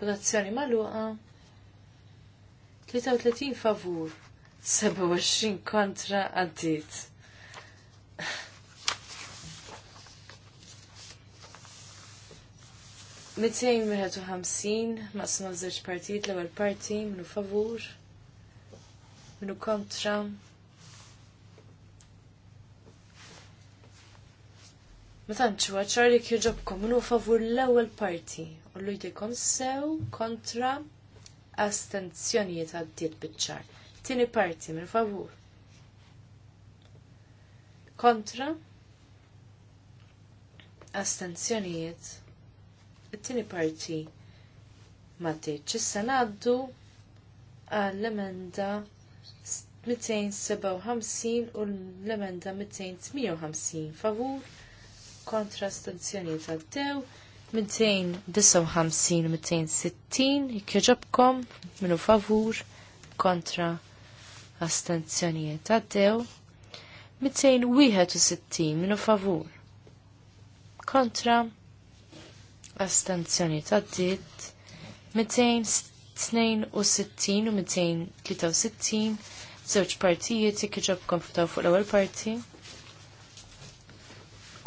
Votazzjoni magħluqa. 33 favur, 27 kontra għaddit. ħamsin, maqsma żewġ partijiet l-ewwel parti minnu favur, minnu kontra. Ma tantx ċarri ċar li minnu favur l-ewwel parti u l sew kontra astenzjonijiet għaddiet biċ-ċar. Tieni parti minnu favur. Kontra astenzjonijiet T'ini parti ma tiġ. Issa naddu għall-emenda 257 u l-emenda 258 favur kontra stanzjoniet għaddew 259-260 jikjoġobkom minu favur kontra astenzjonijiet għaddew 261 minu favur kontra Astanzjoni ta' taddit, 262 u 263 żewġ partijiet jekk iġab konfutaw fuq l-ewwel parti.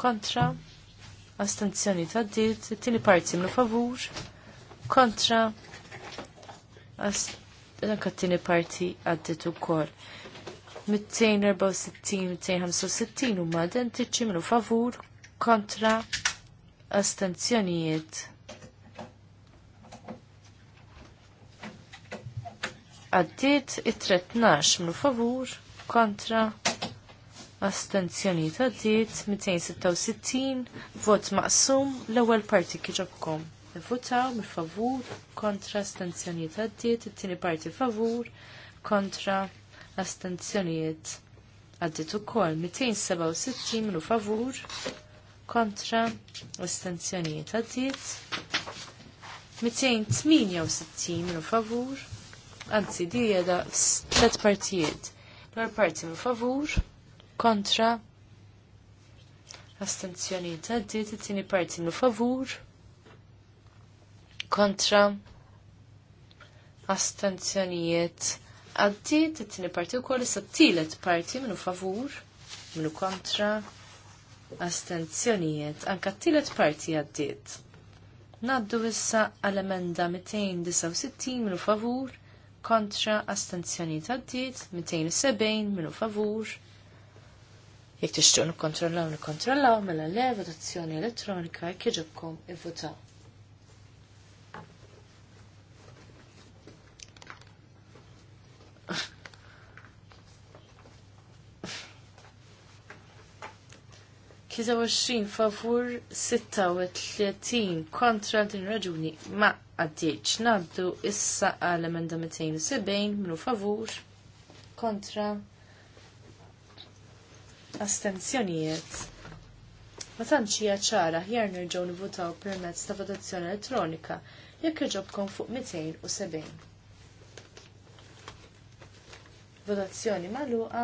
Kontra astenzjoni taddit, it-tieni parti mlu favur. Kontra anka t-tieni parti għaddit ukoll. 264-265 huma identiċi minnu favur kontra astenzjonijiet għaddiet it-tretnax mlu favur kontra astenzjonijiet għaddiet 266 vot maqsum l-ewwel parti kieġobkom. Votaw mill-favur kontra astenzjonijiet għaddiet, it-tieni parti favur kontra astenzjonijiet għaddiet ukoll 267 mlu favur kontra astenzjonijiet għaddiet. 268 minu favur, anzi di jeda tlet partijiet. L-għar parti minn favur, kontra astenzjonijiet għaddiet, t tini parti minu favur, kontra astenzjonijiet għaddiet, it-tini parti u koll, s-sattilet parti minu favur, minu kontra astenzjonijiet anka t-tielet parti għaddiet. Naddu issa għal-emenda 269 minu favur kontra astenzjonijiet għaddiet 270 minu favur. Jek tixtuq nikkontrollaw nikkontrollaw mela le votazzjoni elettronika jekk jiġobkom votaw 23 favur 36 kontra din raġuni ma għaddiċ. Naddu issa għal emenda 270 minu favur kontra astenzjonijiet. Ma tantx hija ċara ħjar nerġgħu nivutaw permezz ta' votazzjoni elettronika jekk irġobkom fuq 270. Votazzjoni magħluqa.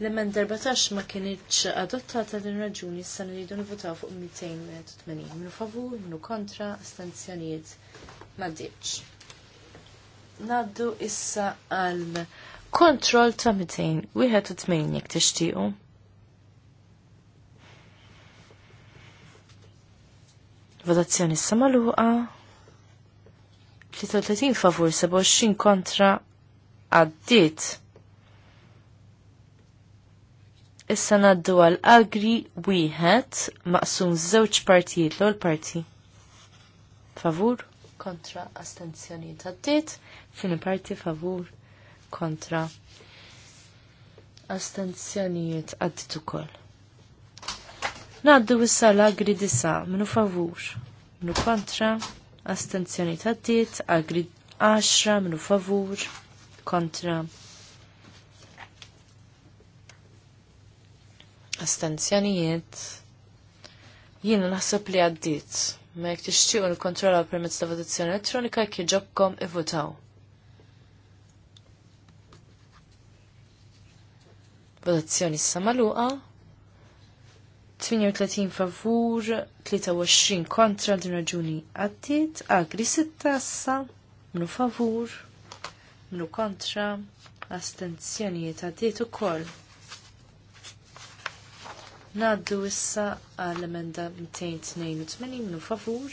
L-emend 14 ma kienieċ adottata din raġuni issa nridu votaw fuq 280 minu favur, minu kontra, stanzjoniet ma ddiċ. Naddu issa għal kontroll ta' 281 jek tixtiequ. Votazzjoni issa maluqa. 33 favur, 27 kontra għaddit. Issa naddu għal agri wieħed maqsum żewġ partijiet l parti. Favur kontra astenzjoni ta' tit, fini parti favur kontra astenzjonijiet għaddit ukoll. Naddu issa l-agri disa minu favur, minu kontra, astenzjoni ta' tit, agri 10 minu favur, kontra, astenzjonijiet, jiena naħseb li għaddit. Ma jek tixtiequ nikkontrollaw permezz ta' votazzjoni elettronika jekk jiġobkom ivvutaw. Votazzjoni issa magħluqa. 38 favur, 23 kontra din raġuni għaddit, agri 6 assa, minu favur, minu kontra, astenzjonijiet għaddit u koll. Naddu issa għall-emenda 282 minu favur.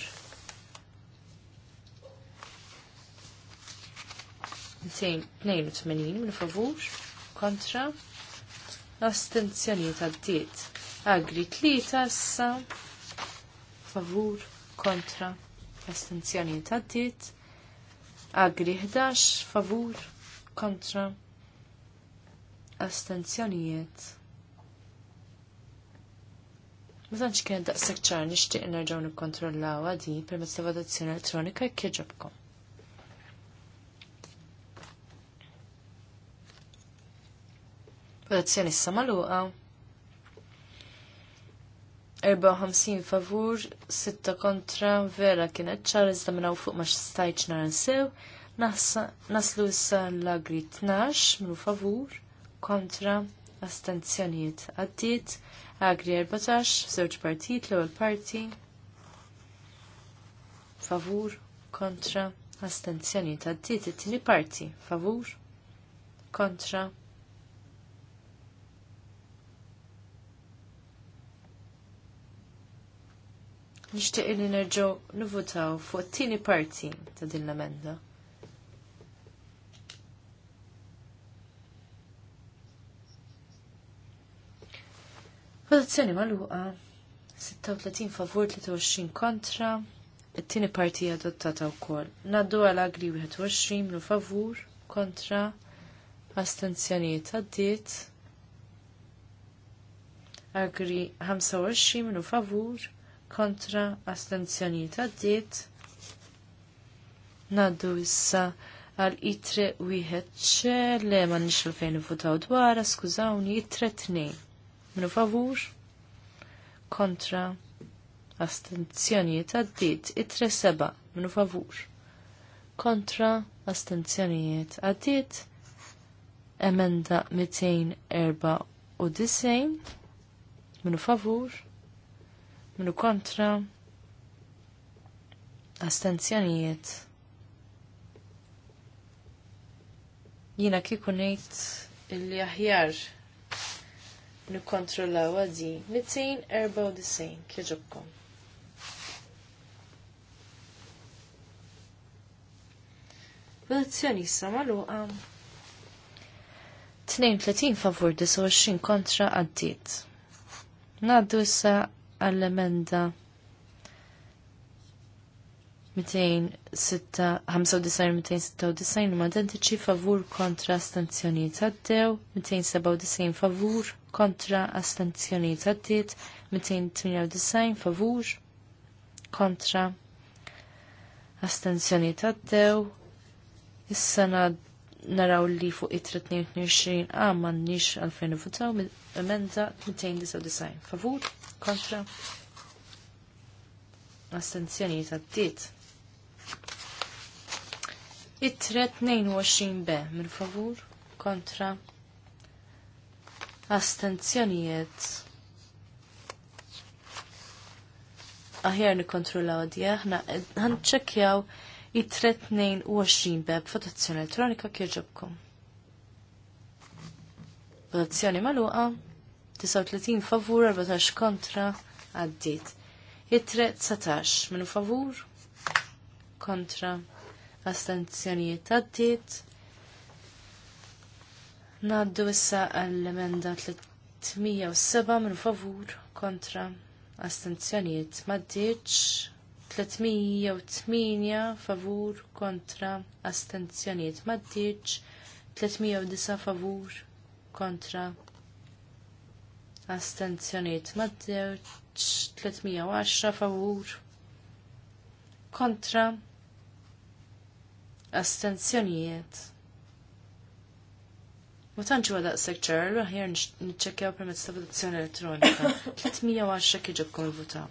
282 minu favur kontra l-astenzjoni ta' diet. Agri tlita issa favur kontra l-astenzjoni ta' diet. Agri 11 favur kontra astenzjonijiet Ma kien daqseg ċar nixtieq nerġgħu nikkontrollaw għadi permezz ta' votazzjoni elettronika jekk jiġobkom. Votazzjoni issa magħluqa. 54 favur, 6 kontra, vera kienet ċar iżda minn fuq ma xistajċ nara nsew. Naslu issa l-agri 12 minnu favur, kontra, astenzjonijiet għaddiet. Agri 14, żewġ partit, l-ewwel parti. Favur, kontra, astenzjoni ta' dit it-tieni parti. Favur, kontra, Nixtieq li nerġgħu nivutaw fuq it-tieni parti ta' din l-emenda. Votazzjoni maluqa. 36 favur, 23 kontra. It-tieni parti adottata wkoll. Naddu għal agri 21 minu favur, kontra. Astenzjonijiet għaddiet. Agri 25 minu favur, kontra. Astenzjonijiet għaddiet. Naddu issa għal itre wieħed le ma nix fejn votaw dwar, skużawni, itre tnejn. Minu favur kontra astenzjonijiet għaddit. Itre seba. Minu favur kontra astenzjonijiet għaddit. Emenda 294 minu favur minu kontra astenzjonijiet. Jina kiku il illi aħjar nikkontrollaw għadzi 294 kieġobkom. Votazzjoni issa maluqa. 32 favur 29 kontra għaddiet. Naddu issa għall-emenda 295-296 huma identiċi favur kontra astenzjonijiet għaddew, 297 favur kontra astenzjonijiet għaddiet, 298 favur kontra astenzjonijiet għaddew. Issa naraw li fuq it-322 għamma nix għalfejn votaw, emenda 299 favur kontra astenzjonijiet għaddiet it 22 b minn favur kontra astenzjonijiet. Aħjar nikontrollaw għadija, ħna ħanċekjaw it-tret 22 b votazzjoni elettronika kieġobkom. Votazzjoni maluqa, 39 favur, 14 kontra, għaddit. it 17, 19 minn favur kontra astenzjonijiet għaddit. Naddu issa għall-emenda 307 minn favur kontra astenzjonijiet maddiċ 308 favur kontra astenzjonijiet maddiċ 309 favur kontra astenzjonijiet maddiċ 310 favur kontra astenzjonijiet. Ma tanċu għada daqshekk sekċar l-aħjar niċċekkjaw permezz ta' votazzjoni elettronika. 310 kum vota.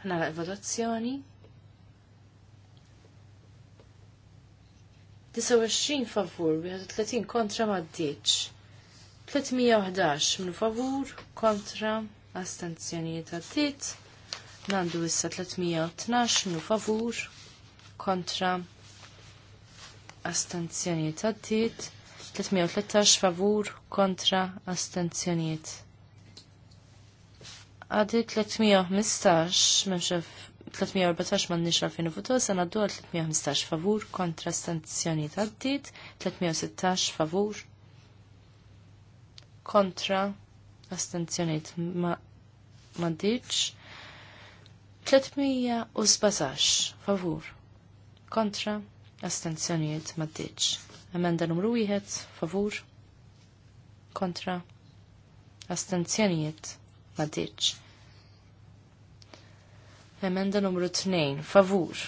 Għana Nagħlaq votazzjoni. 29 favur, 30 kontra ma' 10. 311 minn favur kontra astenzjonijiet għaddit. Nandu issa 312 minn favur kontra astenzjonijiet għaddit. 313 favur kontra astenzjonijiet. Għaddi 315 memxef 314 man nixra fin voto san 315 favur kontra astenzjonijiet għaddit. 316 favur kontra astenzjoniet ma maddiċ 317 favur kontra astenzjoniet diċ emenda numru 1 favur kontra astenzjoniet diċ emenda numru 2 favur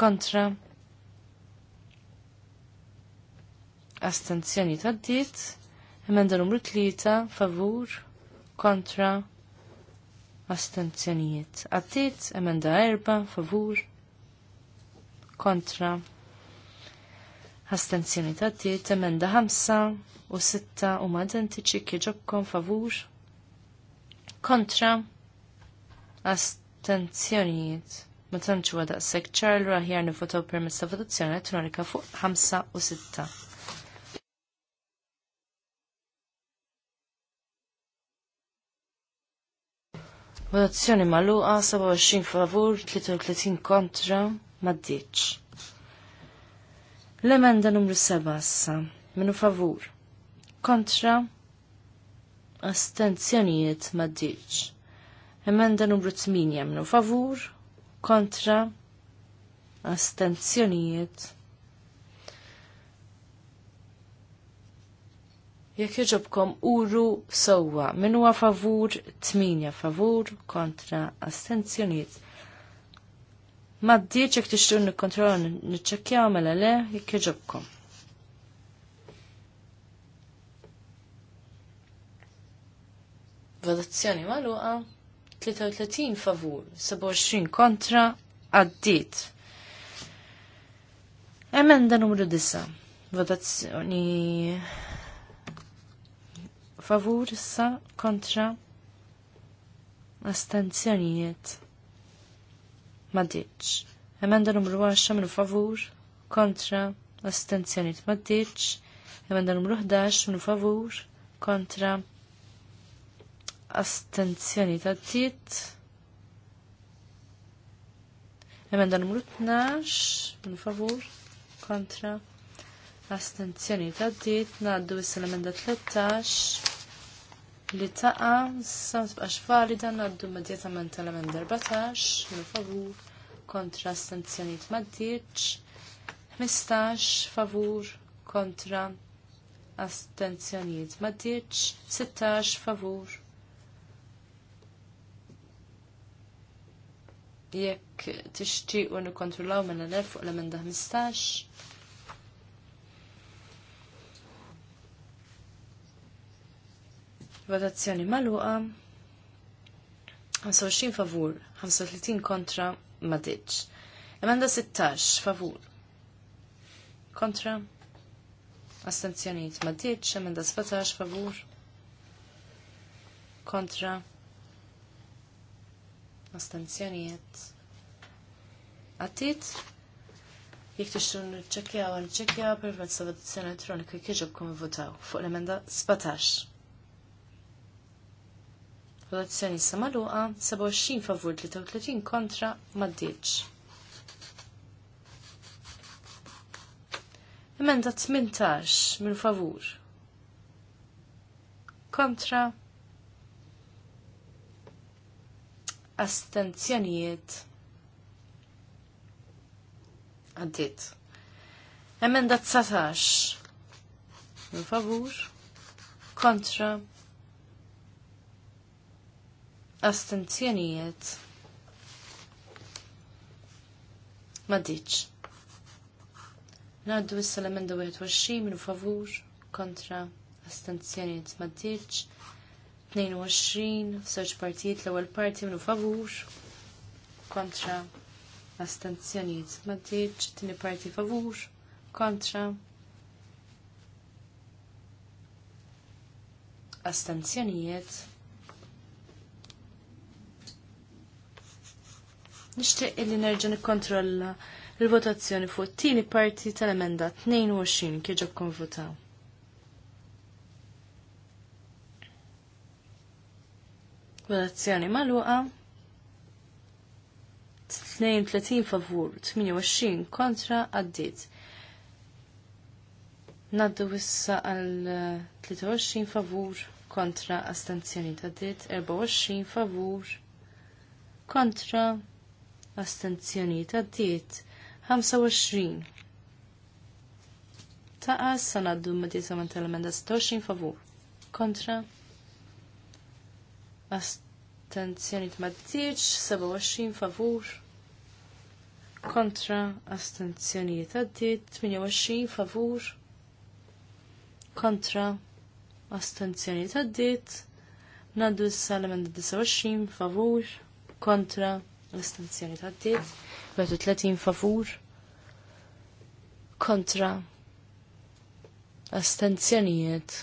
kontra astenzjoni taddit, emenda numru tlita, favur kontra astenzjonijiet. Għaddit emenda erba' favur kontra astenzjoni taddit, emenda ħamsa u sitta u madentiċi kieġobkom favur kontra astenzjonijiet. Ma tantx wadaq sekċar l-raħjar nivotaw permezz ta' votazzjoni elettronika fuq 5 u 6. Votazzjoni maluqa 27 favur, 33 kontra, maddiċ. L-emenda numru 7 issa, minu favur, kontra, astenzjonijiet maddiċ. Emenda numru 8 minu favur, kontra, astenzjonijiet Jekk jġobkom uru sowa, min huwa favur 8 favur kontra astenzjoniet. Maddiċ jekk tixtru nikkontrolla niċċekkjaw mela le jekk jġobkom. Votazzjoni magħluqa 33 favur, 27 kontra għaddit. Emenda numru 9. Votazzjoni favur sa kontra astenzjonijiet maddiċ. Emenda numru 10 minn favur kontra astenzjonijiet maddiċ. Emenda numru 11 minn favur kontra astenzjoni ta' tit. Emenda numru 12, minn favur, kontra. Astenzjoni ta' tit, naddu issa l-emenda 13, li taqa sa tibqax dan ngħaddu immedjatament tal emenda 14 minn favur kontra astenzjonijiet maddiċ 15 favur kontra astenzjonijiet maddiċ 16 favur jekk tixtiequ nikkontrollaw minn l fuq l-emenda 15 Votazzjoni maluqa. 25 favur, 35 kontra, ma ditx. Emenda 16 favur. Kontra. Astenzjoniet ma ditx, emenda 17 favur. Kontra. Astenzjoniet. Għattit. Jek n-ċekja għal-ċekja per mezz votazzjoni elettronika kieġobkom votaw fuq l-emenda 17. Votazzjoni issa magħluqa 27 favur 33 kontra m'għaddiex. Emenda 18 minn favur. Kontra astenzjonijiet għaddit. Emenda 19 minn favur kontra astenzjonijiet ma diċ. Naddu issa l-emenda 21 minn favur kontra astenzjonijiet ma diċ. 22 f'żewġ partijiet l-ewwel parti minn favur kontra astenzjonijiet ma diċ. Tieni parti favur kontra astenzjonijiet Nixtieq illi nerġa' nikkontrolla il-votazzjoni fuq it-tieni parti tal-emenda 22 kif konvotaw. Votazzjoni magħluqa 32 favur, 28 kontra għaddit. Naddu wissa għal 23 favur kontra astenzjoni ta' dit, 24 favur kontra astenzjoni ta' għaddiet 25. Taqa sanaddu madieta man tal-emenda 26 favur kontra Astenzjoni ta' maddiċ 27 favur kontra Astenzjoni ta' għaddiet 28 favur kontra Astenzjoni ta' għaddiet Naddu s salamenda 29 favur kontra l-istanzjoni ta' d-diet, 30 favur, kontra astenzjonijiet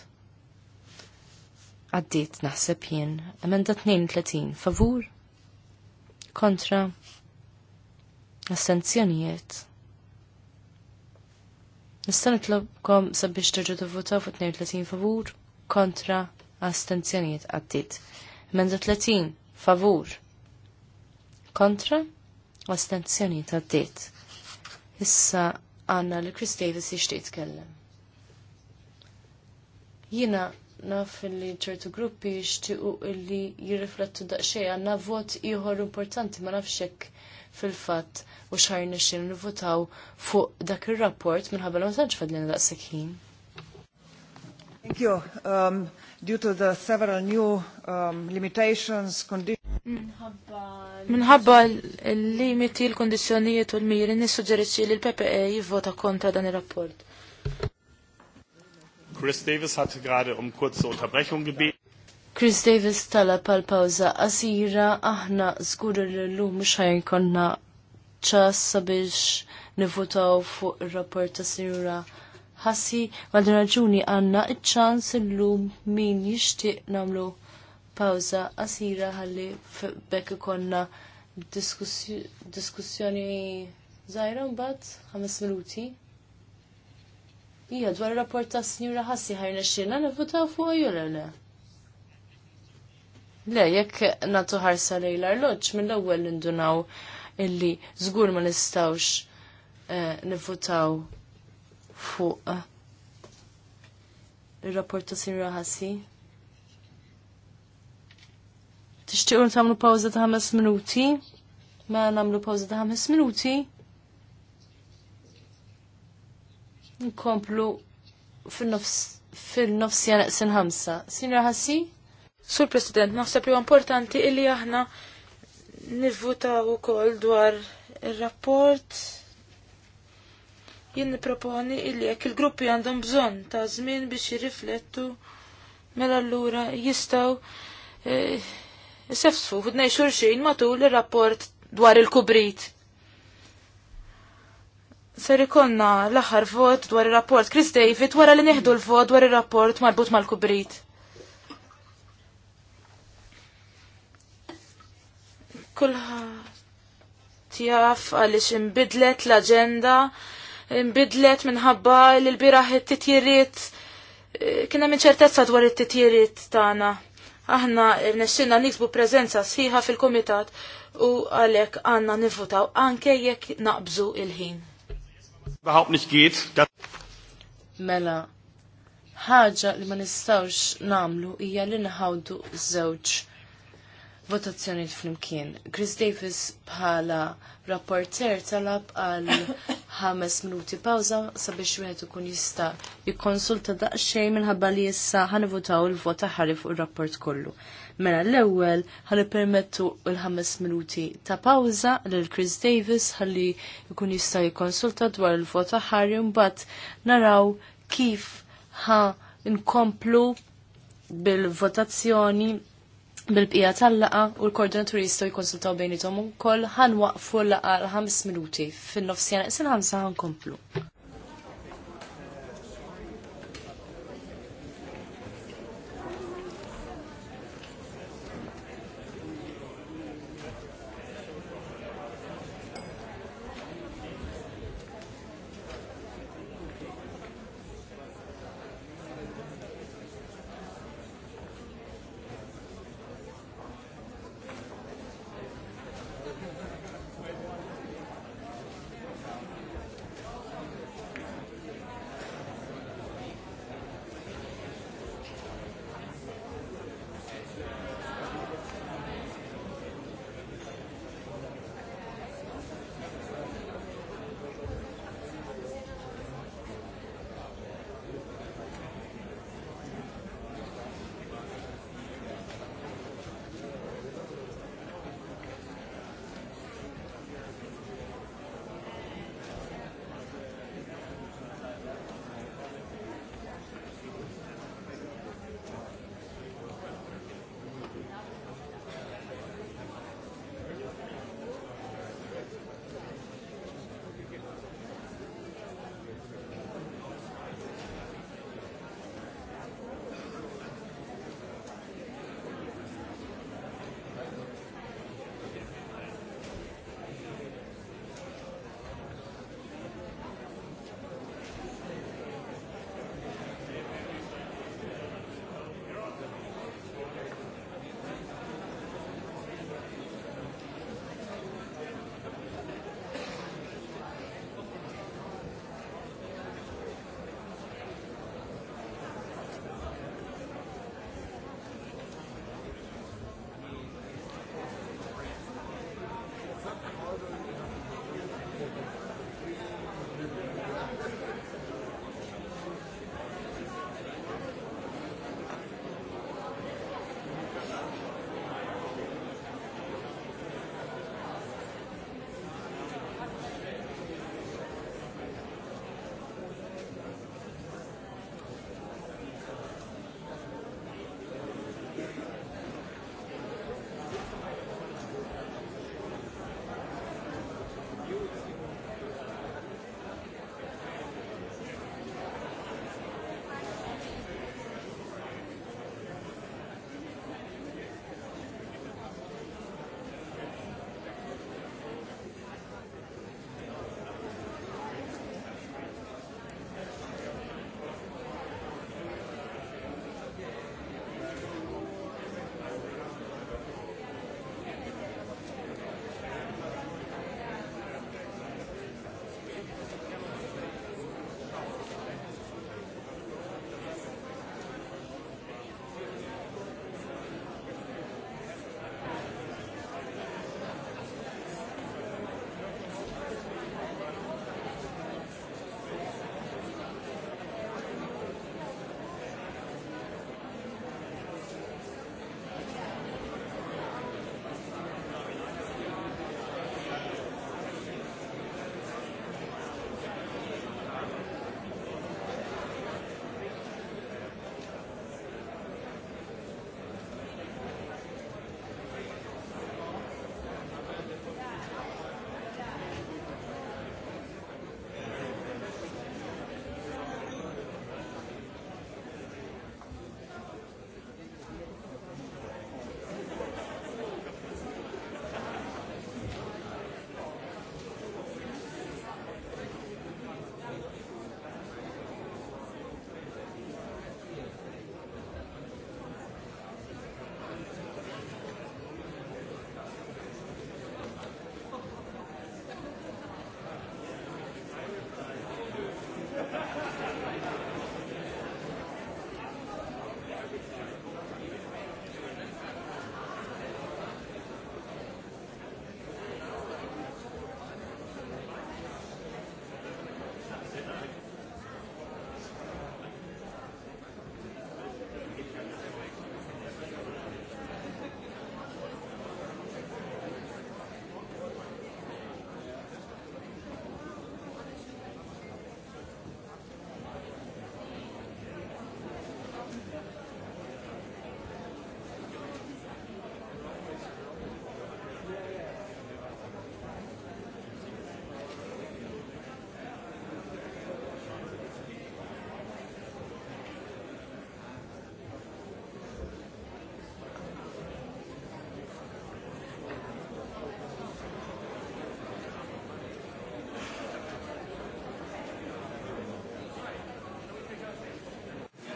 għaddit naħseb jien. Emenda 32 favur, kontra astenzjonijiet. Nista' nitlobkom sabiex terġu t-votaw fuq 32 favur, kontra astenzjonijiet għaddiet. Emenda 30 favur, kontra, astenzjoni ta' d-diet. Issa għanna li Chris Davis jishtiq jitkellem. Jina naf li ċertu gruppi jishtiqu illi jirriflettu daqxej għanna vot iħor importanti ma nafxek fil-fat u xarni xin nivutaw fuq dak il-rapport minħabba l sanċ fadlina daqsek ħin. Thank you. Um, due to the several new um, limitations, conditions, Minħabba l-limiti, l-kondizjonijiet u l-miri, nissuġġerixxi li l-PPE jivvota kontra dan ir-rapport. Chris Davis hat gerade um kurze Unterbrechung gebeten. Chris Davis tala pal-pawza qasira aħna żgur l-lum xajn konna ċas sabiex nivutaw fuq ir-rapport ta' Sinjura Ħassi għal raġuni għandna iċ-ċans illum min jixtieq nagħmlu pawza qasira ħalli bekk ikonna diskussjoni zaħira mbagħad ħames minuti. Ija, dwar rapport ta' sinjura ħassi ħajna xina nivvutaw fuq jew le. Le, jekk nagħtu ħarsa lejla l-arloġġ mill-ewwel nindunaw illi żgur ma nistawx eh, nivvutaw fuq eh, ir-rapport ta' Sinjura ħassi. Tixtiequ tagħmlu pawża ta' 5 minuti? Ma mela nagħmlu pawża ta' ħames minuti. Nkomplu fil-nofs fil-nofs janaqsin ħamsa. Sinra ħassi? Sur President, naħseb li importanti illi aħna u ukoll dwar ir-rapport jien niproponi illi jekk il-gruppi għandhom bżonn ta' żmien biex jirriflettu mela allura jistgħu eh, sefsfu fudnej xurxin matul il-rapport dwar il-kubrit. Ser ikonna l-aħħar vot dwar il-rapport Chris David wara li neħdu l-vot dwar il-rapport marbut mal-kubrit. Kulħa tjaf għalix imbidlet l-agenda, imbidlet minħabba l-biraħ it-titjiriet, eh, kena minn ċertezza dwar it-titjiriet tagħna. Ta Aħna nessinna niksbu prezenza sħiħa fil-komitat u għalek għanna nivvutaw anke jekk naqbżu il-ħin. Mela, ħaġa li ma nistawx namlu hija li nħawdu żewġ votazzjoni flimkien. Chris Davis bħala rapporter talab għal ħames minuti pawza sabiex wieħed ikun jista' jikkonsulta daqsxejn minħabba li issa ħanivutaw il-vota ħarif fuq ir-rapport kollu. Mela l-ewwel ħalli permettu l-ħames minuti ta' pawza lil Chris Davis ħalli jkun jista' jikkonsulta dwar il-vota ħarri mbagħad naraw kif ħa nkomplu bil-votazzjoni bil-bqija tal-laqa u l koordinatur jistgħu jkonsultaw bejnietom ukoll ħanwaqfu l-laqa l-5 minuti fin-nofsjana, sin ħamsa ħankomplu.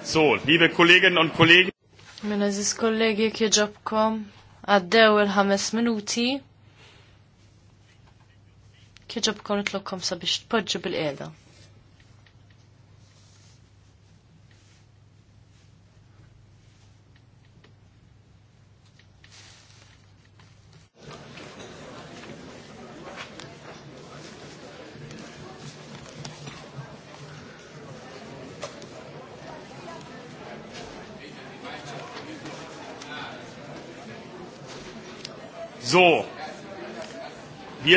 So, liebe Kolleginnen und Kollegen. Mela ziz kollegi kieġobkom għaddew il-ħames minuti. Kieġobkom it-lokkom sabiex t-podġi bil-qeda.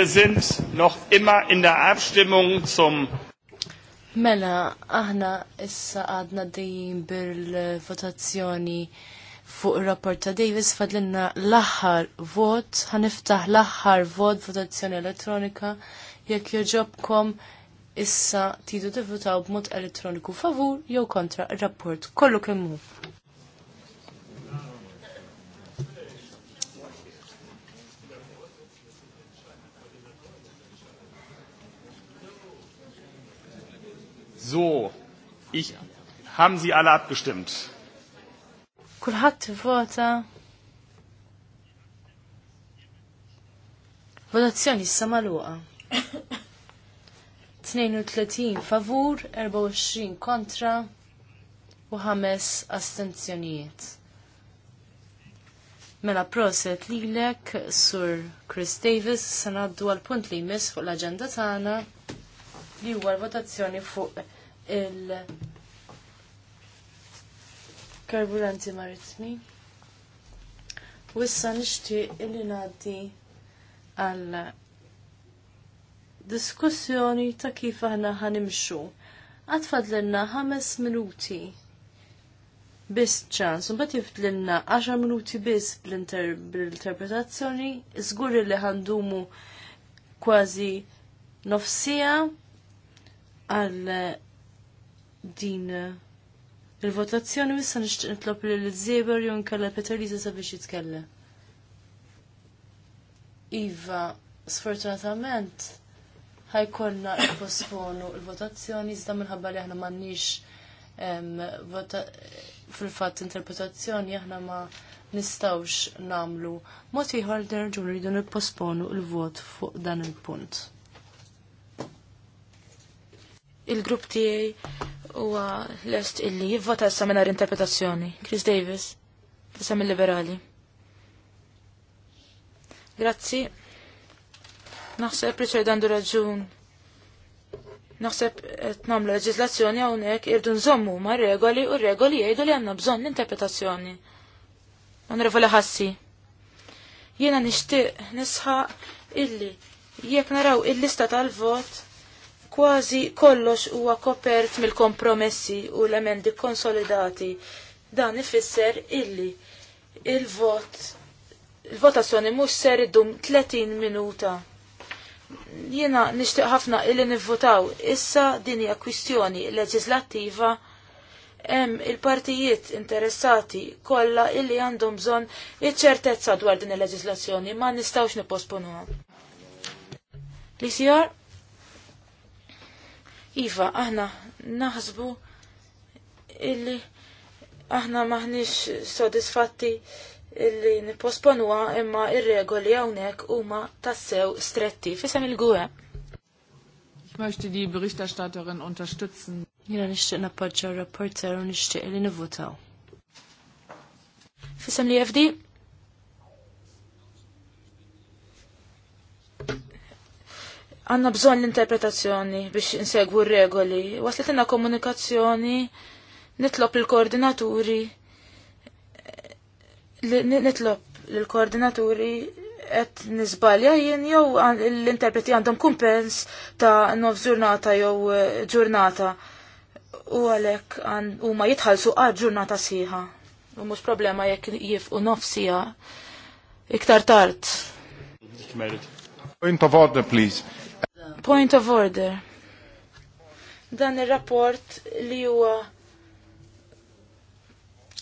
Wir sind noch immer in der Abstimmung zum Mela, aħna issa għadna dejjin bil-votazzjoni fuq il-rapport ta' Davis fadlinna l-aħħar vot, ħaniftaħ l-aħħar vot votazzjoni elettronika jekk joġobkom issa tidu tivvutaw b'mod elettroniku favur jew kontra ir-rapport kollu kemm hu. So, ich, haben Sie alle abgestimmt? Kulhat vota. Votazzjoni samalua. 32 favur, 24 kontra u 5 astenzjonijiet. Mela proset lilek sur Chris Davis sanaddu għal punt li jmiss fuq l-agenda tagħna li huwa l-votazzjoni fuq il-karburanti maritmi. U issa illi ngħaddi għal diskussjoni ta' kif aħna ħanimxu. Għatfadlenna ħames minuti biss ċans, un bat jifdlenna 10 minuti biss bl-interpretazzjoni, zgur li ħandumu kważi nofsija għal din eh, il-votazzjoni issa nixtieq nitlob lil Zeber jew nkella Peter Lisa sabiex jitkellem. Iva, sfortunatament ħajkonna nipposponu il-votazzjoni iżda minħabba li aħna m'għandniex fil-fatt interpretazzjoni aħna ma nistawx namlu. Mod ieħor derġu rridu nipposponu il-vot fuq dan il-punt il-grupp tiegħi huwa lest illi jivvota issa mingħajr interpretazzjoni. Chris Davis, sem il-liberali. Grazzi. Naħseb Richard għandu raġun. Naħseb qed nagħmlu leġiżlazzjoni hawnhekk irdu nżommu ma' regoli u regoli jgħidu li għandna bżonn l-interpretazzjoni. Onorevoli Ħassi. Jiena nixtieq nisħaq illi jekk naraw il-lista tal-vot Kważi kollox huwa kopert mill-kompromessi u l-emendi konsolidati. Dan ifisser illi il-vot il-votazzjoni mhux ser iddum 30 minuta. Jiena nixtieq ħafna illi nivvotaw. Issa din hija kwistjoni leġislattiva hemm il-partijiet interessati kollha illi għandhom bżonn iċ-ċertezza dwar din il-leġislazzjoni ma nistgħux nipposponuha. L-ICR? Iva, aħna naħsbu illi aħna maħnix sodisfatti illi niposponuwa imma ir-regoli hawnhekk huma tassew stretti fisem il-gwe. Ich möchte die Berichterstatterin unterstützen. Jena nishtiq nappoġġja r-rapporter u nishtiq li nivvutaw. Fisem li jefdi, għanna bżon l-interpretazzjoni biex insegwu r-regoli. Waslet inna komunikazzjoni, nitlob l koordinaturi nitlob l koordinaturi għet nizbalja jien jew l-interpreti għandhom kumpens ta' nof ġurnata jew eh, ġurnata u għalek u ma jitħalsu għad ġurnata siħa. U mux problema jekk jifqu nofsija iktar tard. Point of order, please. Point of order. Dan ir-rapport li huwa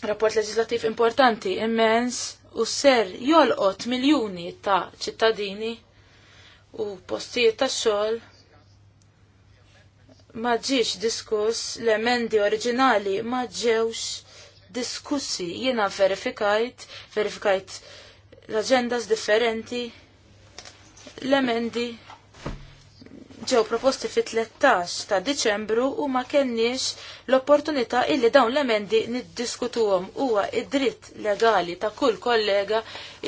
rapport leġislattiv importanti immens u ser jolqot miljuni ta' ċittadini u postijiet ta' xogħol ma ġiex diskuss l-emendi oriġinali ma ġewx diskussi jiena verifikajt, verifikajt l-agendas differenti, l-emendi ġew proposti fit-13 ta' Diċembru u ma kenniex l-opportunità illi dawn l-emendi niddiskutuhom huwa id-dritt legali ta' kull kollega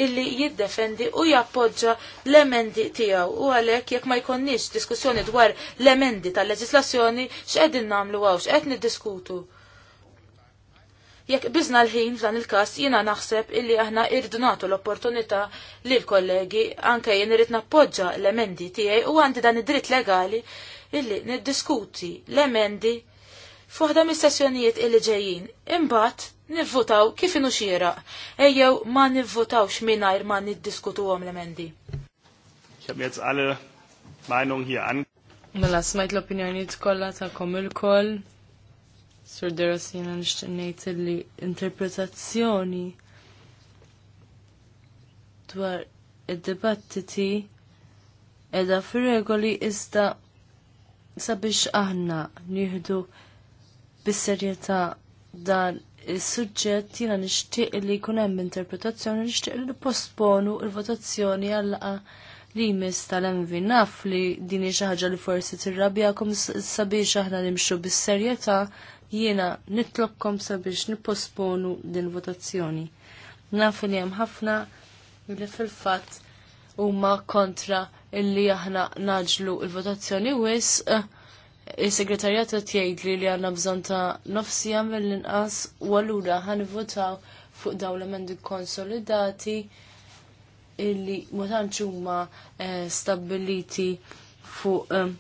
illi jiddefendi u jappoġġa l-emendi tiegħu u għalhekk jekk ma jkunniex diskussjoni dwar l-emendi tal-leġislazzjoni x'qegħdin nagħmlu hawn x'qed niddiskutu. Jekk biżna l-ħin f'dan il-każ jiena naħseb illi aħna irdu nagħtu l-opportunità li l-kollegi anke jien irid nappoġġa l-emendi tiegħi u għandi dan id-dritt legali illi niddiskuti l-emendi f'waħda mis-sessjonijiet illi ġejjin. Imbagħad nivvutaw kif inhu xieraq ejjew ma nivvutawx mingħajr ma niddiskutuhom l-emendi. Ich habe Mela smajt l-opinjonijiet kollha tagħkom il-koll Sur Deros jena nishtinnejt li interpretazzjoni dwar id-dibattiti edha fir-regoli iżda sabiex aħna nieħdu bis-serjetà dan is-suġġett jiena nixtieq li jkun hemm interpretazzjoni nixtieq li postponu l-votazzjoni għallaqa li jmiss tal-envi naf li dini xi ħaġa li forsi kum sabiex aħna nimxu bis-serjetà jiena nitlobkom sabiex nipposponu din votazzjoni. Nafu li hemm ħafna li fil-fatt huma kontra illi aħna naġlu il-votazzjoni wis eh, il-segretarjat qed jgħidli li għandna bżonn ta' nofsija mill-inqas u allura ħanivvotaw fuq dawn l-emendi konsolidati illi ma tantx huma eh, stabiliti fuq eh,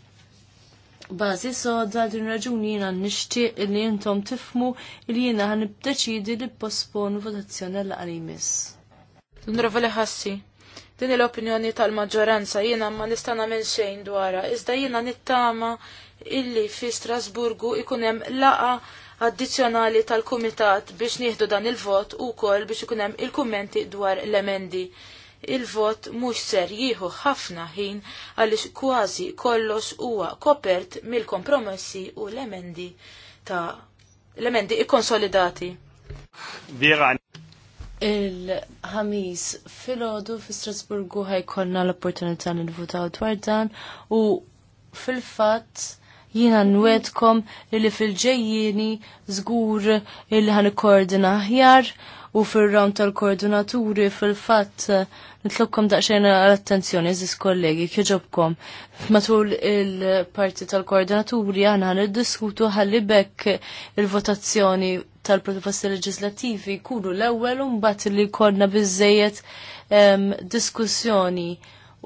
bażi soda din raġuni jiena nixtieq li intom tifmu li jiena ħan nibdeċidi li posponu votazzjoni għal qalimis. li ħassi. Din l-opinjoni tal-maġġoranza jiena ma nista' nagħmel xejn dwarha, iżda jiena nittama illi fi Strasburgu ikun hemm laqa addizzjonali tal-kumitat biex nieħdu dan il-vot ukoll biex ikun hemm il-kummenti dwar l-emendi il-vot mhux ser jieħu ħafna ħin għaliex kważi kollox huwa kopert mill-kompromessi u l-emendi ta' l-emendi ikkonsolidati. Il-ħamis fil-ħodu fi Strasburgu ħajkonna l-opportunità nil-votaw dwar dan u fil-fatt jina nwedkom li fil-ġejjini zgur li ħan koordina ħjar u fil-round tal-koordinaturi fil-fatt eh, nitlokkom daqxajn għal attenzjoni ziz kollegi, kieġobkom. Matul il-parti tal-koordinaturi għana id-diskutu ħalli bekk il-votazzjoni tal-proposti leġislativi kunu l-ewel un bat li konna bizzejiet diskussjoni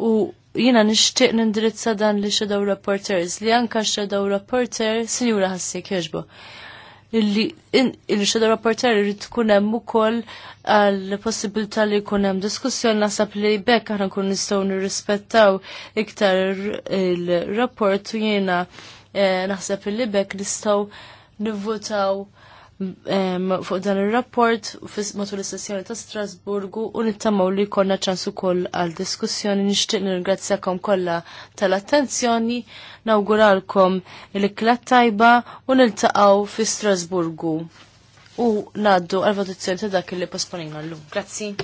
u jina nishtiq nindirizza dan li xedaw reporters, li anka xedaw reporter, sinjura ħassi kieġbo illi il-xedda rapporter irrid tkun hemm ukoll għal possibilità li jkun hemm diskussjoni naħseb li bekk aħna nkun nistgħu nirrispettaw iktar il-rapport u jiena eh, naħseb illi bekk nistgħu nivvotaw fuq dan il-rapport matul is-sessjoni ta' Strasburgu u nittamaw li konna ċansu koll għal diskussjoni nixtieq nirgrazzjakom kollha tal-attenzjoni nawguralkom il-klat tajba u niltaqgħu fi Strasburgu u naddu għal votazzjoni ta' dak li posponina l-lum. Grazzi.